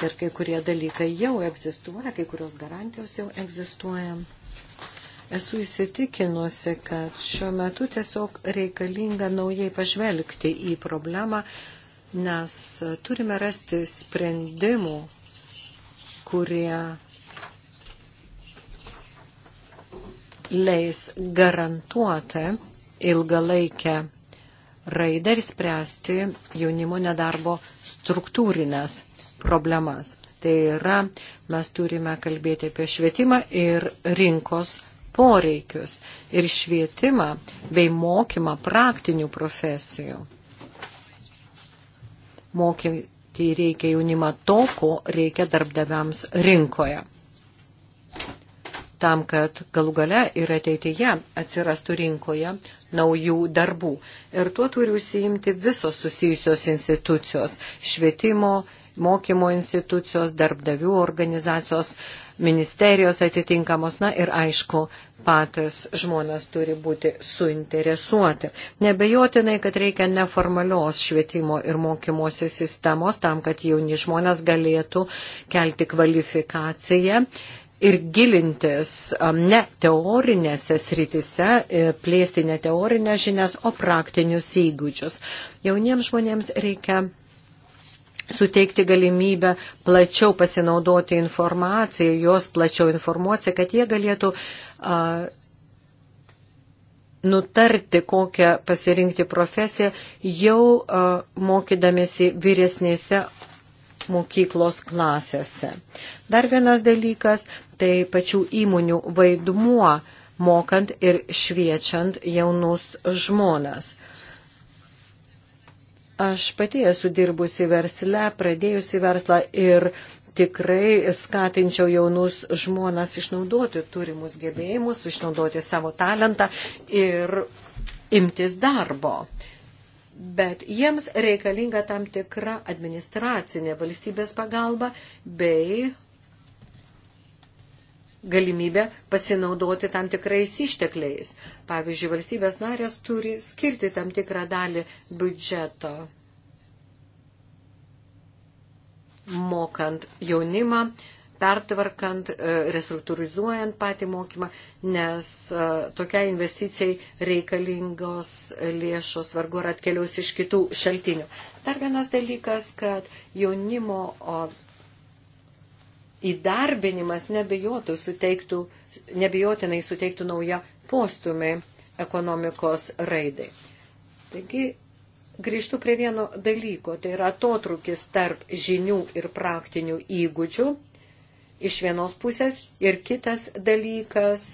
Ir kai kurie dalykai jau egzistuoja, kai kurios garantijos jau egzistuoja. Esu įsitikinusi, kad šiuo metu tiesiog reikalinga naujai pažvelgti į problemą, nes turime rasti sprendimų, kurie leis garantuoti ilgalaikę raidą ir spręsti jaunimo nedarbo struktūrinės problemas. Tai yra, mes turime kalbėti apie švietimą ir rinkos poreikius ir švietimą bei mokymą praktinių profesijų. Mokyti reikia jaunimą to, ko reikia darbdaviams rinkoje tam, kad galų gale ir ateityje atsirastų rinkoje naujų darbų. Ir tuo turi užsiimti visos susijusios institucijos - švietimo, mokymo institucijos, darbdavių organizacijos, ministerijos atitinkamos, na ir aišku, patys žmonės turi būti suinteresuoti. Nebejotinai, kad reikia neformalios švietimo ir mokymosi sistemos tam, kad jauni žmonės galėtų kelti kvalifikaciją ir gilintis ne teorinėse sritise, e, plėsti ne teorinės žinias, o praktinius įgūdžius. Jauniems žmonėms reikia suteikti galimybę plačiau pasinaudoti informaciją, juos plačiau informuoti, kad jie galėtų a, nutarti, kokią pasirinkti profesiją, jau a, mokydamėsi vyresnėse mokyklos klasėse. Dar vienas dalykas tai pačių įmonių vaidmuo mokant ir šviečiant jaunus žmonas. Aš pati esu dirbusi versle, pradėjusi verslą ir tikrai skatinčiau jaunus žmonas išnaudoti turimus gebėjimus, išnaudoti savo talentą ir imtis darbo. Bet jiems reikalinga tam tikra administracinė valstybės pagalba bei galimybę pasinaudoti tam tikrais ištekliais. Pavyzdžiui, valstybės narės turi skirti tam tikrą dalį biudžeto, mokant jaunimą, pertvarkant, e, restruktūrizuojant patį mokymą, nes e, tokia investicijai reikalingos lėšos vargu ar atkeliaus iš kitų šaltinių. Dar vienas dalykas, kad jaunimo įdarbinimas suteiktų, nebejotinai suteiktų naują postumį ekonomikos raidai. Taigi, grįžtu prie vieno dalyko, tai yra atotrukis tarp žinių ir praktinių įgūdžių iš vienos pusės ir kitas dalykas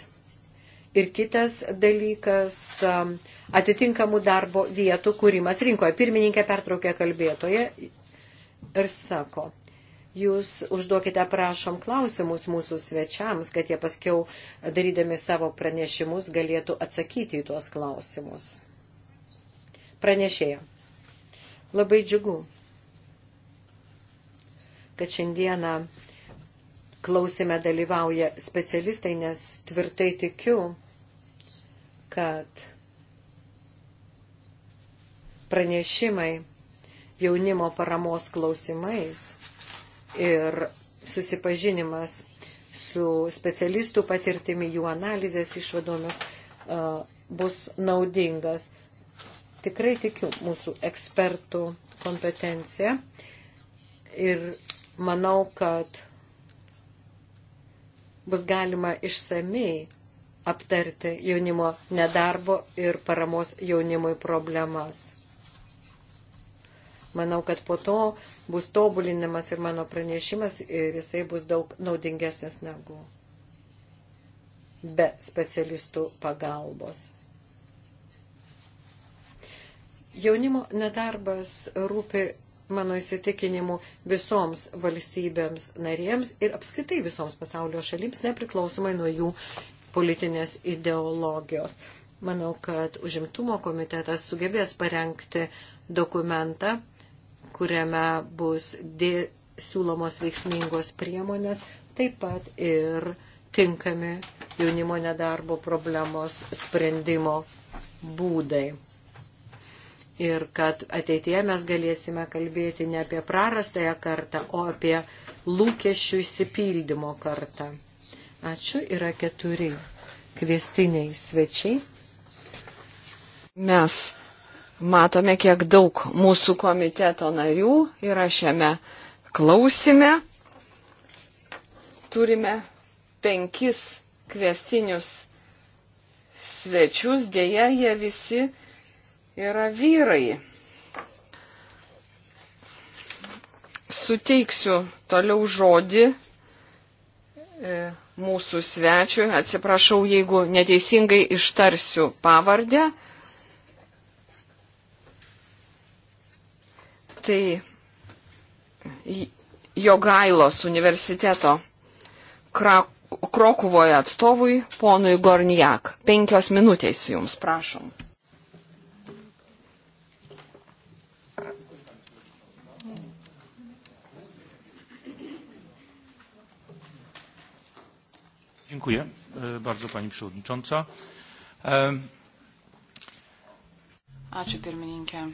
ir kitas dalykas um, atitinkamų darbo vietų kūrimas rinkoje. Pirmininkė pertraukė kalbėtoje ir sako, jūs užduokite, prašom, klausimus mūsų svečiams, kad jie paskiau, darydami savo pranešimus, galėtų atsakyti į tuos klausimus. Pranešėja. Labai džiugu, kad šiandieną klausime dalyvauja specialistai, nes tvirtai tikiu, kad pranešimai jaunimo paramos klausimais ir susipažinimas su specialistų patirtimi, jų analizės išvadomis bus naudingas. Tikrai tikiu mūsų ekspertų kompetenciją ir manau, kad bus galima išsamei aptarti jaunimo nedarbo ir paramos jaunimui problemas. Manau, kad po to bus tobulinamas ir mano pranešimas ir jisai bus daug naudingesnis negu be specialistų pagalbos. Jaunimo nedarbas rūpi mano įsitikinimu, visoms valstybėms narėms ir apskritai visoms pasaulio šalims, nepriklausomai nuo jų politinės ideologijos. Manau, kad užimtumo komitetas sugebės parengti dokumentą, kuriame bus dė, siūlomos veiksmingos priemonės, taip pat ir tinkami jaunimo nedarbo problemos sprendimo būdai. Ir kad ateitie mes galėsime kalbėti ne apie prarastąją kartą, o apie lūkesčių įsipildymo kartą. Ačiū, yra keturi kvestiniai svečiai. Mes matome, kiek daug mūsų komiteto narių yra šiame klausime. Turime penkis kvestinius svečius, dėja jie visi yra vyrai. Suteiksiu toliau žodį e, mūsų svečiui, atsiprašau, jeigu neteisingai ištarsiu pavardę. tai Jogailos universiteto Krak Krokuvoje atstovui, ponui Gornijak. Penkios minutės jums, prašom. Dziękuję e, bardzo Pani Przewodnicząca. E, Ačiū pirmininkė.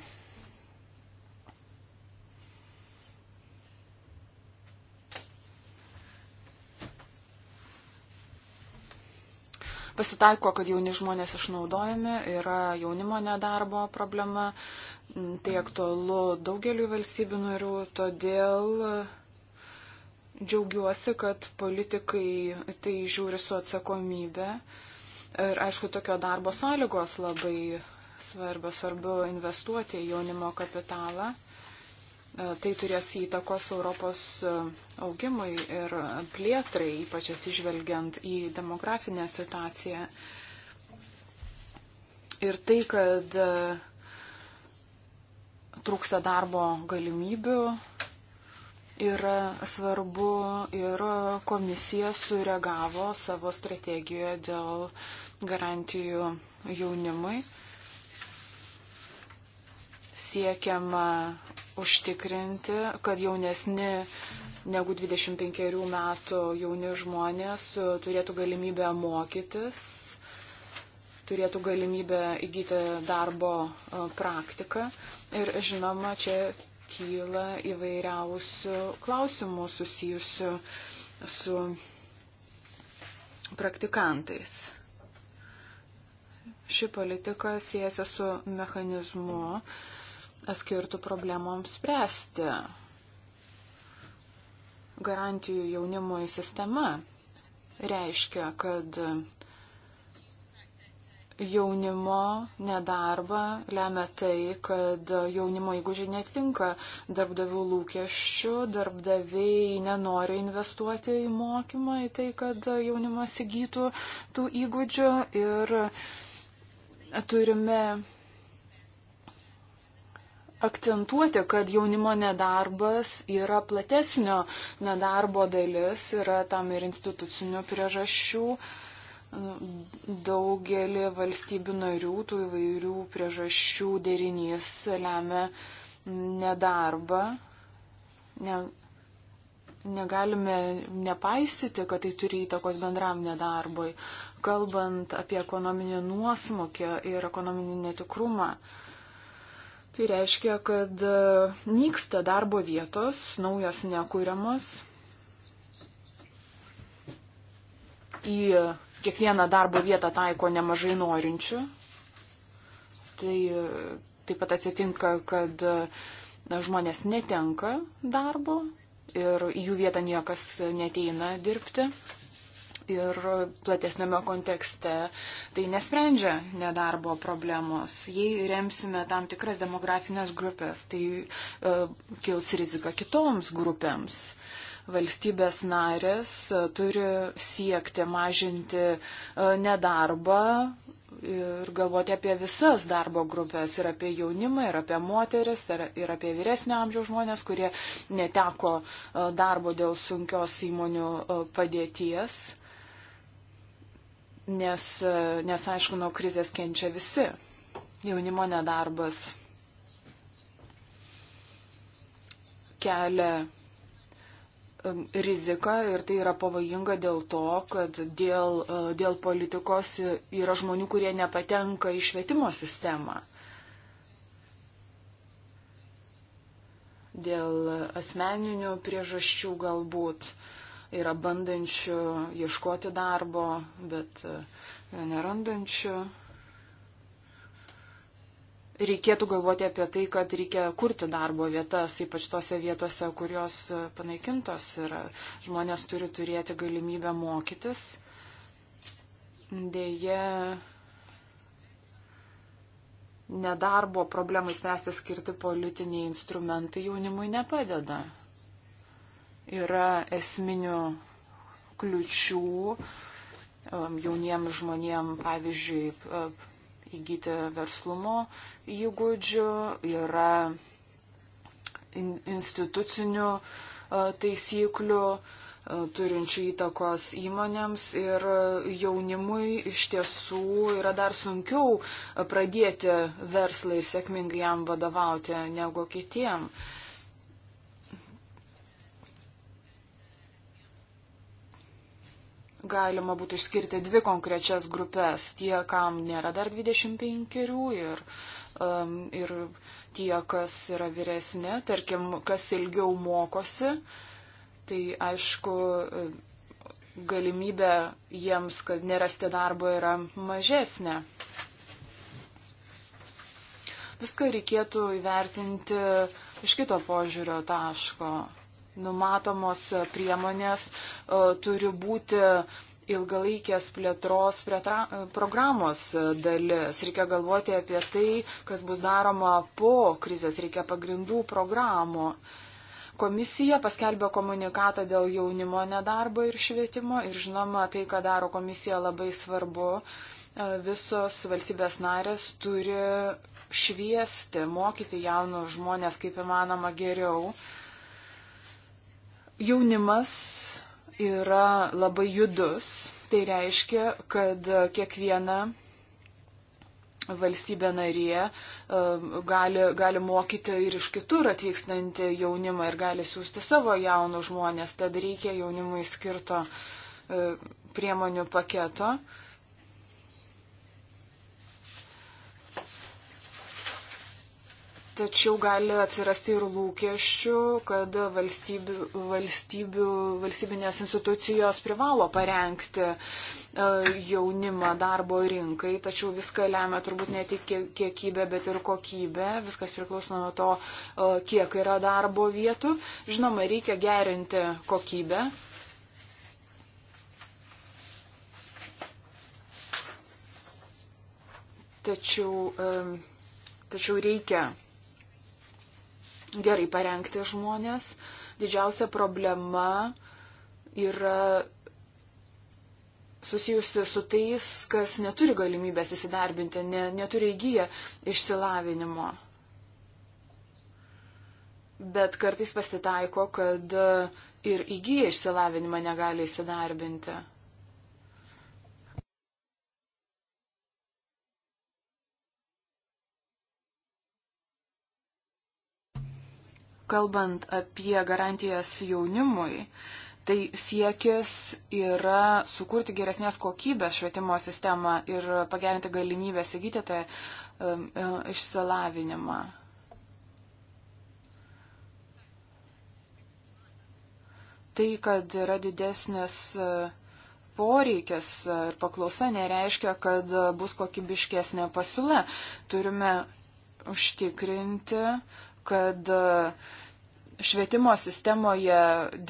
Pasitaiko, kad jauni žmonės išnaudojami, yra jaunimo nedarbo problema, tai aktualu daugeliu valstybių narių, todėl džiaugiuosi, kad politikai tai žiūri su atsakomybė. Ir aišku, tokio darbo sąlygos labai svarbios, svarbu investuoti į jaunimo kapitalą. E, tai turės įtakos Europos e, augimui ir plėtrai, ypač atsižvelgiant į demografinę situaciją. Ir tai, kad e, trūksta darbo galimybių, yra svarbu ir komisija sureagavo savo strategijoje dėl garantijų jaunimui siekiama užtikrinti, kad jaunesni negu 25 metų jauni žmonės turėtų galimybę mokytis, turėtų galimybę įgyti darbo e, praktiką. Ir žinoma, čia kyla įvairiausių klausimų susijusių su praktikantais. Ši politika siejasi su mechanizmu, mm skirtų problemoms spręsti. Garantijų jaunimui sistema reiškia, kad jaunimo nedarbą lemia tai, kad jaunimo įgūdžiai netinka darbdavių lūkesčių, darbdaviai nenori investuoti į mokymą, į tai, kad jaunimas įgytų tų įgūdžių ir turime akcentuoti, kad jaunimo nedarbas yra platesnio nedarbo dalis, yra tam ir institucinių priežasčių. Daugelį valstybių narių tų įvairių priežasčių derinys lemia nedarbą. Ne, negalime nepaisyti, kad tai turi įtakos bendram nedarbui, kalbant apie ekonominį nuosmukį ir ekonominį netikrumą. Uh, Tai reiškia, kad e, nyksta darbo vietos, naujos nekūriamos. Į kiekvieną darbo vietą taiko nemažai norinčių. Tai e, taip pat atsitinka, kad e, na, žmonės netenka darbo ir į jų vietą niekas neteina dirbti ir platesnėme kontekste tai nesprendžia nedarbo problemos. Jei remsime tam tikras demografinės grupės, tai uh, kils rizika kitoms grupėms. Valstybės narės e, turi siekti mažinti e, nedarbą, ir galvoti apie visas darbo grupės, ir apie jaunimą, ir apie moteris, ir, ir apie vyresnio amžiaus žmonės, kurie neteko darbo dėl sunkios įmonių padėties nes, nes aišku, nuo krizės kenčia visi. Jaunimo nedarbas kelia um, rizika ir tai yra pavojinga dėl to, kad dėl, uh, dėl politikos yra žmonių, kurie nepatenka į švietimo sistemą. Dėl asmeninių priežasčių galbūt. Uh, yra bandančių ieškoti darbo, bet e, nerandančių. Reikėtų galvoti apie tai, kad reikia kurti darbo vietas, ypač tose vietose, kurios e, panaikintos ir e, žmonės turi turėti galimybę mokytis. Deja, nedarbo problemai spręsti skirti politiniai instrumentai jaunimui nepadeda yra esminių kliučių um, jauniems žmonėms, pavyzdžiui, uh, įgyti verslumo įgūdžių, yra institucinių uh, taisyklių uh, turinčių įtakos įmonėms ir jaunimui iš tiesų yra dar sunkiau pradėti verslą ir sėkmingai jam vadovauti negu kitiem. Uh, galima būtų išskirti dvi konkrečias grupės - tie, kam nėra dar 25 ir, um, ir tie, kas yra vyresni, tarkim, kas ilgiau mokosi. Tai aišku, galimybė jiems, kad nerasti darbo yra mažesnė. Viską reikėtų įvertinti iš kito požiūrio taško numatomos priemonės e, turi būti ilgalaikės plėtros plėtra, e, programos e, dalis. Reikia galvoti apie tai, kas bus daroma po krizės. Reikia pagrindų programų. Komisija paskelbė komunikatą dėl jaunimo nedarbo ir švietimo ir žinoma, tai, ką daro komisija, labai svarbu. Visos valstybės narės turi šviesti, mokyti jaunus žmonės kaip įmanoma geriau. Uh, Jaunimas yra labai judus. Tai reiškia, kad kiekviena valstybė narė um, gali, gali mokyti ir iš kitur atvykstantį jaunimą ir gali siūsti savo jaunus žmonės. Tad reikia jaunimui skirto uh, priemonių paketo. Uh, Tačiau gali atsirasti ir lūkesčių, kad valstybių, valstybių, valstybinės institucijos privalo parengti e, jaunimą darbo rinkai, tačiau viską lemia turbūt ne tik kiekybė, bet ir kokybė, viskas priklauso nuo to, e, kiek yra darbo vietų. Žinoma, reikia gerinti kokybę. Tačiau, tačiau reikia gerai parengti žmonės. Didžiausia problema yra susijusi su tais, kas neturi galimybės įsidarbinti, ne, neturi įgyję išsilavinimo. Bet kartais pasitaiko, kad ir įgyję išsilavinimą negali įsidarbinti. kalbant apie garantijas jaunimui, tai siekis yra sukurti geresnės kokybės švietimo sistemą ir pagerinti galimybę įgyti tą um, e, išsilavinimą. Tai, kad yra didesnis e, poreikis ir paklausa, nereiškia, kad bus kokybiškesnė pasiūla. Turime užtikrinti uh, kad e, švietimo sistemoje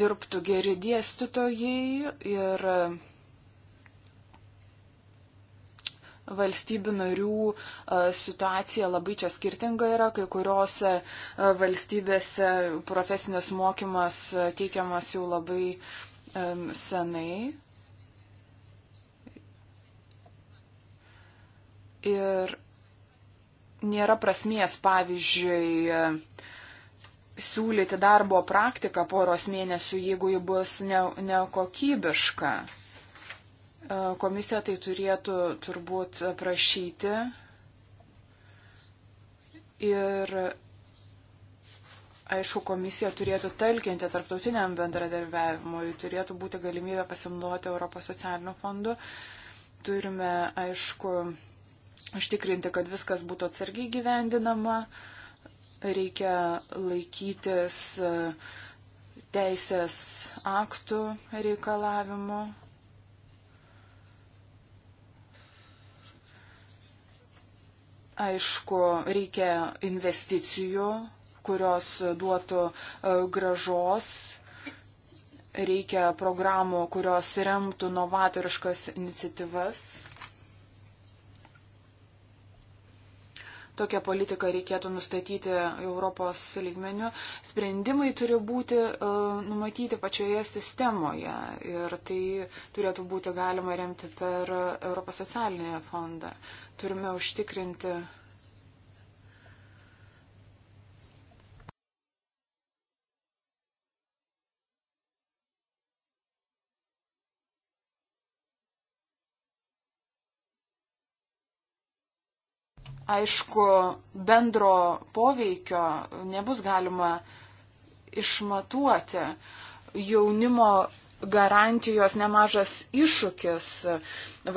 dirbtų geri dėstytojai ir e, valstybių narių e, situacija labai čia skirtinga yra. Kai kuriuose valstybėse profesinis mokymas teikiamas jau labai senai. Ir nėra prasmės, pavyzdžiui, siūlyti darbo praktiką poros mėnesių, jeigu ji bus nekokybiška. Ne Komisija tai turėtų turbūt prašyti ir aišku, komisija turėtų telkinti tarptautiniam bendradarbiavimui, turėtų būti galimybė pasinaudoti Europos socialiniu fondu. Turime, aišku, užtikrinti, kad viskas būtų atsargiai gyvendinama, reikia laikytis e, teisės aktų reikalavimų. Aišku, reikia investicijų, kurios duotų e, gražos reikia programų, kurios remtų novatoriškas iniciatyvas. tokią politiką reikėtų nustatyti Europos lygmeniu. Sprendimai turi būti e, numatyti pačioje sistemoje ir tai turėtų būti galima remti per Europos socialinį fondą. Turime užtikrinti Aišku, bendro poveikio nebus galima išmatuoti. Jaunimo garantijos nemažas iššūkis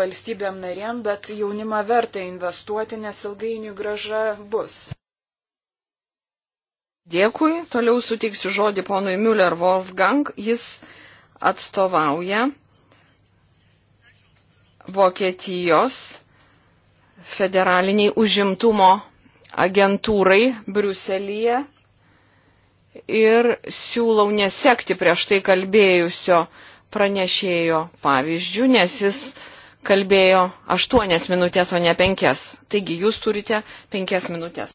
valstybėm narėm, bet jaunimą verta investuoti, nes ilgainių graža bus. Dėkui, toliau sutiksiu žodį ponui Müller Wolfgang, jis atstovauja Vokietijos federaliniai užimtumo agentūrai Briuselyje ir siūlau nesekti prieš tai kalbėjusio pranešėjo pavyzdžių, nes jis kalbėjo 8 minutės, o ne 5. Taigi jūs turite 5 minutės.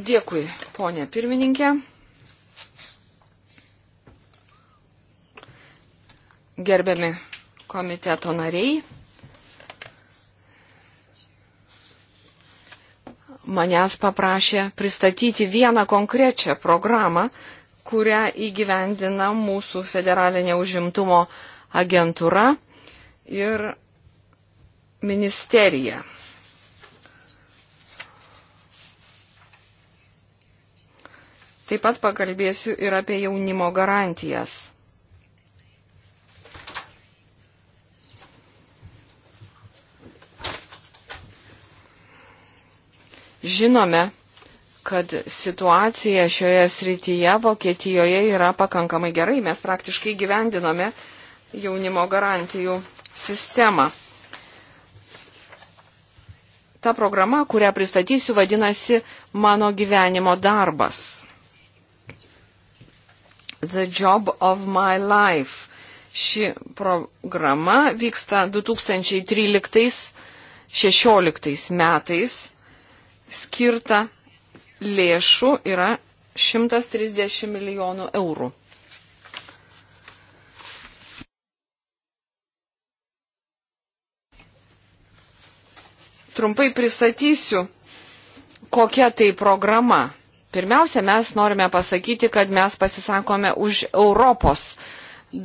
Dėkui, ponė pirmininkė. Gerbiami komiteto nariai. Manęs paprašė pristatyti vieną konkrečią programą, kurią įgyvendina mūsų federalinė užimtumo agentūra ir ministerija. Taip pat pakalbėsiu ir apie jaunimo garantijas. Žinome, kad situacija šioje srityje Vokietijoje yra pakankamai gerai. Mes praktiškai gyvendinome jaunimo garantijų sistemą. Ta programa, kurią pristatysiu, vadinasi Mano gyvenimo darbas. The Job of My Life. Ši programa vyksta 2013-2016 metais skirta lėšų yra 130 milijonų eurų. Trumpai pristatysiu, kokia tai programa. Pirmiausia, mes norime pasakyti, kad mes pasisakome už Europos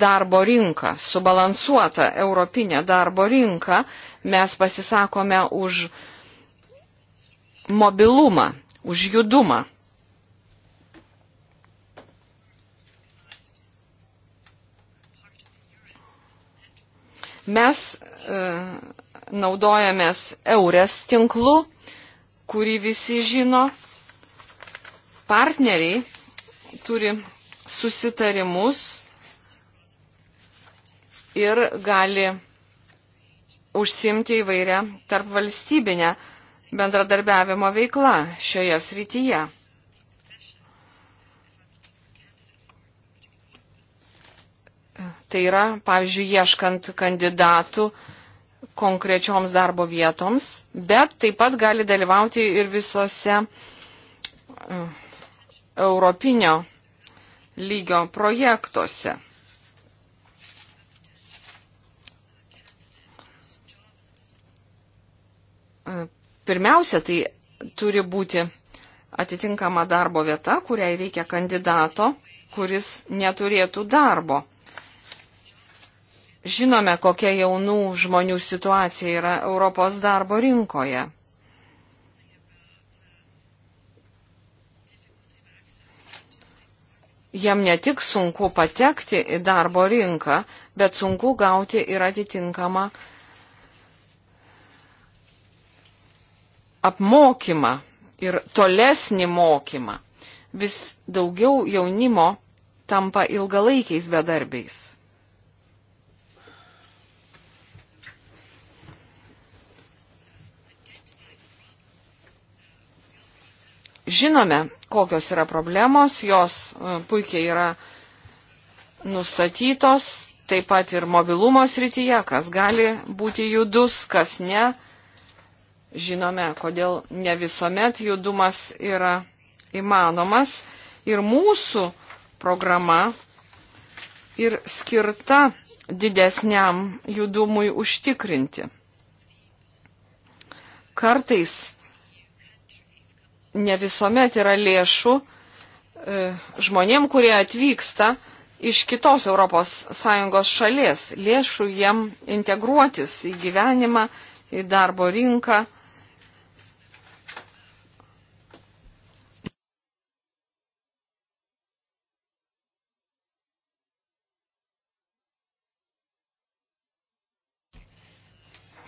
darbo rinką, subalansuotą europinę darbo rinką. Mes pasisakome už uh, mobilumą, už judumą. Mes e, naudojamės Eures tinklu, kurį visi žino. Partneriai turi susitarimus ir gali užsimti įvairią tarp valstybinę bendradarbiavimo veikla šioje srityje. Tai yra, pavyzdžiui, ieškant kandidatų konkrečioms darbo vietoms, bet taip pat gali dalyvauti ir visose e, europinio lygio projektuose. E, pirmiausia, tai turi būti atitinkama darbo vieta, kuriai reikia kandidato, kuris neturėtų darbo. Žinome, kokia jaunų žmonių situacija yra Europos darbo rinkoje. Jam ne tik sunku patekti į darbo rinką, bet sunku gauti ir atitinkamą uh, apmokymą ir tolesnį mokymą. Vis daugiau jaunimo tampa ilgalaikiais bedarbiais. Žinome, kokios yra problemos, jos e, puikiai yra nustatytos, taip pat ir mobilumo srityje, kas gali būti judus, kas ne žinome, kodėl ne visuomet judumas yra įmanomas. Ir mūsų programa ir skirta didesniam judumui užtikrinti. Kartais ne visuomet yra lėšų e, žmonėm, kurie atvyksta iš kitos ES šalies, lėšų jiem integruotis į gyvenimą, į darbo rinką.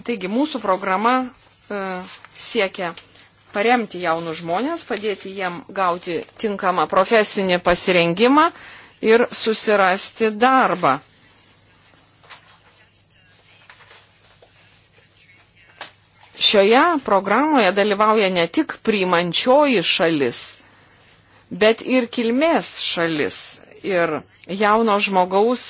Taigi mūsų programa e, siekia paremti jaunus žmonės, padėti jiem gauti tinkamą profesinį pasirengimą ir susirasti darbą. Šioje programoje dalyvauja ne tik priimančioji šalis, bet ir kilmės šalis. Ir jauno žmogaus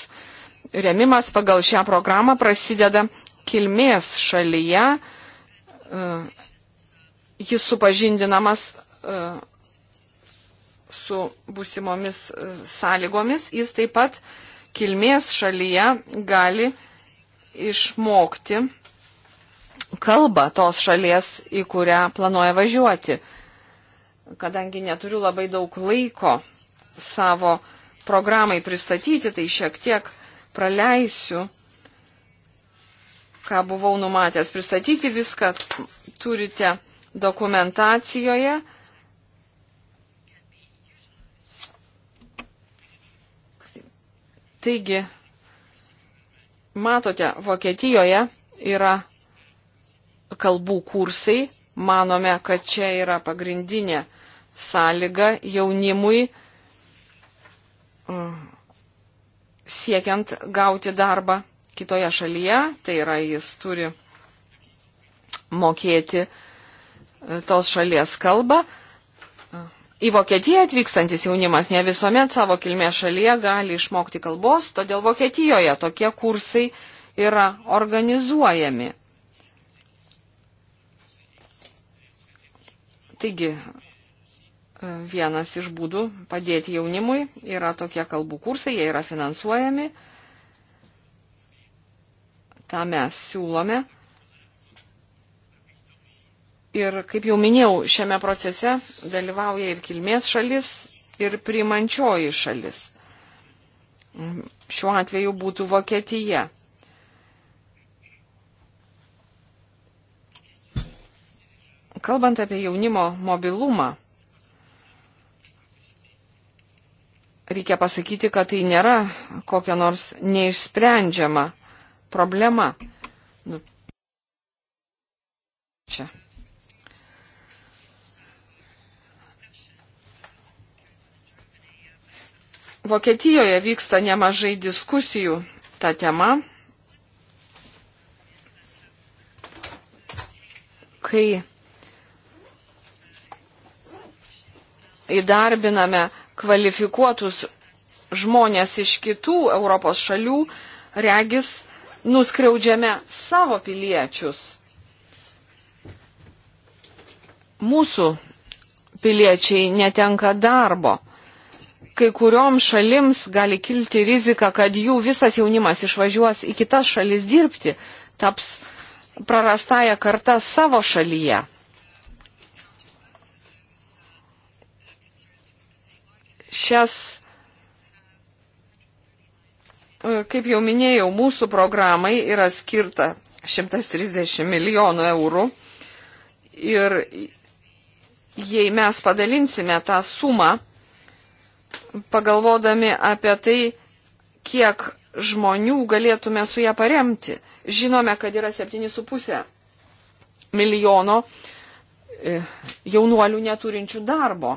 remimas pagal šią programą prasideda kilmės šalyje e, jis supažindinamas e, su būsimomis e, sąlygomis, jis taip pat kilmės šalyje gali išmokti kalbą tos šalies, į kurią planuoja važiuoti. Kadangi neturiu labai daug laiko savo programai pristatyti, tai šiek tiek praleisiu ką buvau numatęs pristatyti, viską turite dokumentacijoje. Taigi, matote, Vokietijoje yra kalbų kursai, manome, kad čia yra pagrindinė sąlyga jaunimui uh, siekiant gauti darbą kitoje šalyje, tai yra jis turi mokėti e, tos šalies kalbą. Į Vokietiją atvykstantis jaunimas ne visuomet savo kilmės šalyje gali išmokti kalbos, todėl Vokietijoje tokie kursai yra organizuojami. Taigi, e, vienas iš būdų padėti jaunimui yra tokie kalbų kursai, jie yra finansuojami tą mes siūlome. Ir kaip jau minėjau, šiame procese dalyvauja ir kilmės šalis, ir priimančioji šalis. Šiuo atveju būtų Vokietija. Kalbant apie jaunimo mobilumą, reikia pasakyti, kad tai nėra kokia nors neišsprendžiama problema. Nu, čia. Vokietijoje vyksta nemažai diskusijų tą temą, kai įdarbiname kvalifikuotus žmonės iš kitų Europos šalių, regis nuskriaudžiame savo piliečius. Mūsų piliečiai netenka darbo. Kai kuriuom šalims gali kilti rizika, kad jų visas jaunimas išvažiuos į kitas šalis dirbti, taps prarastąją kartą savo šalyje. Šias E, kaip jau minėjau, mūsų programai yra skirta 130 milijonų eurų ir jei mes padalinsime tą sumą, pagalvodami apie tai, kiek žmonių galėtume su ją paremti. Žinome, kad yra 7,5 milijono e, jaunuolių neturinčių darbo.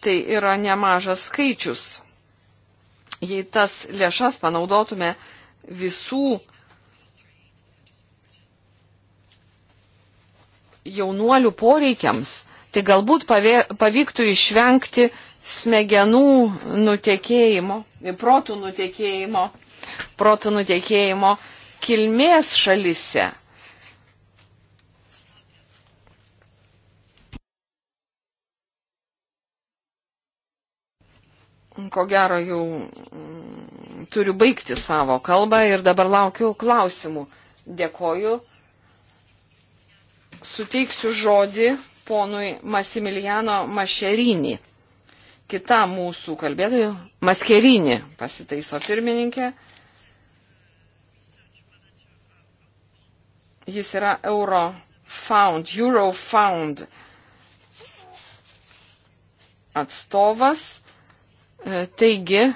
Tai yra nemažas skaičius. Jei tas lėšas panaudotume visų jaunuolių poreikiams, tai galbūt pavyktų išvengti smegenų nutekėjimo, protų nutekėjimo, protų nutekėjimo kilmės šalise. ko gero jau mm, turiu baigti savo kalbą ir dabar laukiu klausimų. Dėkoju. Suteiksiu žodį ponui Masimiliano Mašerinį. Kita mūsų kalbėtojų, Maskerinį, pasitaiso pirmininkė. Jis yra Eurofound, Eurofound atstovas E, taigi,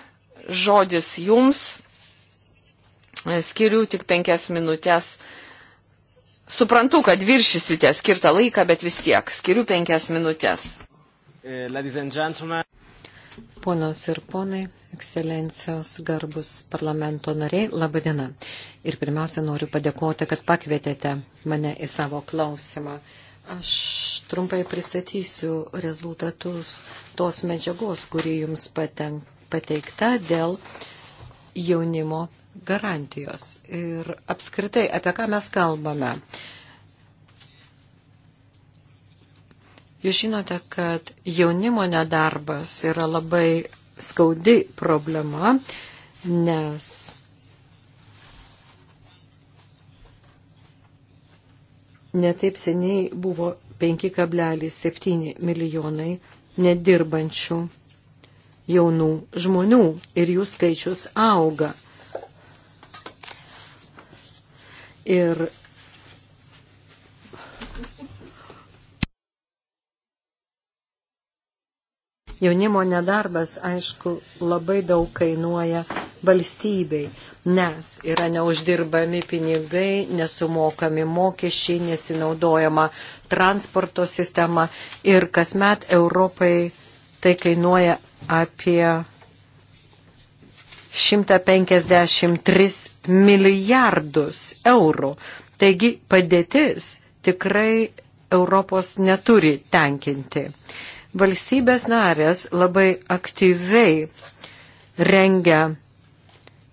žodis jums. E, skiriu tik penkias minutės. Suprantu, kad viršysite skirtą laiką, bet vis tiek skiriu penkias minutės. E, Ponos ir ponai, ekscelencijos garbus parlamento nariai, laba diena. Ir pirmiausia, noriu padėkoti, kad pakvietėte mane į savo klausimą. Aš trumpai pristatysiu rezultatus tos medžiagos, kuri jums pateikta dėl jaunimo garantijos. Ir apskritai, apie ką mes kalbame. Jūs žinote, kad jaunimo nedarbas yra labai skaudi problema, nes netaip seniai buvo 5,7 milijonai nedirbančių jaunų žmonių ir jų skaičius auga. Ir jaunimo nedarbas, aišku, labai daug kainuoja valstybei nes yra neuždirbami pinigai, nesumokami mokesčiai, nesinaudojama transporto sistema ir kasmet Europai tai kainuoja apie 153 milijardus eurų. Taigi padėtis tikrai Europos neturi tenkinti. Valstybės narės labai aktyviai rengia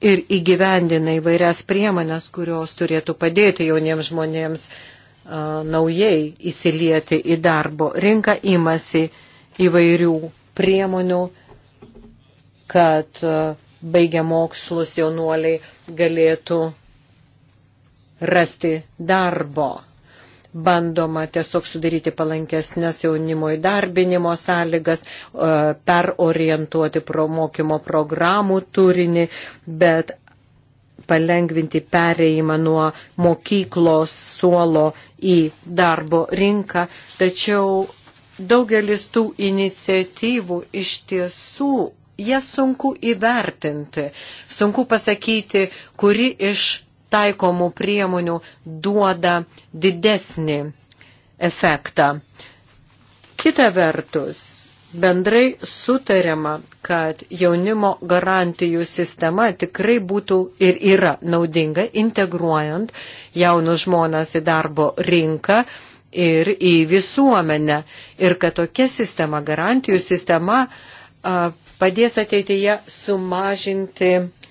ir įgyvendina įvairias priemonės, kurios turėtų padėti jauniems žmonėms a, naujai įsilieti į darbo rinką, imasi įvairių priemonių, kad a, baigę mokslus jaunuoliai galėtų rasti darbo bandoma tiesiog sudaryti palankesnės jaunimo įdarbinimo sąlygas, perorientuoti pro mokymo programų turinį, bet palengvinti pereimą nuo mokyklos suolo į darbo rinką. Tačiau daugelis tų iniciatyvų iš tiesų jas sunku įvertinti, sunku pasakyti, kuri iš taikomų priemonių duoda didesnį efektą. Kita vertus, bendrai sutariama, kad jaunimo garantijų sistema tikrai būtų ir yra naudinga integruojant jaunus žmonas į darbo rinką ir į visuomenę. Ir kad tokia sistema, garantijų sistema, padės ateityje sumažinti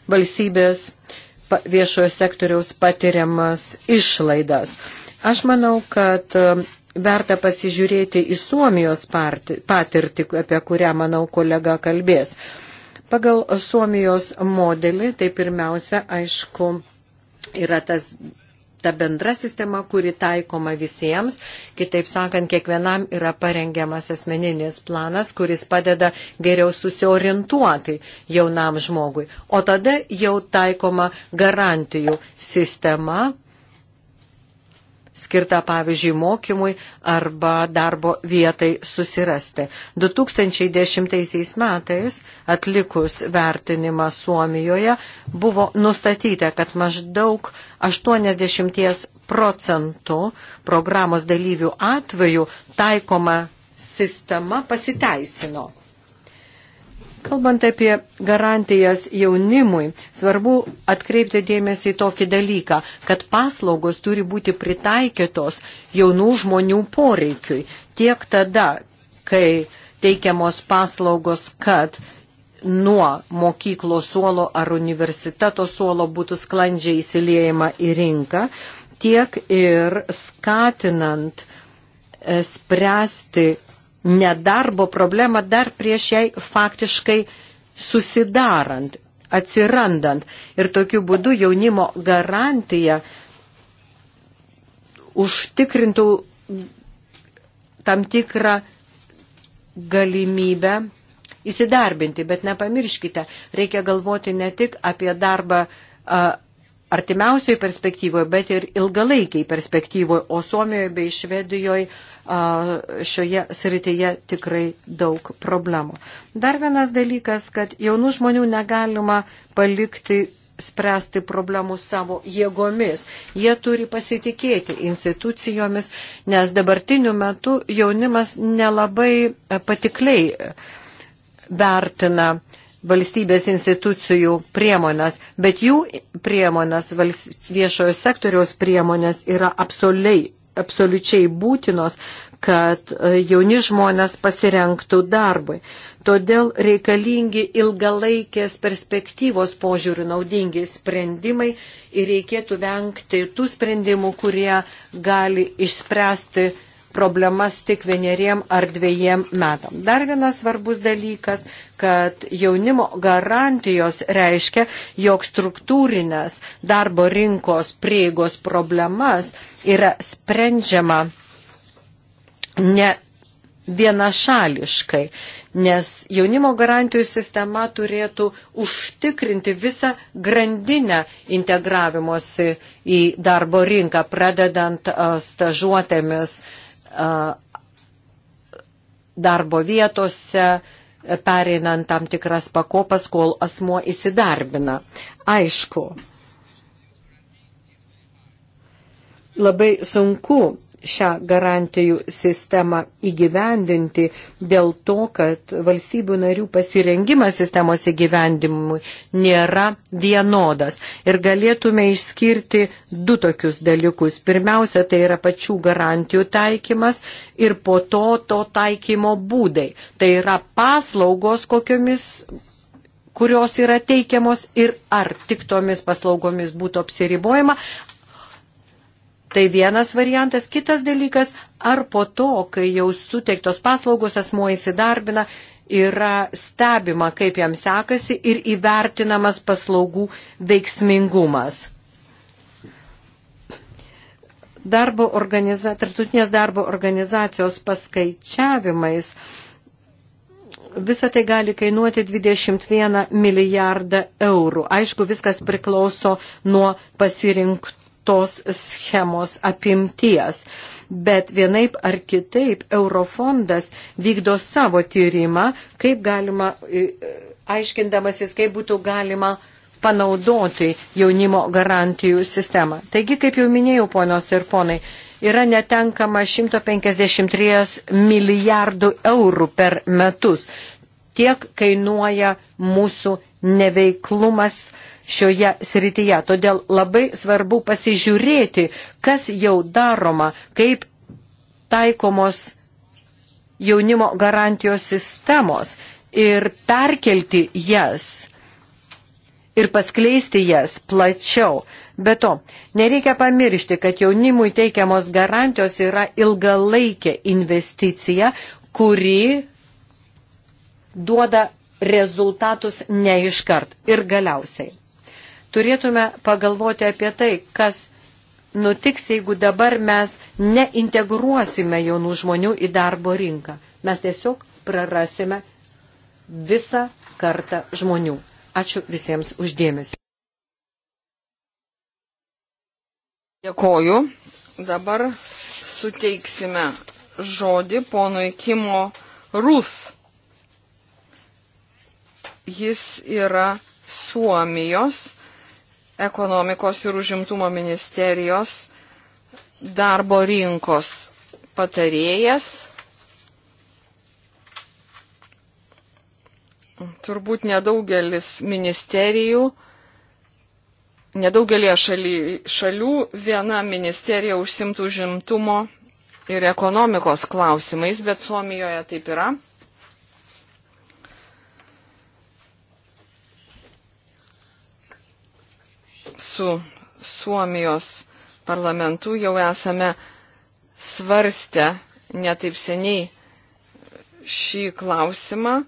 valstybės uh, viešojo sektoriaus patiriamas išlaidas. Aš manau, kad um, verta pasižiūrėti į Suomijos patirtį, apie kurią, manau, kolega kalbės. Pagal Suomijos modelį, tai pirmiausia, aišku, yra tas ta bendra sistema, kuri taikoma visiems. Kitaip sakant, kiekvienam yra parengiamas asmeninis planas, kuris padeda geriau susiorientuoti jaunam žmogui. O tada jau taikoma garantijų sistema skirta, pavyzdžiui, mokymui arba darbo vietai susirasti. 2010 metais atlikus vertinimą Suomijoje buvo nustatyta, kad maždaug 80 procentų programos dalyvių atveju taikoma sistema pasiteisino. Kalbant apie garantijas jaunimui, svarbu atkreipti dėmesį į tokį dalyką, kad paslaugos turi būti pritaikytos jaunų žmonių poreikiui. Tiek tada, kai teikiamos paslaugos, kad nuo mokyklos suolo ar universiteto suolo būtų sklandžiai įsiliejama į rinką, tiek ir skatinant e, spręsti nedarbo problemą dar prieš jai faktiškai susidarant, atsirandant. Ir tokiu būdu jaunimo garantija užtikrintų tam tikrą galimybę įsidarbinti. Bet nepamirškite, reikia galvoti ne tik apie darbą artimiausioje perspektyvoje, bet ir ilgalaikiai perspektyvoje, o Suomijoje bei Švedijoje šioje srityje tikrai daug problemų. Dar vienas dalykas, kad jaunų žmonių negalima palikti spręsti problemų savo jėgomis. Jie turi pasitikėti institucijomis, nes dabartiniu metu jaunimas nelabai patikliai vertina valstybės institucijų priemonės, bet jų priemonės, viešojo sektoriaus priemonės yra absoliai, absoliučiai būtinos, kad e, jauni žmonės pasirenktų darbui. Todėl reikalingi ilgalaikės perspektyvos požiūrių naudingi sprendimai ir reikėtų vengti tų sprendimų, kurie gali išspręsti problemas tik vieneriem ar dviejiem metam. Dar vienas svarbus dalykas, kad jaunimo garantijos reiškia, jog struktūrinės darbo rinkos prieigos problemas yra sprendžiama ne vienašališkai, nes jaunimo garantijų sistema turėtų užtikrinti visą grandinę integravimosi į darbo rinką, pradedant stažuotėmis, uh, darbo vietose, pereinant tam tikras pakopas, kol asmuo įsidarbina. Aišku, labai sunku šią garantijų sistemą įgyvendinti dėl to, kad valstybių narių pasirengimas sistemos įgyvendimui nėra vienodas. Ir galėtume išskirti du tokius dalykus. Pirmiausia, tai yra pačių garantijų taikymas ir po to to taikymo būdai. Tai yra paslaugos, kokiomis kurios yra teikiamos ir ar tik tomis paslaugomis būtų apsiribojama, Tai vienas variantas. Kitas dalykas, ar po to, kai jau suteiktos paslaugos asmuo įsidarbina, yra stebima, kaip jam sekasi ir įvertinamas paslaugų veiksmingumas. Darbo organiza, tartutinės darbo organizacijos paskaičiavimais visą tai gali kainuoti 21 milijardą eurų. Aišku, viskas priklauso nuo pasirinktų tos schemos apimties. Bet vienaip ar kitaip Eurofondas vykdo savo tyrimą, kaip galima, e, aiškindamasis, kaip būtų galima panaudoti jaunimo garantijų sistemą. Taigi, kaip jau minėjau, ponios ir ponai, yra netenkama 153 milijardų eurų per metus. Tiek kainuoja mūsų neveiklumas uh, šioje srityje. Todėl labai svarbu pasižiūrėti, kas jau daroma, kaip taikomos jaunimo garantijos sistemos ir perkelti jas ir paskleisti jas plačiau. Be to, nereikia pamiršti, kad jaunimui teikiamos garantijos yra ilgalaikė investicija, kuri duoda rezultatus neiškart ir galiausiai turėtume pagalvoti apie tai, kas nutiks, jeigu dabar mes neintegruosime jaunų žmonių į darbo rinką. Mes tiesiog prarasime visą kartą žmonių. Ačiū visiems uždėmesi. Dėkoju. Dabar suteiksime žodį ponui Kimo Ruth. Jis yra Suomijos ekonomikos ir užimtumo ministerijos darbo rinkos patarėjas. Turbūt nedaugelis ministerijų, nedaugelie šaly, šalių viena ministerija užsimtų žimtumo ir ekonomikos klausimais, bet Suomijoje taip yra. su Suomijos parlamentu jau esame svarstę netaip seniai šį klausimą.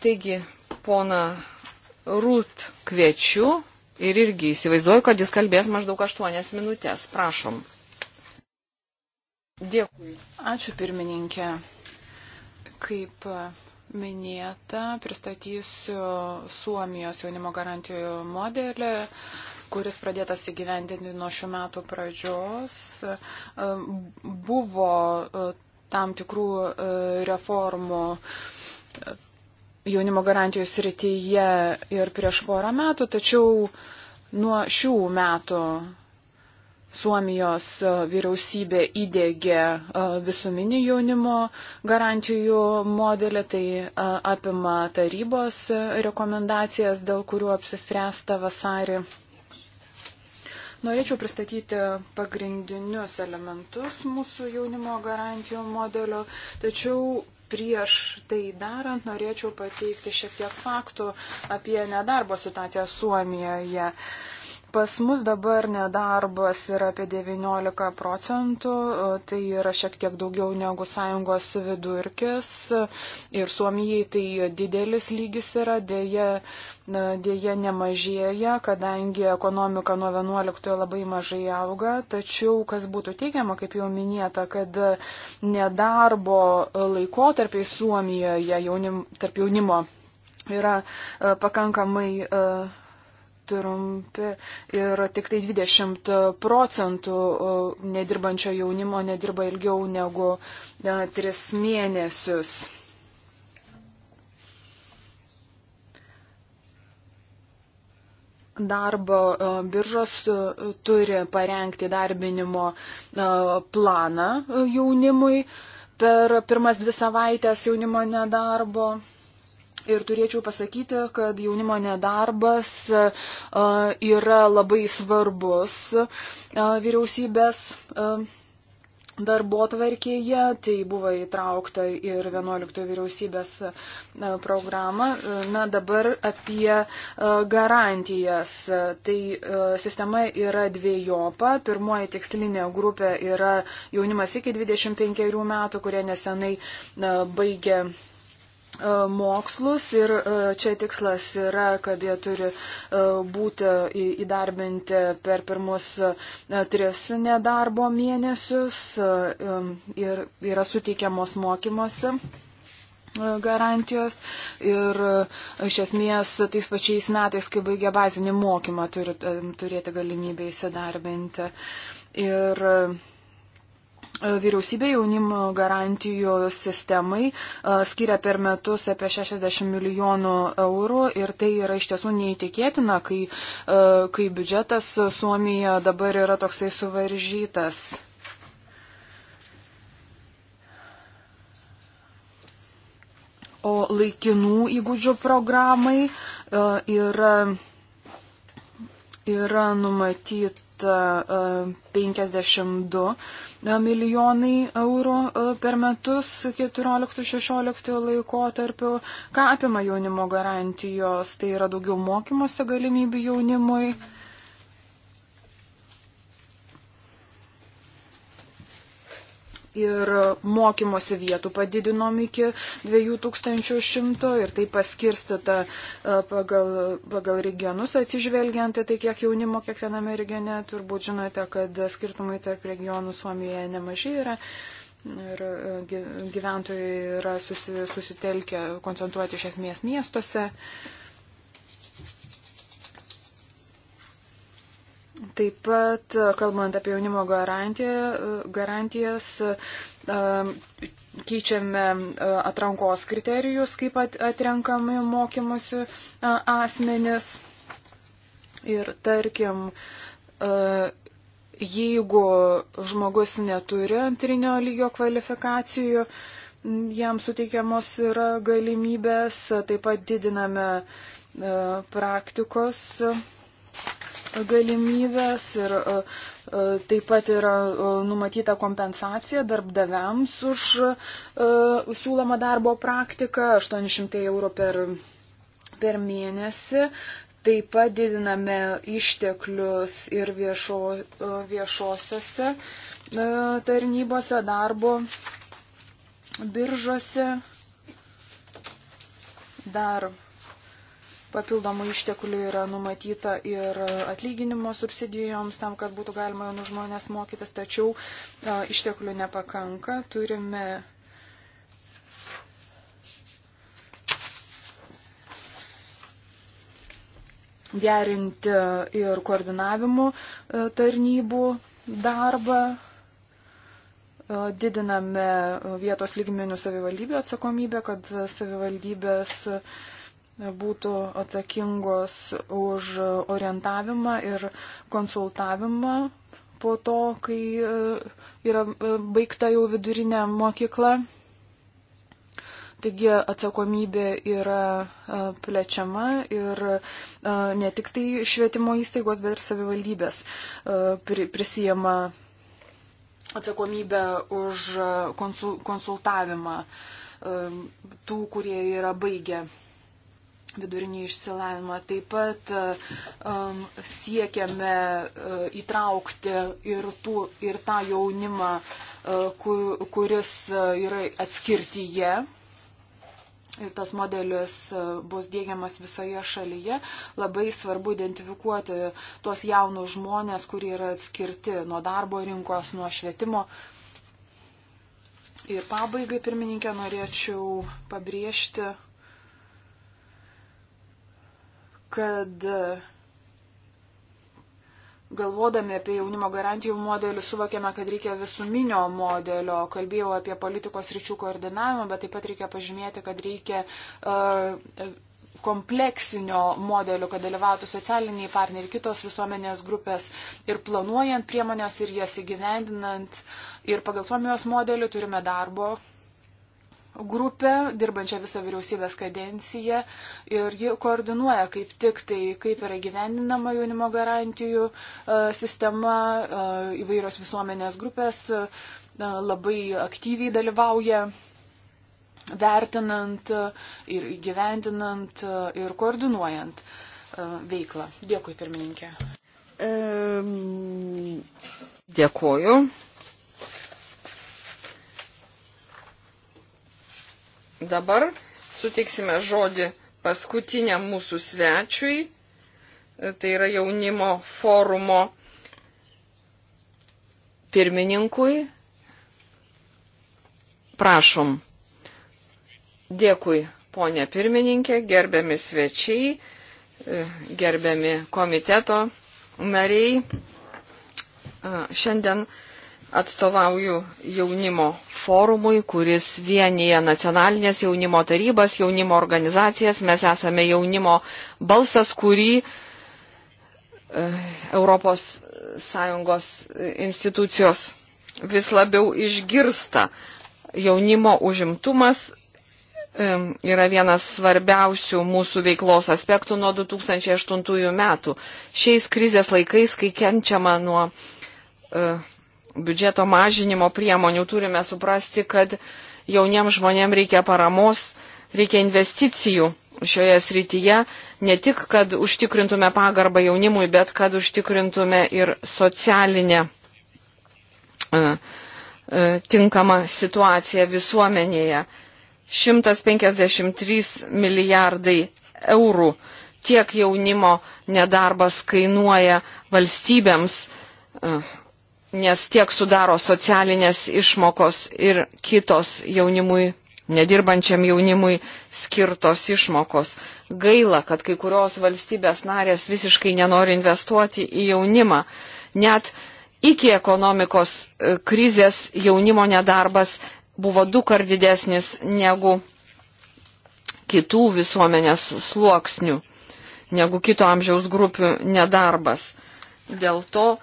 Taigi, pona Rūt kviečiu ir irgi įsivaizduoju, kad jis kalbės maždaug 8 minutės. Prašom. Dėkui. Ačiū pirmininkė. Kaip minėta, pristatysiu Suomijos jaunimo garantijų modelį kuris pradėtas įgyvendinti nuo šių metų pradžios. Buvo e, tam tikrų e, reformų e, jaunimo garantijų srityje ir prieš porą metų, tačiau nuo šių metų Suomijos e, vyriausybė įdėgė e, visuminį jaunimo garantijų modelį, tai e, apima tarybos rekomendacijas, dėl kurių apsispręsta vasarį. Norėčiau pristatyti pagrindinius elementus mūsų jaunimo garantijų modelio, tačiau prieš tai darant norėčiau pateikti šiek tiek faktų apie nedarbo situaciją Suomijoje. Ja Pas mus dabar nedarbas yra apie 19 procentų, tai yra šiek tiek daugiau negu sąjungos vidurkis ir Suomijai tai didelis lygis yra, dėja, dėja nemažėja, kadangi ekonomika nuo 11 labai mažai auga, tačiau kas būtų teigiama, kaip jau minėta, kad nedarbo laikotarpiai Suomijoje jaunim, tarp jaunimo yra e, pakankamai e, trumpi ir tik tai 20 procentų nedirbančio jaunimo nedirba ilgiau negu 3 mėnesius. darbo biržos turi parengti darbinimo planą jaunimui per pirmas dvi savaitės jaunimo nedarbo. Ir turėčiau pasakyti, kad jaunimo nedarbas yra labai svarbus vyriausybės darbo tvarkėje, tai buvo įtraukta ir 11 vyriausybės programą. Na dabar apie garantijas. Tai sistema yra dviejopa. Pirmoji tikslinė grupė yra jaunimas iki 25 metų, kurie nesenai baigė E, mokslus ir e, čia tikslas yra, kad jie turi e, būti įdarbinti per pirmus tris nedarbo mėnesius ir yra suteikiamos mokymosi garantijos ir iš esmės tais pačiais metais, kai baigia bazinį mokymą, turi turėti galimybę įsidarbinti. Ir E, vyriausybė jaunimo garantijų sistemai e, skiria per metus apie 60 milijonų eurų ir tai yra iš tiesų neįtikėtina, kai, e, kai biudžetas Suomija dabar yra toksai suvaržytas. O laikinų įgūdžių programai yra, yra numatyti 52 e, milijonai eurų e, per metus 14-16 laikotarpiu. Ką apima jaunimo garantijos? Tai yra daugiau mokymosi galimybių jaunimui. Mhm ir mokymosi vietų padidinom iki 2100 ir tai paskirstita e, pagal, pagal regionus atsižvelgiant į tai, kiek jaunimo kiekviename regione. Turbūt žinote, kad skirtumai tarp regionų Suomijoje nemažai yra. Ir e, gyventojai yra susi, susitelkę koncentruoti iš esmės miestuose. Uh, Taip pat, e, kalbant apie jaunimo garantiją, e, garantijas, e, keičiame atrankos kriterijus, kaip atrenkami mokymosi asmenis. Ir tarkim, jeigu žmogus neturi antrinio lygio kvalifikacijų, jam suteikiamos yra galimybės, taip pat didiname praktikos galimybės ir e, e, taip pat yra e, numatyta kompensacija darbdaviams už siūlomą darbo praktiką 800 eurų per, per mėnesį. Taip pat didiname išteklius ir viešo, viešosiose tarnybose, darbo biržose. Dar Papildomų išteklių yra numatyta ir e, atlyginimo subsidijoms tam, kad būtų galima jaunų žmonės mokytis, tačiau e, išteklių nepakanka. Turime gerinti ir koordinavimų e, tarnybų darbą, didiname vietos lygmenių savivaldybių atsakomybę, kad savivaldybės uh, būtų atsakingos už orientavimą ir konsultavimą po to, kai e, yra e, baigta jau vidurinė mokykla. Taigi atsakomybė yra e, plečiama ir ne tik tai švietimo įstaigos, bet ir savivaldybės prisijama atsakomybę už konsultavimą tų, kurie yra baigę vidurinį išsilavimą. Taip pat um, siekiame uh, įtraukti ir, tų, ir tą jaunimą, uh, kur, kuris uh, yra atskirtyje. Ir tas modelis uh, bus dėgiamas visoje šalyje. Labai svarbu identifikuoti tuos jaunus žmonės, kurie yra atskirti nuo darbo rinkos, nuo švietimo. Ir pabaigai, pirmininkė, norėčiau pabrėžti kad galvodami apie jaunimo garantijų modelį suvokėme, kad reikia visuminio modelio. Kalbėjau apie politikos ryčių koordinavimą, bet taip pat reikia pažymėti, kad reikia. Uh, kompleksinio modelio, kad dalyvautų socialiniai partneriai, kitos visuomenės grupės ir planuojant priemonės ir jas įgyvendinant. Ir pagal Suomijos modelį turime darbo grupę, dirbančią visą vyriausybės kadenciją ir ji koordinuoja kaip tik tai, kaip yra gyvendinama jaunimo garantijų e, sistema, e, įvairios visuomenės grupės e, labai aktyviai dalyvauja vertinant ir gyvendinant ir koordinuojant veiklą. Dėkui, pirmininkė. Dėkuoju. Dabar suteiksime žodį paskutiniam mūsų svečiui, tai yra jaunimo forumo pirmininkui. Prašom. Dėkui, ponė pirmininkė, gerbiami svečiai, gerbiami komiteto nariai. Šiandien atstovauju jaunimo forumui, kuris vienyje nacionalinės jaunimo tarybas, jaunimo organizacijas. Mes esame jaunimo balsas, kurį eh, Europos Sąjungos institucijos vis labiau išgirsta. Jaunimo užimtumas yra vienas svarbiausių mūsų veiklos aspektų nuo 2008 metų. Šiais krizės laikais, kai kenčiama nuo uh, biudžeto mažinimo priemonių turime suprasti, kad jauniems žmonėms reikia paramos, reikia investicijų šioje srityje, ne tik, kad užtikrintume pagarbą jaunimui, bet kad užtikrintume ir socialinę e, e, tinkamą situaciją visuomenėje. 153 milijardai eurų tiek jaunimo nedarbas kainuoja valstybėms e, nes tiek sudaro socialinės išmokos ir kitos jaunimui, nedirbančiam jaunimui skirtos išmokos. Gaila, kad kai kurios valstybės narės visiškai nenori investuoti į jaunimą. Net iki ekonomikos e, krizės jaunimo nedarbas buvo du kart didesnis negu kitų visuomenės sluoksnių, negu kito amžiaus grupių nedarbas. Dėl to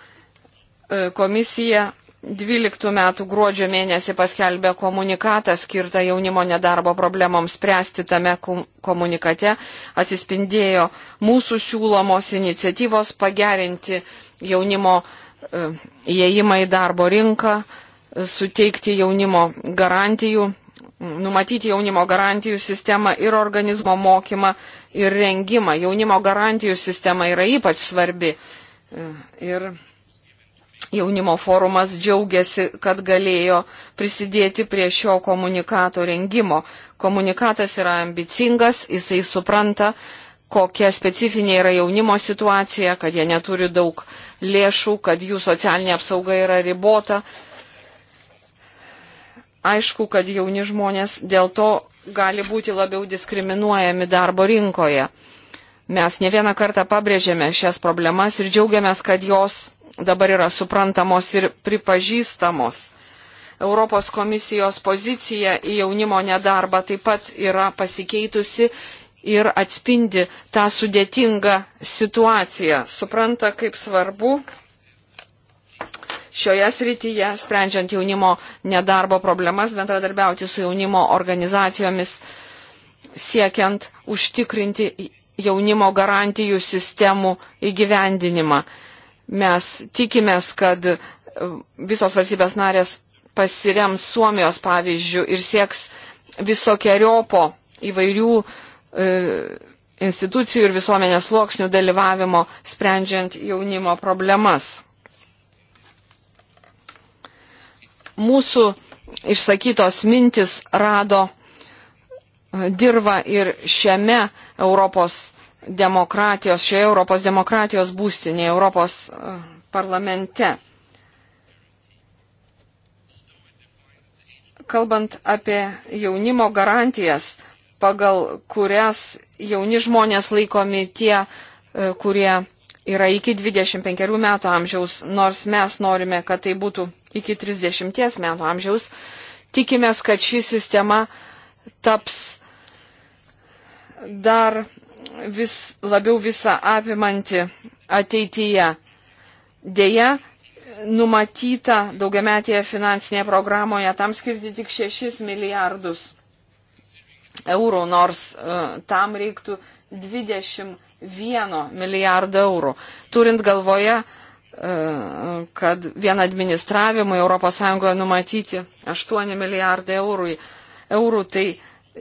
E, komisija 12 metų gruodžio mėnesį paskelbė komunikatą skirtą jaunimo nedarbo problemoms spręsti tame komunikate. Atsispindėjo mūsų siūlomos iniciatyvos pagerinti jaunimo e, įėjimą į darbo rinką, e, suteikti jaunimo garantijų, numatyti jaunimo garantijų sistemą ir organizmo mokymą ir rengimą. Jaunimo garantijų sistema yra ypač svarbi. Ir Jaunimo forumas džiaugiasi, kad galėjo prisidėti prie šio komunikato rengimo. Komunikatas yra ambicingas, jisai supranta, kokia specifinė yra jaunimo situacija, kad jie neturi daug lėšų, kad jų socialinė apsauga yra ribota. Aišku, kad jauni žmonės dėl to gali būti labiau diskriminuojami darbo rinkoje. Mes ne vieną kartą pabrėžėme šias problemas ir džiaugiamės, kad jos dabar yra suprantamos ir pripažįstamos. Europos komisijos pozicija į jaunimo nedarbą taip pat yra pasikeitusi ir atspindi tą sudėtingą situaciją. Supranta, kaip svarbu šioje srityje, sprendžiant jaunimo nedarbo problemas, bendradarbiauti su jaunimo organizacijomis siekiant užtikrinti jaunimo garantijų sistemų įgyvendinimą. Mes tikimės, kad e, visos valstybės narės pasirems Suomijos pavyzdžių ir sieks visokiojopo įvairių e, institucijų ir visuomenės sluoksnių dalyvavimo sprendžiant jaunimo problemas. Mūsų išsakytos mintis rado dirba ir šiame Europos demokratijos, šioje Europos demokratijos būstinėje, Europos e, parlamente. Kalbant apie jaunimo garantijas, pagal kurias jauni žmonės laikomi tie, e, kurie yra iki 25 metų amžiaus, nors mes norime, kad tai būtų iki 30 metų amžiaus, tikimės, kad ši sistema taps dar vis labiau visą apimanti ateityje. Deja, numatyta daugiametėje finansinėje programoje tam skirti tik 6 milijardus eurų, nors uh, tam reiktų 21 milijardo eurų. Turint galvoje, uh, kad vien administravimui ES numatyti 8 milijardai eurų, eurų tai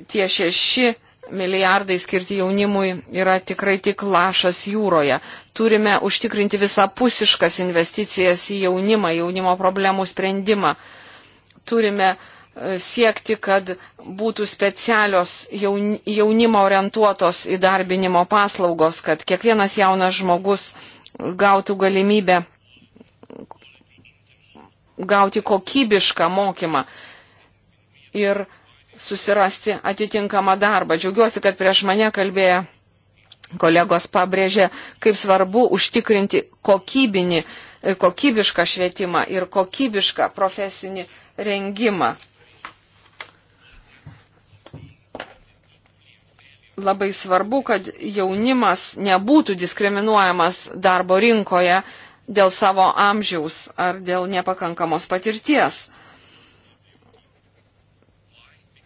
tie 6 milijardai skirti jaunimui yra tikrai tik lašas jūroje. Turime užtikrinti visapusiškas investicijas į jaunimą, jaunimo problemų sprendimą. Turime e, siekti, kad būtų specialios jaunimo orientuotos įdarbinimo paslaugos, kad kiekvienas jaunas žmogus gautų galimybę gauti kokybišką mokymą. Ir uh, susirasti atitinkamą darbą. Džiaugiuosi, kad prieš mane kalbėjo kolegos pabrėžė, kaip svarbu užtikrinti kokybinį, e, kokybišką švietimą ir kokybišką profesinį rengimą. Labai svarbu, kad jaunimas nebūtų diskriminuojamas darbo rinkoje dėl savo amžiaus ar dėl nepakankamos patirties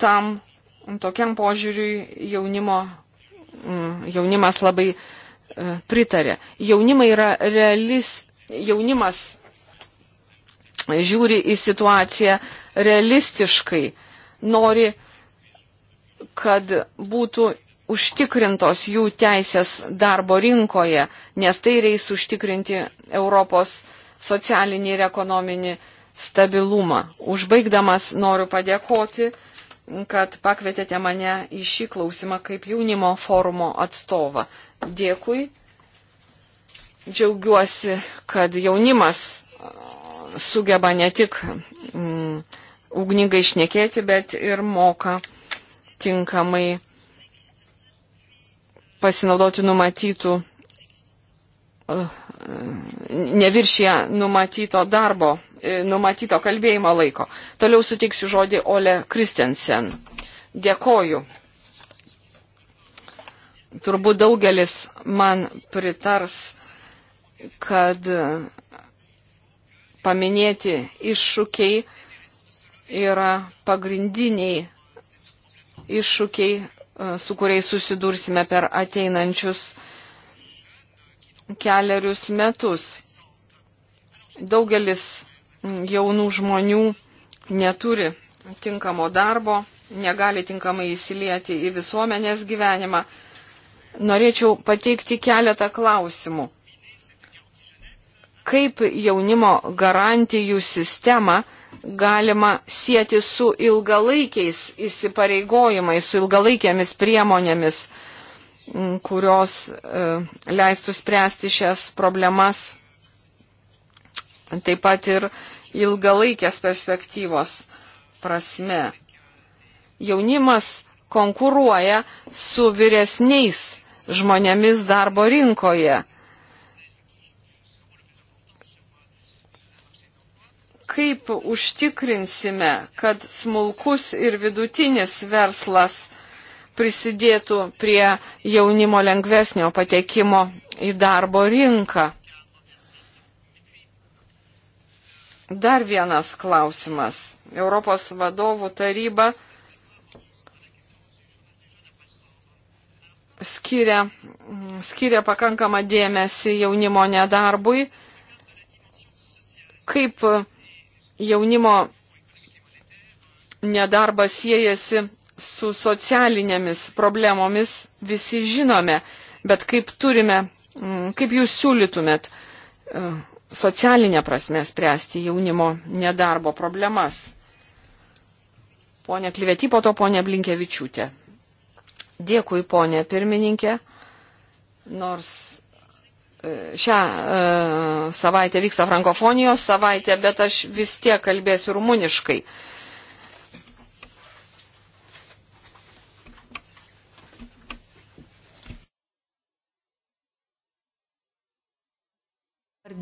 tam tokiam požiūriui jaunimo, mm, jaunimas labai e, pritarė. Jaunimai yra realis, jaunimas žiūri į situaciją realistiškai, nori, kad būtų užtikrintos jų teisės darbo rinkoje, nes tai reis užtikrinti Europos socialinį ir ekonominį stabilumą. Užbaigdamas noriu padėkoti kad pakvietėte mane į šį klausimą kaip jaunimo forumo atstovą. Dėkui. Džiaugiuosi, kad jaunimas uh, sugeba ne tik mm, ugningai išnekėti, bet ir moka tinkamai pasinaudoti numatytų uh, neviršė numatyto darbo, e, numatyto kalbėjimo laiko. Toliau suteiksiu žodį Ole Kristensen. Dėkoju. Turbūt daugelis man pritars, kad paminėti iššūkiai yra pagrindiniai iššūkiai, e, su kuriais susidursime per ateinančius keliarius metus. Daugelis jaunų žmonių neturi tinkamo darbo, negali tinkamai įsilieti į visuomenės gyvenimą. Norėčiau pateikti keletą klausimų. Kaip jaunimo garantijų sistemą galima sieti su ilgalaikiais įsipareigojimais, su ilgalaikėmis priemonėmis? kurios e, leistų spręsti šias problemas, taip pat ir ilgalaikės perspektyvos prasme. Jaunimas konkuruoja su vyresniais žmonėmis darbo rinkoje. Kaip užtikrinsime, kad smulkus ir vidutinis verslas prisidėtų prie jaunimo lengvesnio patekimo į darbo rinką. Dar vienas klausimas. Europos vadovų taryba skiria, skiria pakankamą dėmesį jaunimo nedarbui. Kaip jaunimo nedarbas siejasi su socialinėmis problemomis visi žinome, bet kaip turime, mm, kaip jūs siūlytumėt e, socialinę prasme spręsti jaunimo nedarbo problemas? Pone Klyvėti, po to ponė Blinkevičiūtė. Dėkui, ponė pirmininkė. Nors e, šią e, savaitę vyksta frankofonijos savaitė, bet aš vis tiek kalbėsiu rumuniškai. E,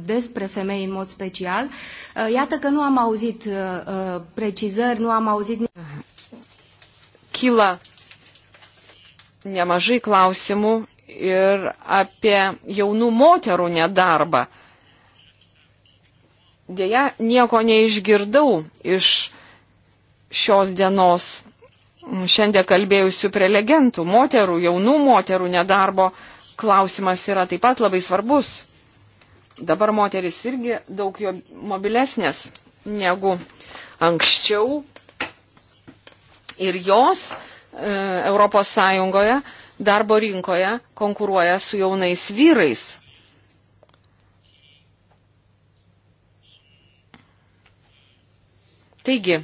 despre femei în mod special. Uh, iată că nu am auzit uh, uh, precizări, nu am auzit... Kyla nemažai klausimų ir apie jaunų moterų nedarbą. Deja, nieko neišgirdau iš šios dienos šiandien kalbėjusių prelegentų. Moterų, jaunų moterų nedarbo klausimas yra taip pat labai svarbus. Dabar moteris irgi daug jo mobilesnės negu anksčiau. Ir jos e, Europos Sąjungoje darbo rinkoje konkuruoja su jaunais vyrais. Taigi,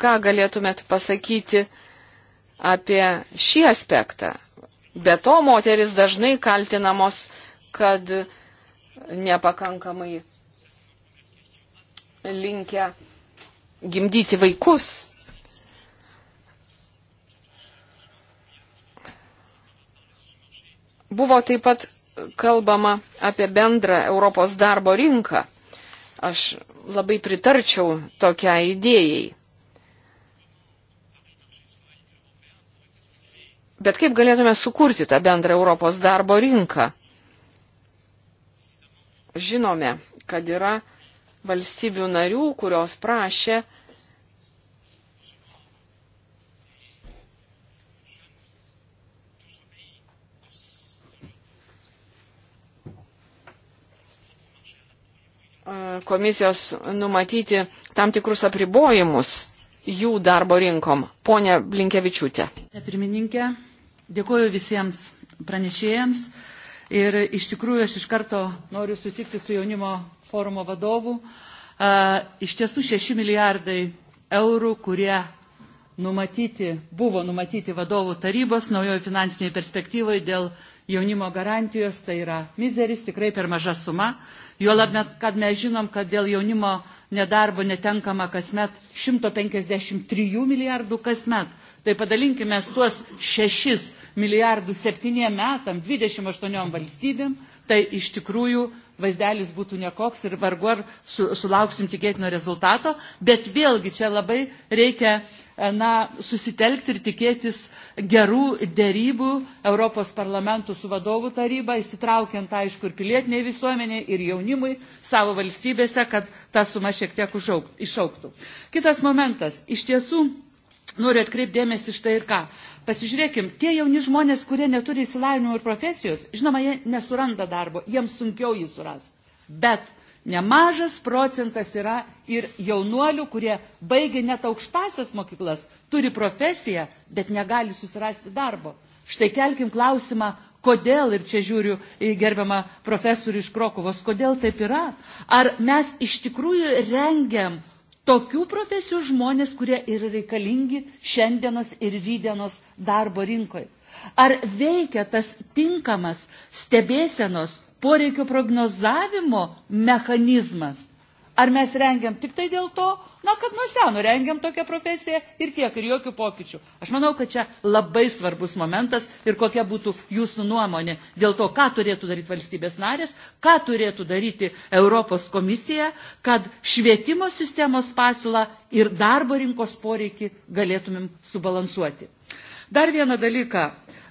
ką galėtumėt pasakyti apie šį aspektą? Be to, moteris dažnai kaltinamos, kad nepakankamai linkę gimdyti vaikus. Buvo taip pat kalbama apie bendrą Europos darbo rinką. Aš labai pritarčiau tokiai idėjai. Bet kaip galėtume sukurti tą bendrą Europos darbo rinką? žinome, kad yra valstybių narių, kurios prašė e, komisijos numatyti tam tikrus apribojimus jų darbo rinkom. Pone Blinkevičiūtė. Pirmininkė, dėkuoju visiems pranešėjams. Ir iš tikrųjų aš iš karto noriu sutikti su jaunimo forumo vadovu. Iš tiesų 6 milijardai eurų, kurie numatyti, buvo numatyti vadovų tarybos naujoje finansinėje perspektyvoje dėl jaunimo garantijos, tai yra mizeris, tikrai per maža suma. Juolab, kad mes žinom, kad dėl jaunimo nedarbo netenkama kasmet 153 milijardų kasmet. Tai padalinkime tuos šešis milijardų septyniem metam 28 valstybėm, tai iš tikrųjų vaizdelis būtų nekoks ir vargu ar su, sulauksim tikėtino rezultato, bet vėlgi čia labai reikia e, na, susitelkti ir tikėtis gerų dėrybų Europos parlamentų su vadovų taryba, įsitraukiant, aišku, ir pilietiniai visuomeniai, ir jaunimui savo valstybėse, kad ta suma šiek tiek užauk, išauktų. Kitas momentas. Iš tiesų, Noriu atkreipdėmėsi štai ir ką. Pasižiūrėkim, tie jauni žmonės, kurie neturi įsilavinimo ir profesijos, žinoma, jie nesuranda darbo, jiems sunkiau jį surasti. Bet nemažas procentas yra ir jaunuolių, kurie baigia net aukštasias mokyklas, turi profesiją, bet negali susirasti darbo. Štai kelkim klausimą, kodėl, ir čia žiūriu į gerbiamą profesorių iš Krokovos, kodėl taip yra. Ar mes iš tikrųjų rengiam tokių profesijų žmonės, kurie yra reikalingi šiandienos ir rydienos darbo rinkoje. Ar veikia tas tinkamas stebėsenos poreikio prognozavimo mechanizmas, Ar mes rengiam tik tai dėl to, na, kad nuo seno rengiam tokią profesiją ir tiek, ir jokių pokyčių. Aš manau, kad čia labai svarbus momentas ir kokia būtų jūsų nuomonė dėl to, ką turėtų daryti valstybės narės, ką turėtų daryti Europos komisija, kad švietimo sistemos pasiūlą ir darbo rinkos poreikį galėtumėm subalansuoti. Dar vieną dalyką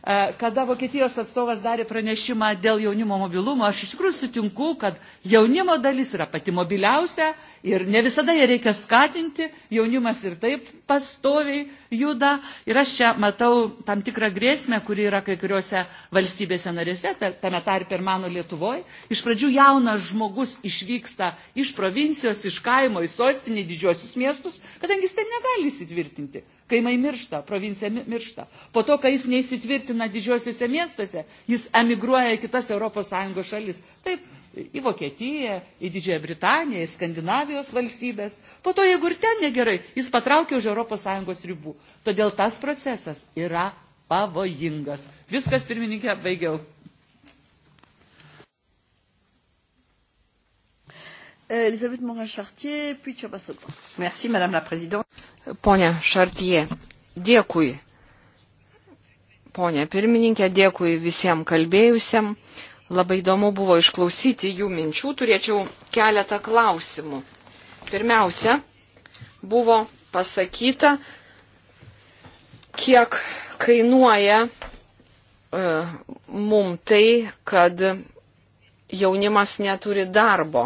E, kada Vokietijos atstovas darė pranešimą dėl jaunimo mobilumo, aš iš tikrųjų sutinku, kad jaunimo dalis yra pati mobiliausia ir ne visada ją reikia skatinti, jaunimas ir taip pastoviai juda ir aš čia matau tam tikrą grėsmę, kuri yra kai kuriuose valstybėse narėse, tame tarp ir mano Lietuvoje. Iš pradžių jaunas žmogus išvyksta iš provincijos, iš kaimo į sostinį, didžiosius miestus, kadangi jis ten negali įsitvirtinti. Kaimai miršta, provincija miršta. Po to, kai jis neįsitvirtina didžiosiuose miestuose, jis emigruoja į kitas ES šalis. Taip, į Vokietiją, į Didžiąją Britaniją, į Skandinavijos valstybės. Po to, jeigu ir ten negerai, jis patraukė už ES ribų. Todėl tas procesas yra pavojingas. Viskas, pirmininkė, baigiau. Elisabeth Morin-Chartier, puis Chabasoka. Merci, Madame la Présidente. Pone Chartier, dėkui. Pone pirmininkė, dėkui visiems kalbėjusiems. Labai įdomu buvo išklausyti jų minčių, turėčiau keletą klausimų. Pirmiausia, buvo pasakyta, kiek kainuoja e, mum tai, kad jaunimas neturi darbo.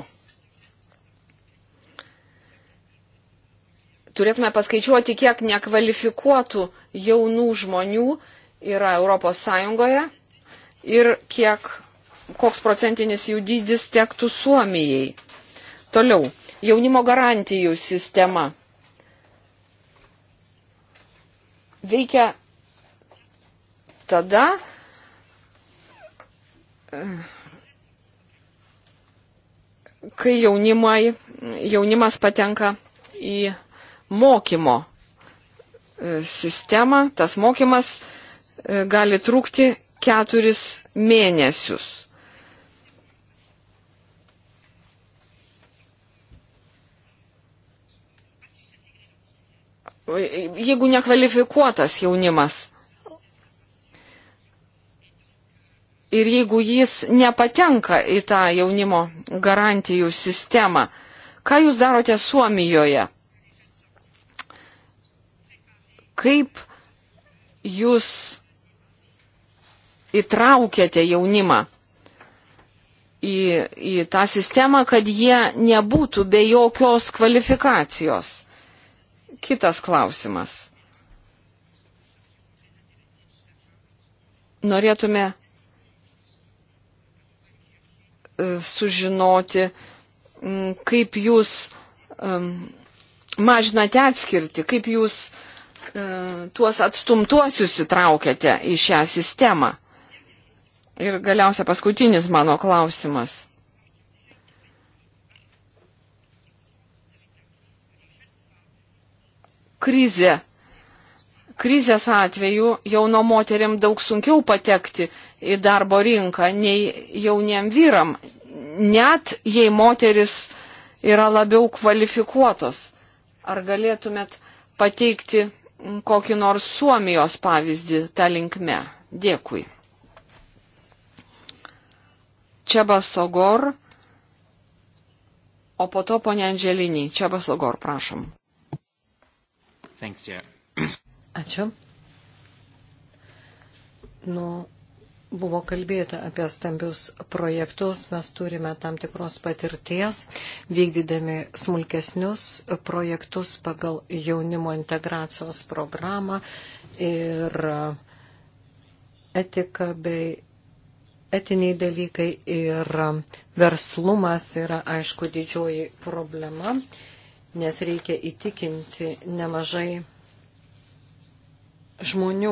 Turėtume paskaičiuoti, kiek nekvalifikuotų jaunų žmonių yra ES ir kiek koks procentinis jų dydis tektų Suomijai. Toliau, jaunimo garantijų sistema. Veikia tada, kai jaunimai, jaunimas patenka į mokymo e, sistemą, tas mokymas e, gali trūkti keturis mėnesius. jeigu nekvalifikuotas jaunimas ir jeigu jis nepatenka į tą jaunimo garantijų sistemą, ką jūs darote Suomijoje? Kaip jūs įtraukėte jaunimą į, į tą sistemą, kad jie nebūtų be jokios kvalifikacijos? kitas klausimas. Norėtume e, sužinoti, kaip jūs mažinate atskirti, kaip jūs e, tuos atstumtuosius įtraukiate į šią sistemą. Ir galiausia paskutinis mano klausimas. krizė. Krizės atveju jauno moteriam daug sunkiau patekti į darbo rinką nei jauniem vyram, net jei moteris yra labiau kvalifikuotos. Ar galėtumėt pateikti kokį nors Suomijos pavyzdį tą linkme? Dėkui. Čebas Sogor, o po to ponia Andželinį. Čebas Sogor, prašom. Thanks, yeah. Ačiū. Nu, buvo kalbėta apie stambius projektus, mes turime tam tikros patirties, vykdydami smulkesnius projektus pagal jaunimo integracijos programą ir etika bei etiniai dalykai ir verslumas yra, aišku, didžioji problema nes reikia įtikinti nemažai žmonių.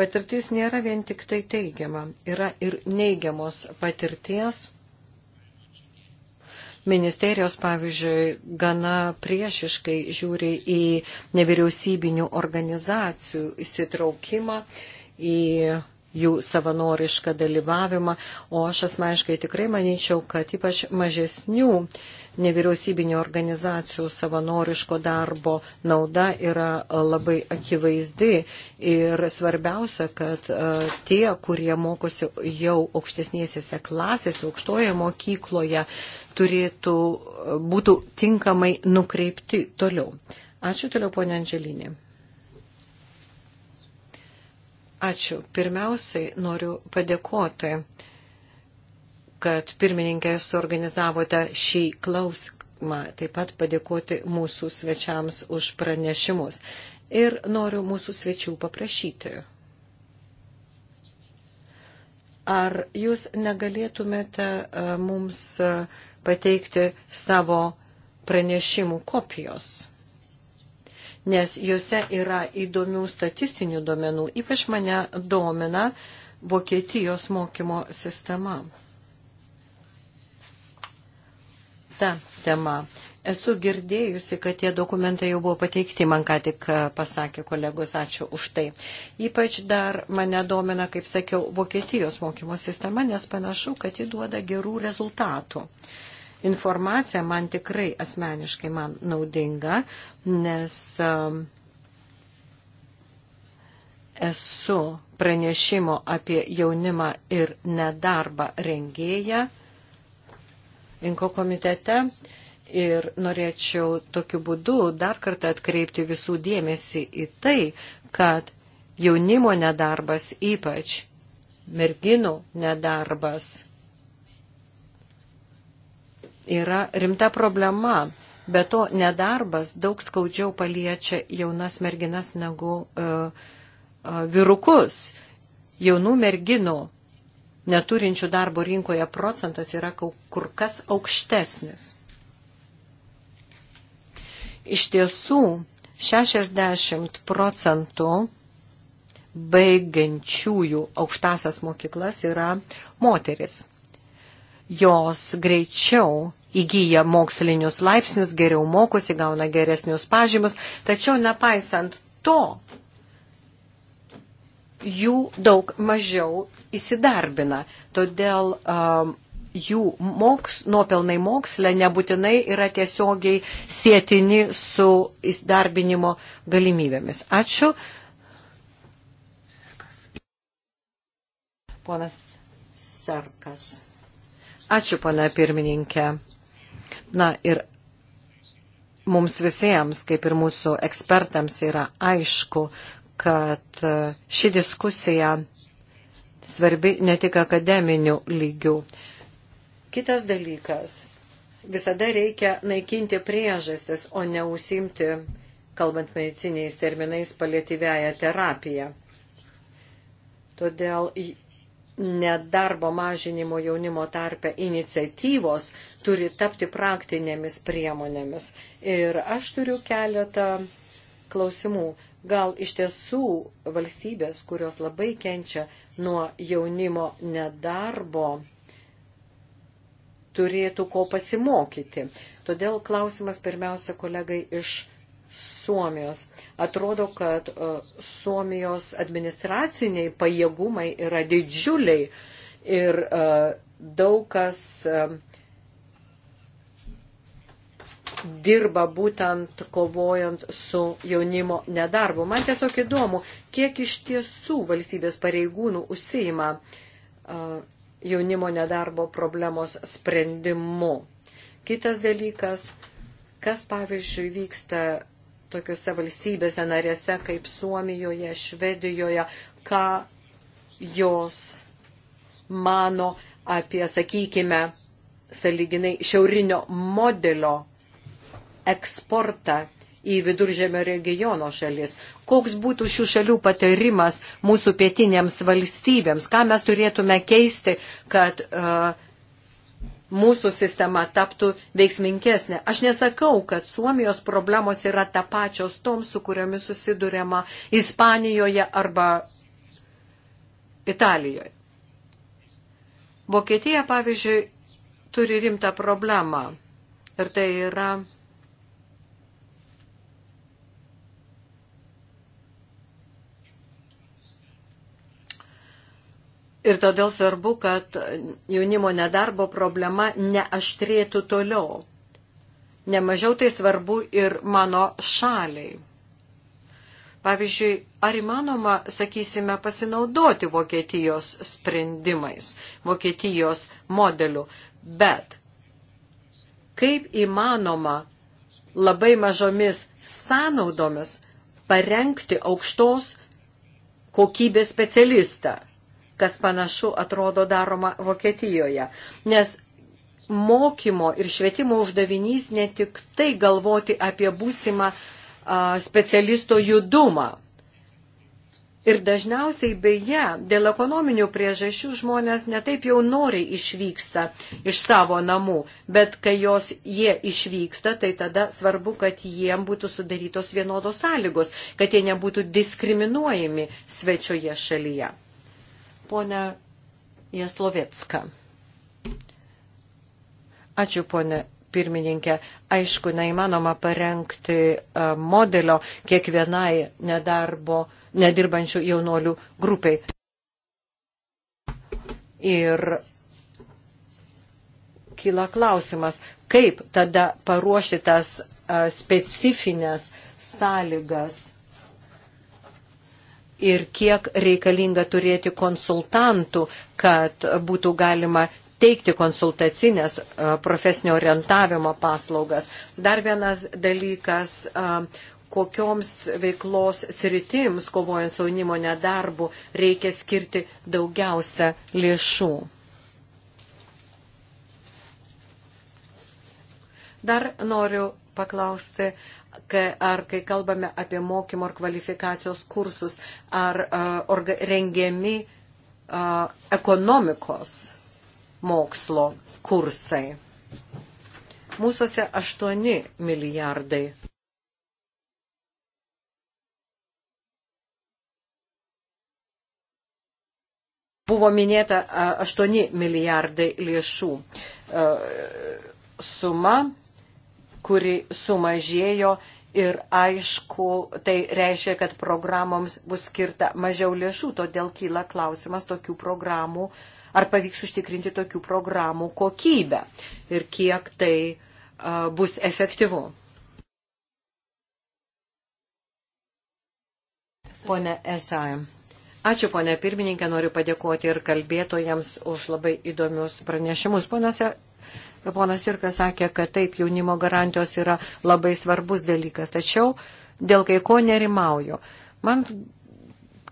Patirtis nėra vien tik tai teigiama, yra ir neigiamos patirties. Ministerijos, pavyzdžiui, gana priešiškai žiūri į nevyriausybinių organizacijų įsitraukimą, į jų savanorišką dalyvavimą, o aš asmeniškai tikrai manyčiau, kad ypač mažesnių nevyriausybinio organizacijų savanoriško darbo nauda yra e, labai akivaizdi ir svarbiausia, kad e, tie, kurie mokosi jau aukštesnėse klasėse, aukštoje mokykloje, turėtų, e, būtų tinkamai nukreipti toliau. Ačiū toliau, ponė Andželinė. Ačiū. Pirmiausiai noriu padėkoti kad pirmininkė suorganizavote šį klausimą, taip pat padėkoti mūsų svečiams už pranešimus. Ir noriu mūsų svečių paprašyti. Ar jūs negalėtumėte e, mums e, pateikti savo pranešimų kopijos? Nes juose yra įdomių statistinių duomenų. Ypač mane domina Vokietijos mokymo sistema. ta tema. Esu girdėjusi, kad tie dokumentai jau buvo pateikti, man ką tik e, pasakė kolegos, ačiū už tai. Ypač dar mane domina, kaip sakiau, Vokietijos mokymo sistema, nes panašu, kad ji duoda gerų rezultatų. Informacija man tikrai asmeniškai man naudinga, nes e, esu pranešimo apie jaunimą ir nedarbą rengėja Inko komitete. Ir norėčiau tokiu būdu dar kartą atkreipti visų dėmesį į tai, kad jaunimo nedarbas, ypač merginų nedarbas, yra rimta problema. Be to, nedarbas daug skaudžiau paliečia jaunas merginas negu uh, uh, vyrukus. Jaunų merginų neturinčių darbo rinkoje procentas yra kur kas aukštesnis. Iš tiesų, 60 procentų baigiančiųjų aukštasias mokyklas yra moteris. Jos greičiau įgyja mokslinius laipsnius, geriau mokosi, gauna geresnius pažymus, tačiau nepaisant to, jų daug mažiau įsidarbina. Todėl um, jų moks, nuopelnai moksle nebūtinai yra tiesiogiai sėtini su įdarbinimo galimybėmis. Ačiū. Ponas Sarkas. Ačiū, pana pirmininkė. Na ir mums visiems, kaip ir mūsų ekspertams, yra aišku, kad uh, ši diskusija svarbi ne tik akademinių lygių. Kitas dalykas. Visada reikia naikinti priežastis, o ne užsimti, kalbant mediciniais terminais, palėtyvėją terapiją. Todėl nedarbo mažinimo jaunimo tarpe iniciatyvos turi tapti praktinėmis priemonėmis. Ir aš turiu keletą klausimų gal iš tiesų valstybės, kurios labai kenčia nuo jaunimo nedarbo, turėtų ko pasimokyti. Todėl klausimas pirmiausia kolegai iš Suomijos. Atrodo, kad e, Suomijos administraciniai pajėgumai yra didžiuliai ir e, daug kas e, dirba būtent kovojant su jaunimo nedarbu. Man tiesiog įdomu, kiek iš tiesų valstybės pareigūnų užsieima jaunimo nedarbo problemos sprendimu. Kitas dalykas, kas pavyzdžiui vyksta tokiuose valstybėse narėse kaip Suomijoje, Švedijoje, ką jos mano apie, sakykime, saliginai šiaurinio modelio eksportą į viduržėmio regiono šalis. Koks būtų šių šalių patarimas mūsų pietinėms valstybėms? Ką mes turėtume keisti, kad uh, mūsų sistema taptų veiksminkesnė. Aš nesakau, kad Suomijos problemos yra ta pačios toms, su kuriomis susidurėma Ispanijoje arba Italijoje. Vokietija, pavyzdžiui, turi rimtą problemą. Ir tai yra Ir todėl svarbu, kad jaunimo nedarbo problema neaštrėtų toliau. Nemažiau tai svarbu ir mano šaliai. Pavyzdžiui, ar įmanoma, sakysime, pasinaudoti Vokietijos sprendimais, Vokietijos modeliu, bet kaip įmanoma labai mažomis sąnaudomis parengti aukštos kokybės specialistą, kas panašu atrodo daroma Vokietijoje. Nes mokymo ir švietimo uždavinys ne tik tai galvoti apie būsimą specialisto judumą. Ir dažniausiai beje, dėl ekonominių priežasčių žmonės netaip jau noriai išvyksta iš savo namų, bet kai jos jie išvyksta, tai tada svarbu, kad jiem būtų sudarytos vienodos sąlygos, kad jie nebūtų diskriminuojami svečioje šalyje. Pone Jaslovecka. Ačiū, ponė pirmininkė. Aišku, neįmanoma parengti e, modelio kiekvienai nedarbo, nedirbančių jaunolių grupiai. Ir kyla klausimas, kaip tada paruošti tas e, specifines sąlygas ir kiek reikalinga turėti konsultantų, kad būtų galima teikti konsultacinės e, profesinio orientavimo paslaugas. Dar vienas dalykas, e, kokioms veiklos sritims, kovojant su jaunimo nedarbu, reikia skirti daugiausia lėšų. Dar noriu paklausti, ar kai kalbame apie mokymo ir kvalifikacijos kursus, ar orga, rengiami a, ekonomikos mokslo kursai. Mūsųse 8 milijardai buvo minėta 8 milijardai lėšų suma kuri sumažėjo ir aišku, tai reiškia, kad programoms bus skirta mažiau lėšų, todėl kyla klausimas tokių programų, ar pavyks užtikrinti tokių programų kokybę ir kiek tai uh, bus efektyvu. Pone Esajam. Ačiū, ponė pirmininkė, noriu padėkoti ir kalbėtojams už labai įdomius pranešimus. Ponose Ir ponas Irkas sakė, kad taip, jaunimo garantijos yra labai svarbus dalykas, tačiau dėl kai ko nerimauju. Man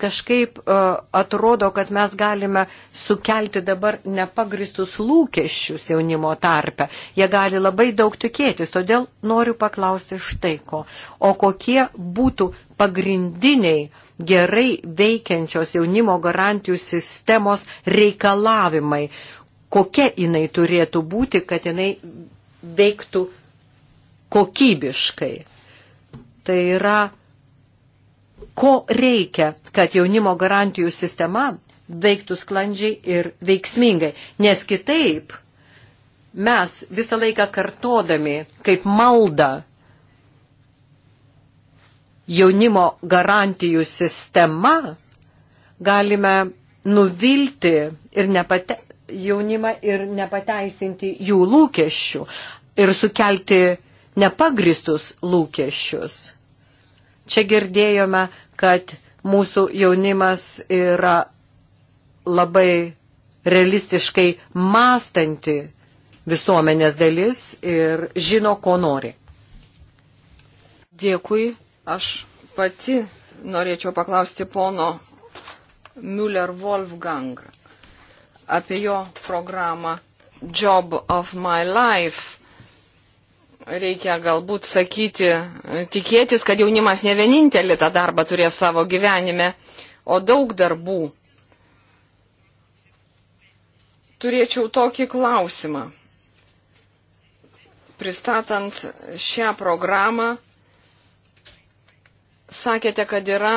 kažkaip uh, atrodo, kad mes galime sukelti dabar nepagristus lūkesčius jaunimo tarpe. Jie gali labai daug tikėtis, todėl noriu paklausti štai ko. O kokie būtų pagrindiniai gerai veikiančios jaunimo garantijų sistemos reikalavimai, kokia jinai turėtų būti, kad jinai veiktų kokybiškai. Tai yra, ko reikia, kad jaunimo garantijų sistema veiktų sklandžiai ir veiksmingai. Nes kitaip mes visą laiką kartodami kaip malda jaunimo garantijų sistema galime nuvilti ir nepate, jaunimą ir nepateisinti jų lūkesčių ir sukelti nepagristus lūkesčius. Čia girdėjome, kad mūsų jaunimas yra labai realistiškai mąstanti visuomenės dalis ir žino, ko nori. Dėkui, aš pati norėčiau paklausti pono Müller Wolfgang apie jo programą Job of My Life. Reikia galbūt sakyti, tikėtis, kad jaunimas ne vienintelį tą darbą turės savo gyvenime, o daug darbų. Turėčiau tokį klausimą. Pristatant šią programą, sakėte, kad yra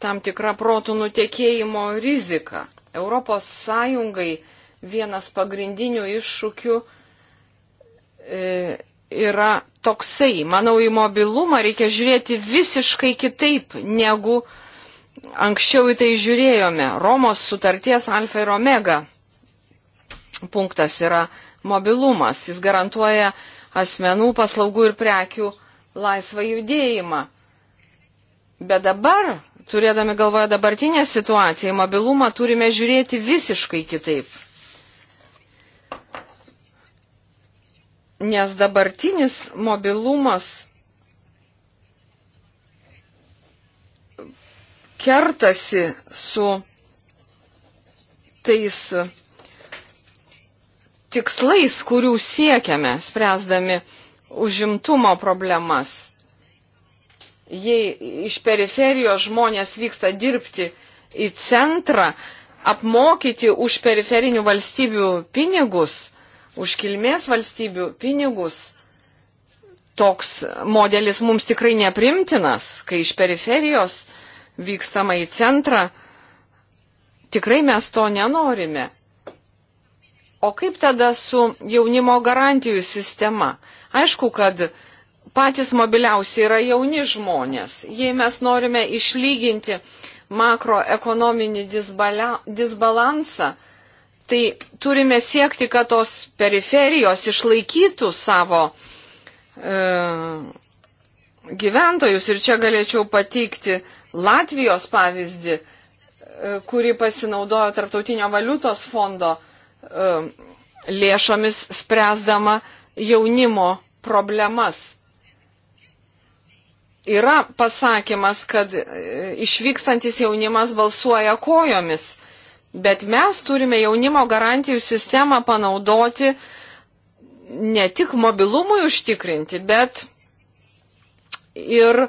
tam tikra protų nutekėjimo rizika. Europos Sąjungai vienas pagrindinių iššūkių e, yra toksai. Manau, į mobilumą reikia žiūrėti visiškai kitaip, negu anksčiau į tai žiūrėjome. Romos sutarties alfa ir omega punktas yra mobilumas. Jis garantuoja asmenų, paslaugų ir prekių laisvą judėjimą. Bet dabar turėdami galvoje dabartinę situaciją, mobilumą turime žiūrėti visiškai kitaip. Nes dabartinis mobilumas kertasi su tais tikslais, kurių siekiame, spręsdami užimtumo problemas jei iš periferijos žmonės vyksta dirbti į centrą, apmokyti už periferinių valstybių pinigus, už kilmės valstybių pinigus, toks modelis mums tikrai neprimtinas, kai iš periferijos vykstama į centrą, tikrai mes to nenorime. O kaip tada su jaunimo garantijų sistema? Aišku, kad patys mobiliausi yra jauni žmonės. Jei mes norime išlyginti makroekonominį disbalansą, tai turime siekti, kad tos periferijos išlaikytų savo e, gyventojus. Ir čia galėčiau pateikti Latvijos pavyzdį, e, kuri pasinaudojo Tarptautinio valiutos fondo e, lėšomis spręsdama jaunimo problemas yra pasakymas, kad e, išvykstantis jaunimas balsuoja kojomis, bet mes turime jaunimo garantijų sistemą panaudoti ne tik mobilumui užtikrinti, bet ir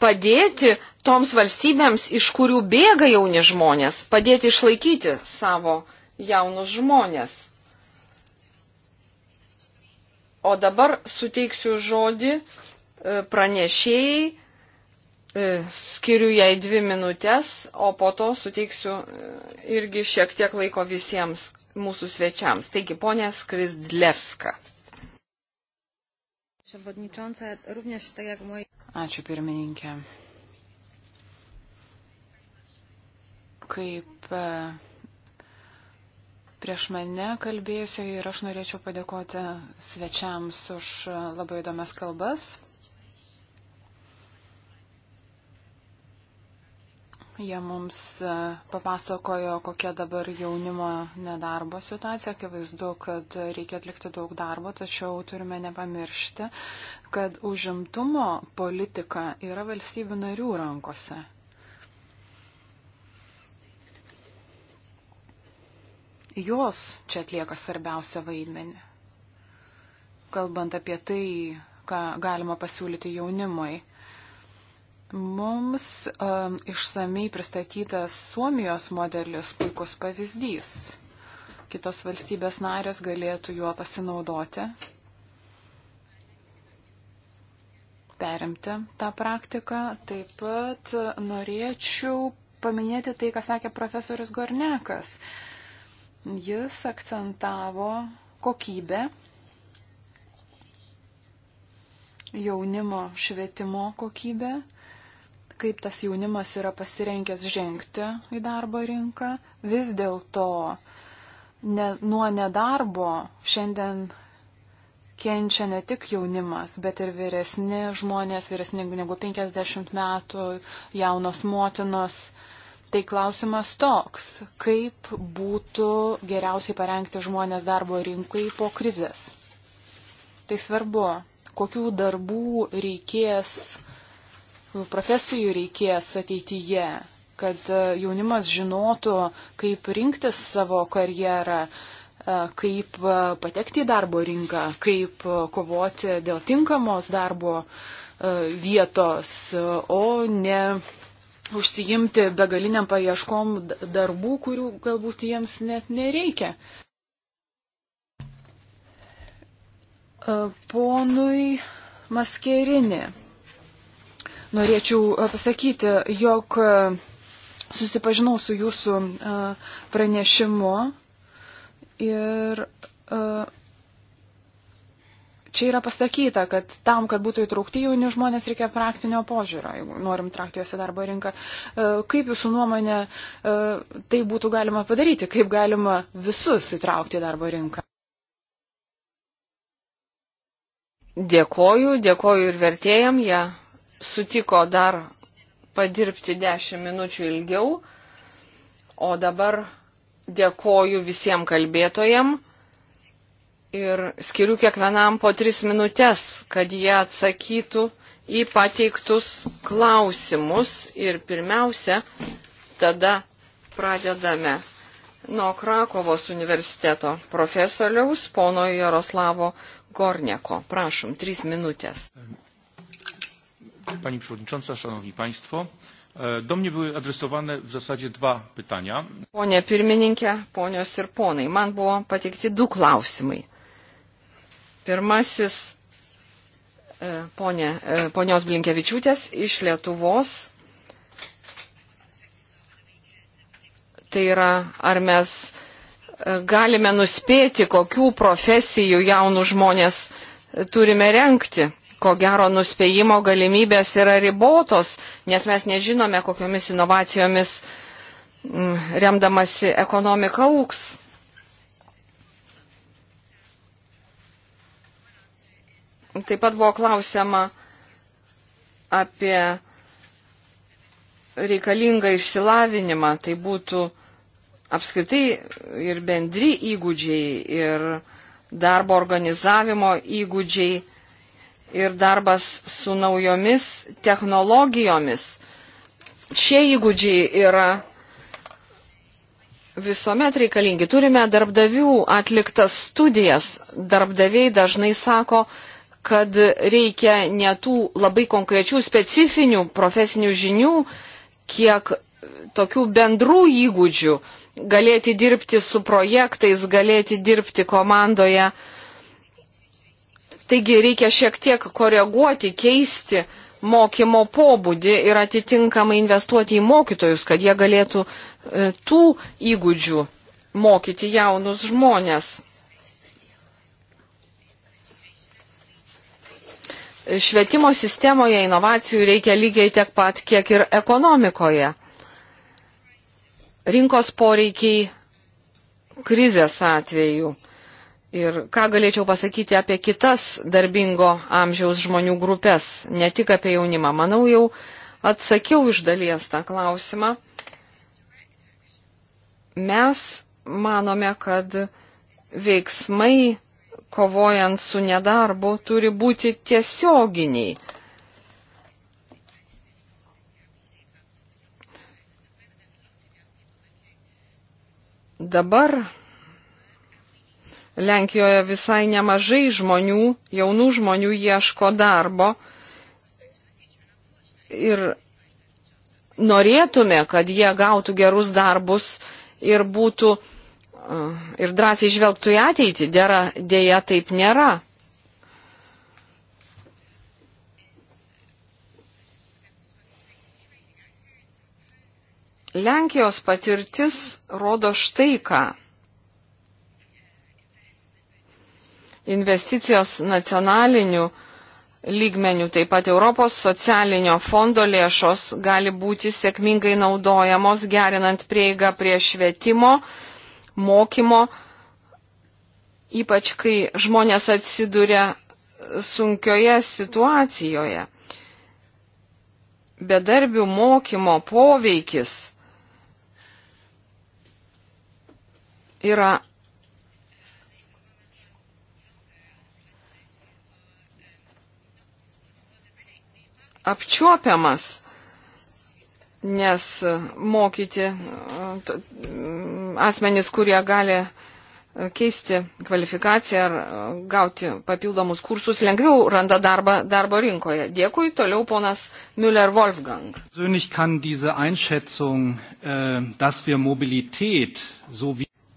padėti toms valstybėms, iš kurių bėga jauni žmonės, padėti išlaikyti savo jaunus žmonės. O dabar suteiksiu žodį uh, E, pranešėjai, e, skiriu jai dvi minutės, o po to suteiksiu e, irgi šiek tiek laiko visiems mūsų svečiams. Taigi, ponė Skrisdlevska. Ačiū pirmininkė. Kaip prieš mane kalbėjusio ir aš norėčiau padėkoti svečiams už labai įdomias kalbas. Jie mums e, papasakojo, kokia dabar jaunimo nedarbo situacija. Akivaizdu, kad reikia atlikti daug darbo, tačiau turime nepamiršti, kad užimtumo politika yra valstybių narių rankose. Jos čia atlieka svarbiausią vaidmenį. Kalbant apie tai, ką galima pasiūlyti jaunimui Mums um, išsamei pristatytas Suomijos modelis puikus pavyzdys. Kitos valstybės narės galėtų juo pasinaudoti, perimti tą praktiką. Taip pat norėčiau paminėti tai, ką sakė profesorius Gornekas. Jis akcentavo kokybę jaunimo švietimo kokybę kaip tas jaunimas yra pasirengęs žengti į darbo rinką. Vis dėlto ne, nuo nedarbo šiandien kenčia ne tik jaunimas, bet ir vyresni žmonės, vyresni negu 50 metų, jaunos motinos. Tai klausimas toks, kaip būtų geriausiai parengti žmonės darbo rinkai po krizės. Tai svarbu, kokių darbų reikės profesijų reikės ateityje, kad e, jaunimas žinotų, kaip rinktis savo karjerą, e, kaip e, patekti į darbo rinką, kaip kovoti dėl tinkamos darbo vietos, o ne užsijimti begaliniam paieškom darbų, kurių galbūt jiems net nereikia. Ponui Maskerinė norėčiau e, pasakyti, jog e, susipažinau su jūsų e, pranešimu ir čia yra pasakyta, kad tam, kad būtų įtraukti jauni žmonės, reikia praktinio požiūrio, jeigu norim traukti juos į darbo rinką. Kaip jūsų nuomonė tai būtų galima padaryti, kaip galima visus įtraukti į darbo rinką? Dėkoju, dėkoju ir vertėjam, jie ja, sutiko dar padirbti 10 minučių ilgiau. O dabar dėkoju visiems kalbėtojam ir skiriu kiekvienam po 3 minutės, kad jie atsakytų į pateiktus klausimus. Ir pirmiausia, tada pradedame nuo Krakovos universiteto profesoriaus pono Jaroslavo Gornieko. Prašom, 3 minutės. Pani Przewodnicząca, Szanowni Państwo. E, do mnie były adresowane w zasadzie dwa pytania. Pone pirmininkė, ponios ir ponai, man buvo pateikti du klausimai. Pirmasis e, ponė, e, ponios Blinkevičiūtės iš Lietuvos. Tai yra, ar mes galime nuspėti, kokių profesijų jaunų žmonės turime renkti ko gero nuspėjimo galimybės yra ribotos, nes mes nežinome, kokiomis inovacijomis mm, remdamasi ekonomika auks. Taip pat buvo klausima apie reikalingą išsilavinimą. Tai būtų apskritai ir bendri įgūdžiai, ir darbo organizavimo įgūdžiai ir darbas su naujomis technologijomis. Šie įgūdžiai yra visuomet reikalingi. Turime darbdavių atliktas studijas. Darbdaviai dažnai sako, kad reikia ne tų labai konkrečių specifinių profesinių žinių, kiek tokių bendrų įgūdžių galėti dirbti su projektais, galėti dirbti komandoje Taigi reikia šiek tiek koreguoti, keisti mokymo pobūdį ir atitinkamai investuoti į mokytojus, kad jie galėtų e, tų įgūdžių mokyti jaunus žmonės. Švietimo sistemoje inovacijų reikia lygiai tiek pat, kiek ir ekonomikoje. Rinkos poreikiai krizės atveju Ir ką galėčiau pasakyti apie kitas darbingo amžiaus žmonių grupės, ne tik apie jaunimą. Manau, jau atsakiau iš dalies tą klausimą. Mes manome, kad veiksmai kovojant su nedarbu turi būti tiesioginiai. Dabar Lenkijoje visai nemažai žmonių, jaunų žmonių ieško darbo ir norėtume, kad jie gautų gerus darbus ir būtų ir drąsiai žvelgtų į ateitį. Dėra, dėja taip nėra. Lenkijos patirtis rodo štai ką. investicijos nacionalinių lygmenių, taip pat Europos socialinio fondo lėšos gali būti sėkmingai naudojamos, gerinant prieigą prie švietimo, mokymo, ypač kai žmonės atsiduria sunkioje situacijoje. Bedarbių mokymo poveikis yra apčiuopiamas, nes mokyti asmenys, kurie gali keisti kvalifikaciją ar gauti papildomus kursus, lengviau randa darbą darbo rinkoje. Dėkui, toliau ponas Müller Wolfgang. Äh,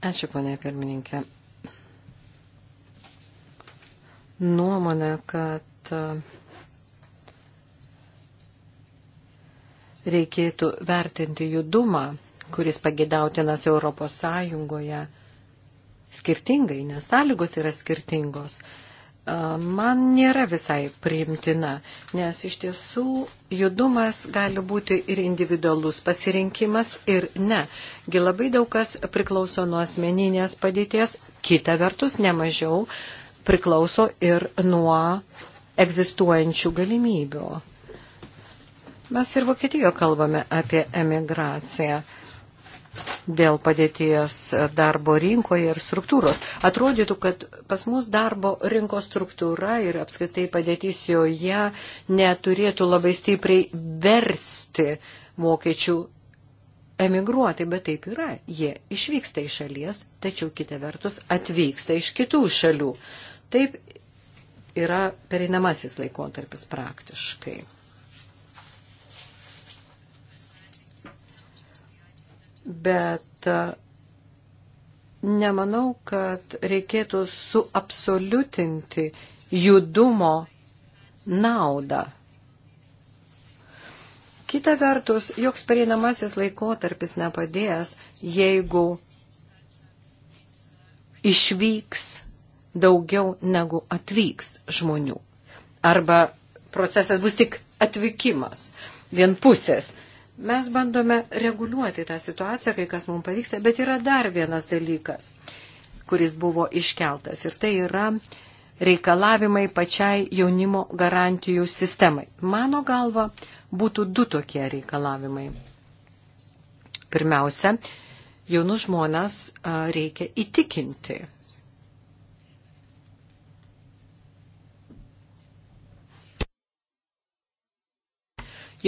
Ačiū, ponė pirmininkė. Nuomonė, kad uh, reikėtų vertinti judumą, kuris pagėdautinas Europos Sąjungoje skirtingai, nes sąlygos yra skirtingos man nėra visai priimtina, nes iš tiesų judumas gali būti ir individualus pasirinkimas ir ne. Gi labai daug kas priklauso nuo asmeninės padėties, kita vertus nemažiau priklauso ir nuo egzistuojančių galimybių. Mes ir Vokietijoje kalbame apie emigraciją dėl padėties darbo rinkoje ir struktūros. Atrodytų, kad pas mus darbo rinkos struktūra ir apskritai padėtis joje neturėtų labai stipriai versti mokiečių emigruoti, bet taip yra. Jie išvyksta iš šalies, tačiau kita vertus atvyksta iš kitų šalių. Taip yra pereinamasis laikotarpis praktiškai. bet e, nemanau, kad reikėtų suabsoliutinti judumo naudą. Kita vertus, joks pareinamasis laikotarpis nepadės, jeigu išvyks daugiau negu atvyks žmonių. Arba procesas bus tik atvykimas, vienpusės. Mes bandome reguliuoti tą situaciją, kai kas mums pavyksta, bet yra dar vienas dalykas, kuris buvo iškeltas ir tai yra reikalavimai pačiai jaunimo garantijų sistemai. Mano galva, būtų du tokie reikalavimai. Pirmiausia, jaunus žmonės reikia įtikinti.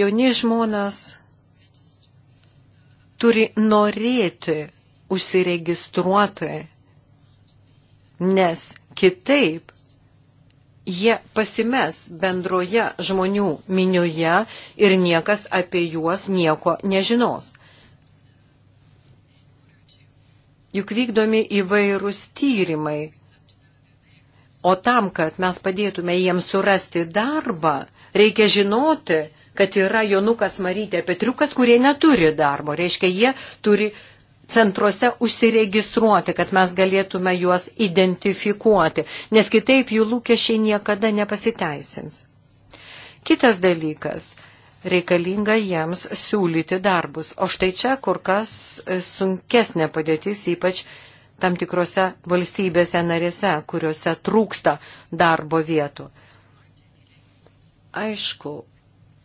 Jauni žmonės turi norėti užsiregistruoti, nes kitaip jie pasimes bendroje žmonių minioje ir niekas apie juos nieko nežinos. Juk vykdomi įvairūs tyrimai. O tam, kad mes padėtume jiems surasti darbą, reikia žinoti, kad yra Jonukas Marytė Petriukas, kurie neturi darbo. Reiškia, jie turi centruose užsiregistruoti, kad mes galėtume juos identifikuoti, nes kitaip jų lūkesčiai niekada nepasiteisins. Kitas dalykas reikalinga jiems siūlyti darbus. O štai čia kur kas sunkesnė padėtis, ypač tam tikrose valstybėse narėse, kuriuose trūksta darbo vietų. Aišku,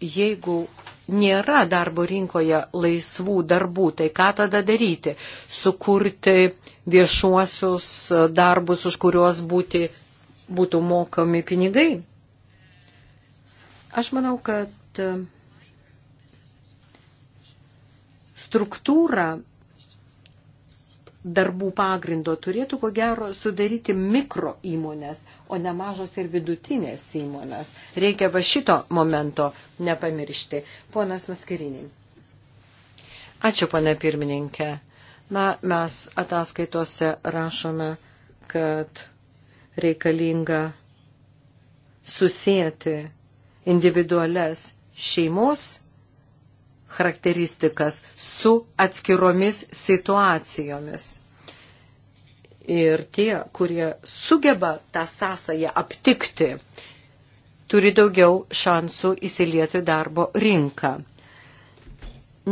jeigu nėra darbo rinkoje laisvų darbų, tai ką tada daryti? Sukurti viešuosius darbus, už kuriuos būti, būtų mokami pinigai? Aš manau, kad e, struktūra darbų pagrindo turėtų ko gero sudaryti mikro įmonės, o ne mažos ir vidutinės įmonės. Reikia va šito momento nepamiršti. Ponas Maskariniai. Ačiū, pane pirmininkė. Na, mes ataskaitose rašome, kad reikalinga susijęti individualias šeimos charakteristikas su atskiromis situacijomis. Ir tie, kurie sugeba tą sąsąją aptikti, turi daugiau šansų įsilieti darbo rinką.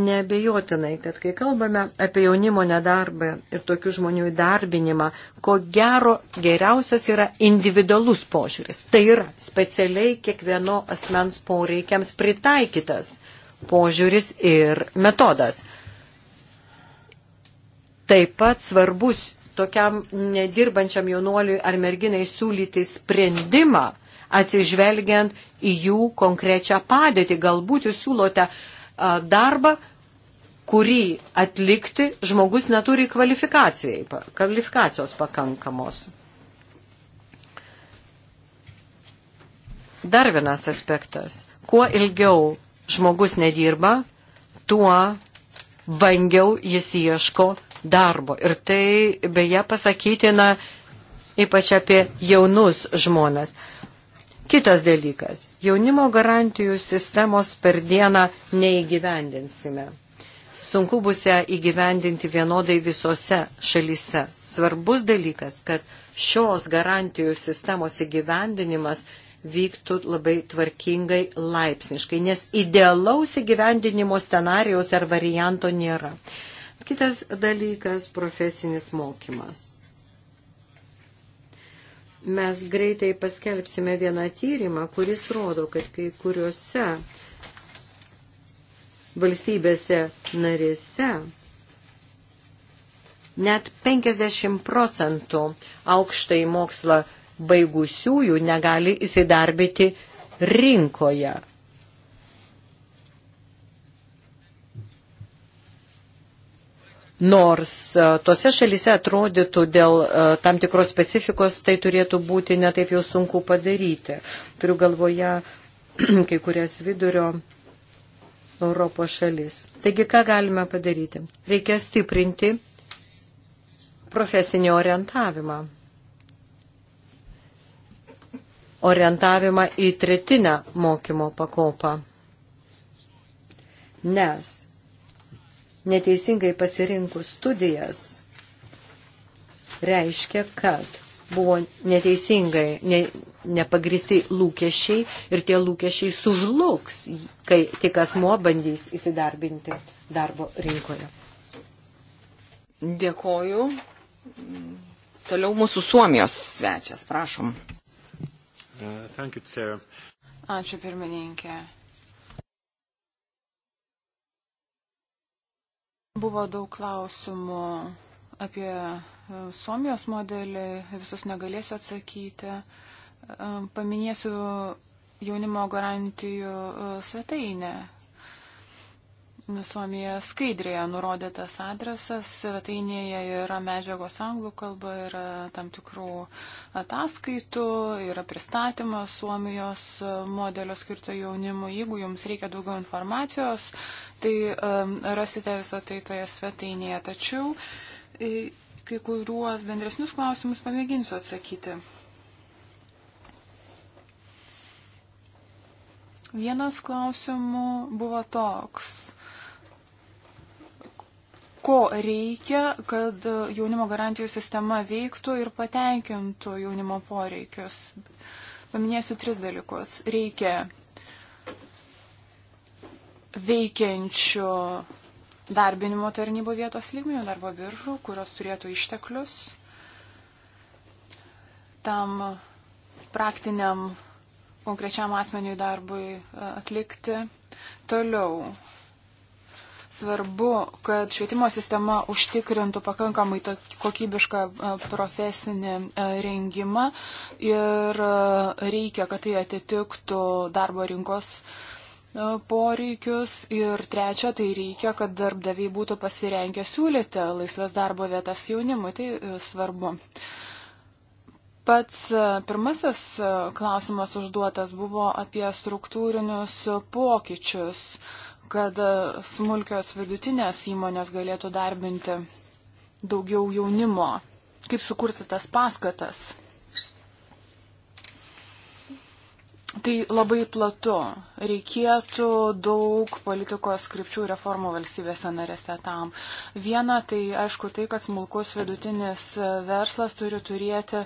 Nebejotinai, kad kai kalbame apie jaunimo nedarbą ir tokių žmonių įdarbinimą, ko gero geriausias yra individualus požiūris. Tai yra specialiai kiekvieno asmens poreikiams pritaikytas požiūris ir metodas. Taip pat svarbus tokiam nedirbančiam jaunuoliui ar merginai siūlyti sprendimą, atsižvelgiant į jų konkrečią padėtį. Galbūt jūs siūlote darbą, kurį atlikti žmogus neturi kvalifikacijos pakankamos. Dar vienas aspektas. Kuo ilgiau žmogus nedirba, tuo vangiau jis ieško darbo. Ir tai beje pasakytina ypač apie jaunus žmonės. Kitas dalykas. Jaunimo garantijų sistemos per dieną neįgyvendinsime. Sunku bus ją įgyvendinti vienodai visose šalyse. Svarbus dalykas, kad šios garantijų sistemos įgyvendinimas vyktų labai tvarkingai laipsniškai, nes idealaus įgyvendinimo scenarijos ar varianto nėra. Kitas dalykas - profesinis mokymas. Mes greitai paskelbsime vieną tyrimą, kuris rodo, kad kai kuriuose valstybėse narėse net 50 procentų aukštai mokslą baigusiųjų negali įsidarbyti rinkoje. Nors e, tose šalise atrodytų dėl e, tam tikros specifikos, tai turėtų būti netaip jau sunku padaryti. Turiu galvoje [CLEARS THROAT] kai kurias vidurio Europos šalis. Taigi, ką galime padaryti? Reikia stiprinti profesinį orientavimą orientavimą į tretinę mokymo pakopą. Nes neteisingai pasirinkus studijas reiškia, kad buvo neteisingai, ne, nepagristai lūkesčiai ir tie lūkesčiai sužlugs, kai tik asmo bandys įsidarbinti darbo rinkoje. Dėkoju. Toliau mūsų Suomijos svečias, prašom. Uh, you, Ačiū pirmininkė. Buvo daug klausimų apie uh, Suomijos modelį, visus negalėsiu atsakyti. Um, paminėsiu jaunimo garantijų uh, svetainę. Suomija skaidrėje nurodytas adresas, svetainėje yra medžiagos anglų kalba, yra tam tikrų ataskaitų, yra pristatymas Suomijos modelio skirto jaunimu. Jeigu jums reikia daugiau informacijos, tai um, rasite visą tai toje svetainėje. Tačiau kai kuriuos bendresnius klausimus pamėginsiu atsakyti. Vienas klausimų buvo toks ko reikia, kad jaunimo garantijų sistema veiktų ir patenkintų jaunimo poreikius. Paminėsiu tris dalykus. Reikia veikiančių darbinimo tarnybų vietos lygmenių darbo biržų, kurios turėtų išteklius tam praktiniam konkrečiam asmeniui darbui e, atlikti. Toliau Svarbu, kad švietimo sistema užtikrintų pakankamai kokybišką e, profesinį e, rengimą ir e, reikia, kad tai atitiktų darbo rinkos poreikius. Ir trečia, tai reikia, kad darbdaviai būtų pasirengę siūlyti laisvas darbo vietas jaunimui. Tai svarbu. Pats pirmasis klausimas užduotas buvo apie struktūrinius pokyčius. Uh, kad e, smulkios vidutinės įmonės galėtų darbinti daugiau jaunimo, kaip sukurti tas paskatas. Tai labai platu. Reikėtų daug politikos skripčių reformų valstybėse narėse tam. Viena, tai aišku, tai, kad smulkus vidutinis verslas turi turėti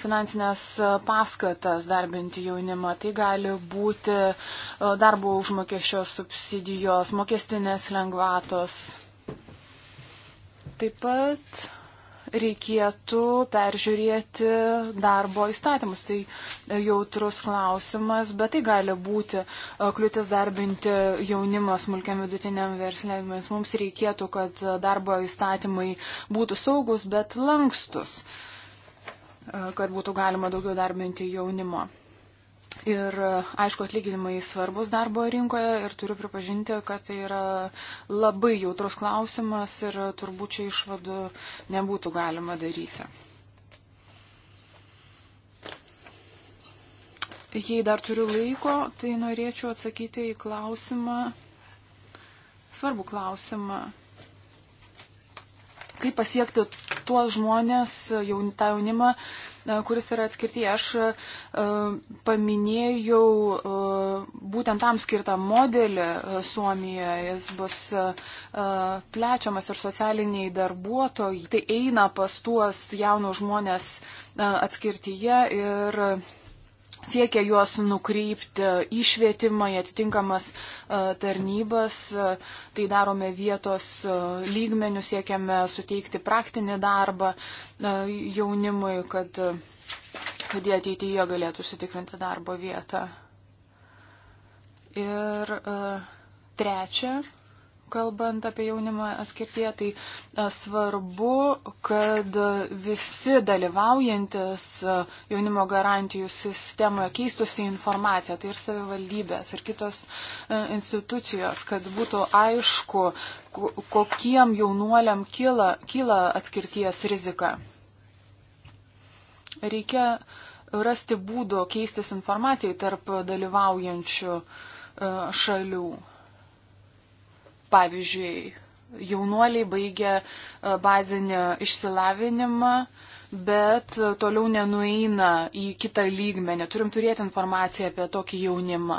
finansinės paskatas darbinti jaunimą. Tai gali būti e, darbo užmokesčio subsidijos, mokestinės lengvatos. Taip pat reikėtų peržiūrėti darbo įstatymus. Tai jautrus klausimas, bet tai gali būti e, kliūtis darbinti jaunimą smulkiam vidutiniam verslėmis. Mums reikėtų, kad darbo įstatymai būtų saugus, bet lankstus, e, kad būtų galima daugiau darbinti jaunimo. Ir aišku, atlyginimai svarbus darbo rinkoje ir turiu pripažinti, kad tai yra labai jautrus klausimas ir turbūt čia išvadų nebūtų galima daryti. Jei dar turiu laiko, tai norėčiau atsakyti į klausimą, svarbų klausimą, kaip pasiekti tuos žmonės, jaun, tą jaunimą, kuris yra atskirtyje. Aš e, paminėjau e, būtent tam skirtą modelį e, Suomijoje. Jis bus plečiamas ir socialiniai darbuotojai. Tai eina pas tuos jaunus žmonės atskirtyje ir siekia juos nukreipti į švietimą, į atitinkamas e, tarnybas. E, tai darome vietos e, lygmenių, siekiame suteikti praktinį darbą jaunimui, kad, kad jie ateityje galėtų užsitikrinti darbo vietą. Ir trečia, kalbant apie jaunimą atskirtie, tai e, svarbu, kad visi dalyvaujantis e, jaunimo garantijų sistemoje keistųsi informaciją, tai ir savivaldybės, ir kitos e, institucijos, kad būtų aišku, kokiem jaunuoliam kyla, kyla atskirties rizika. Reikia rasti būdų keistis informacijai tarp dalyvaujančių šalių. Pavyzdžiui, jaunuoliai baigia e, bazinį išsilavinimą, bet toliau nenueina į kitą lygmenį. Turim turėti informaciją apie tokį jaunimą.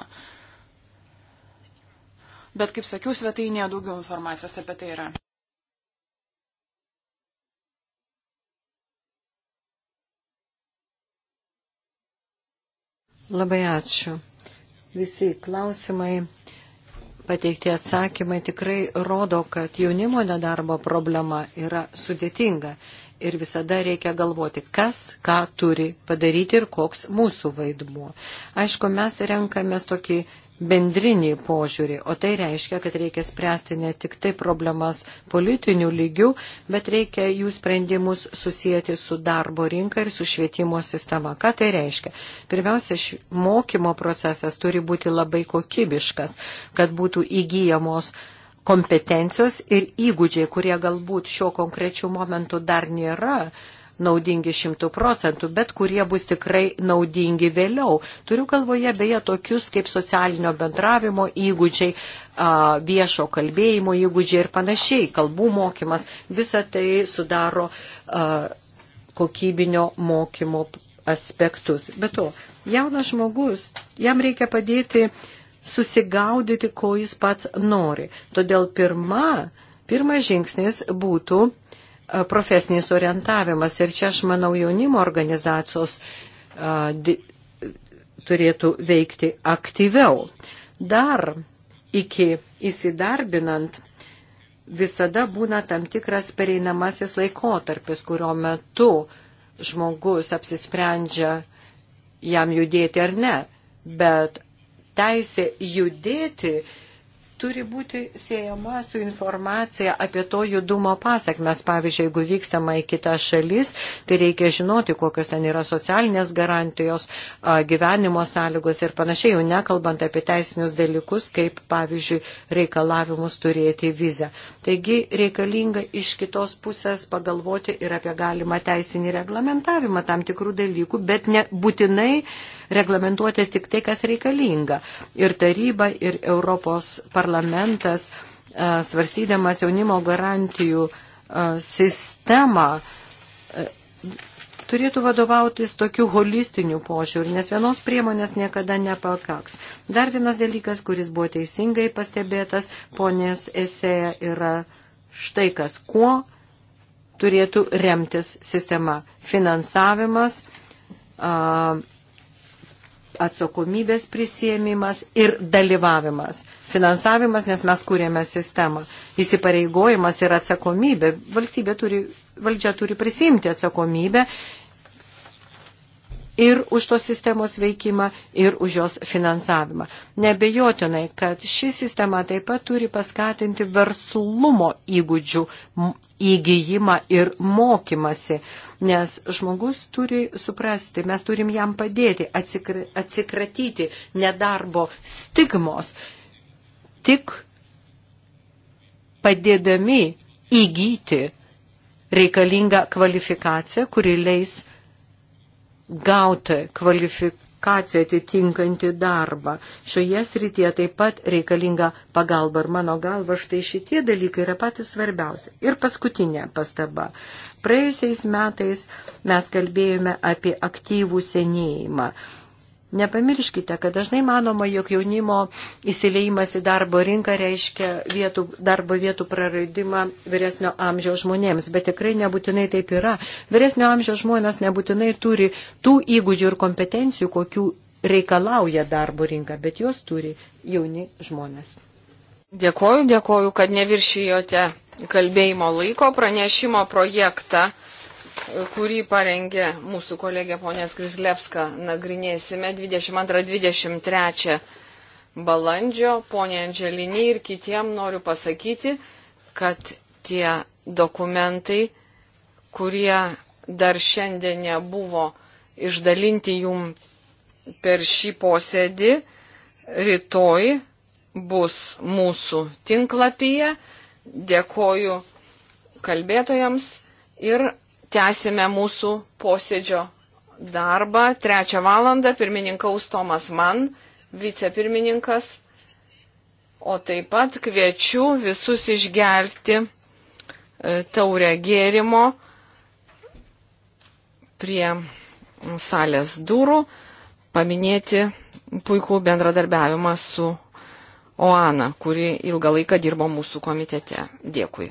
Bet, kaip sakiau, svetainėje daugiau informacijos apie tai yra. Labai ačiū. Visi klausimai pateikti atsakymai tikrai rodo, kad jaunimo nedarbo problema yra sudėtinga ir visada reikia galvoti, kas ką turi padaryti ir koks mūsų vaidmuo. Aišku, mes renkamės tokį bendrinį požiūrį, o tai reiškia, kad reikia spręsti ne tik tai problemas politinių lygių, bet reikia jų sprendimus susijęti su darbo rinka ir su švietimo sistema. Ką tai reiškia? Pirmiausia, mokymo procesas turi būti labai kokybiškas, kad būtų įgyjamos kompetencijos ir įgūdžiai, kurie galbūt šiuo konkrečiu momentu dar nėra naudingi šimtų procentų, bet kurie bus tikrai naudingi vėliau. Turiu galvoje beje tokius kaip socialinio bendravimo įgūdžiai, viešo kalbėjimo įgūdžiai ir panašiai, kalbų mokymas, visa tai sudaro kokybinio mokymo aspektus. Bet to, jaunas žmogus, jam reikia padėti susigaudyti, ko jis pats nori. Todėl pirma, pirmas žingsnis būtų E, profesinis orientavimas. Ir čia, aš manau, jaunimo organizacijos a, e, di, turėtų veikti aktyviau. Dar iki įsidarbinant visada būna tam tikras pereinamasis laikotarpis, kurio metu žmogus apsisprendžia jam judėti ar ne. Bet teisė judėti turi būti siejama su informacija apie to judumo pasakmes. Pavyzdžiui, jeigu vykstama į kitas šalis, tai reikia žinoti, kokios ten yra socialinės garantijos, gyvenimo sąlygos ir panašiai, jau nekalbant apie teisinius dalykus, kaip, pavyzdžiui, reikalavimus turėti vizą. Taigi reikalinga iš kitos pusės pagalvoti ir apie galimą teisinį reglamentavimą tam tikrų dalykų, bet nebūtinai reglamentuoti tik tai, kas reikalinga. Ir taryba, ir Europos parlamentas e, svarstydamas jaunimo garantijų e, sistemą turėtų vadovautis tokiu holistiniu požiūriu, nes vienos priemonės niekada nepakaks. Dar vienas dalykas, kuris buvo teisingai pastebėtas ponės esėje, yra štai kas, kuo turėtų remtis sistema. Finansavimas, atsakomybės prisėmimas ir dalyvavimas. Finansavimas, nes mes kūrėme sistemą. Įsipareigojimas ir atsakomybė. Valstybė turi, valdžia turi prisimti atsakomybę ir už tos sistemos veikimą, ir už jos finansavimą. Nebejotinai, kad ši sistema taip pat turi paskatinti verslumo įgūdžių įgyjimą ir mokymasi, nes žmogus turi suprasti, mes turim jam padėti atsikra atsikratyti nedarbo stigmos. Tik padėdami įgyti reikalingą kvalifikaciją, kuri leis gauti kvalifikaciją atitinkantį darbą. Šioje srityje taip pat reikalinga pagalba ir mano galva štai šitie dalykai yra patys svarbiausi. Ir paskutinė pastaba. Praėjusiais metais mes kalbėjome apie aktyvų senėjimą. Nepamirškite, kad dažnai manoma, jog jaunimo įsileimas į darbo rinką reiškia vietų, darbo vietų praradimą vyresnio amžiaus žmonėms, bet tikrai nebūtinai taip yra. Vyresnio amžiaus žmonės nebūtinai turi tų įgūdžių ir kompetencijų, kokių reikalauja darbo rinka, bet juos turi jauni žmonės. Dėkoju, dėkoju, kad neviršijote kalbėjimo laiko pranešimo projektą kurį parengė mūsų kolegė ponės Krislevska. Nagrinėsime 22-23 balandžio. Ponė Andželinį ir kitiem noriu pasakyti, kad tie dokumentai, kurie dar šiandien nebuvo išdalinti jum per šį posėdį, rytoj bus mūsų tinklapyje. Dėkoju kalbėtojams ir Tęsime mūsų posėdžio darbą. Trečią valandą pirmininkaus Tomas Mann, vicepirmininkas. O taip pat kviečiu visus išgelti e, taurę gėrimo prie salės durų, paminėti puikų bendradarbiavimą su Oana, kuri ilgą laiką dirbo mūsų komitete. Dėkui.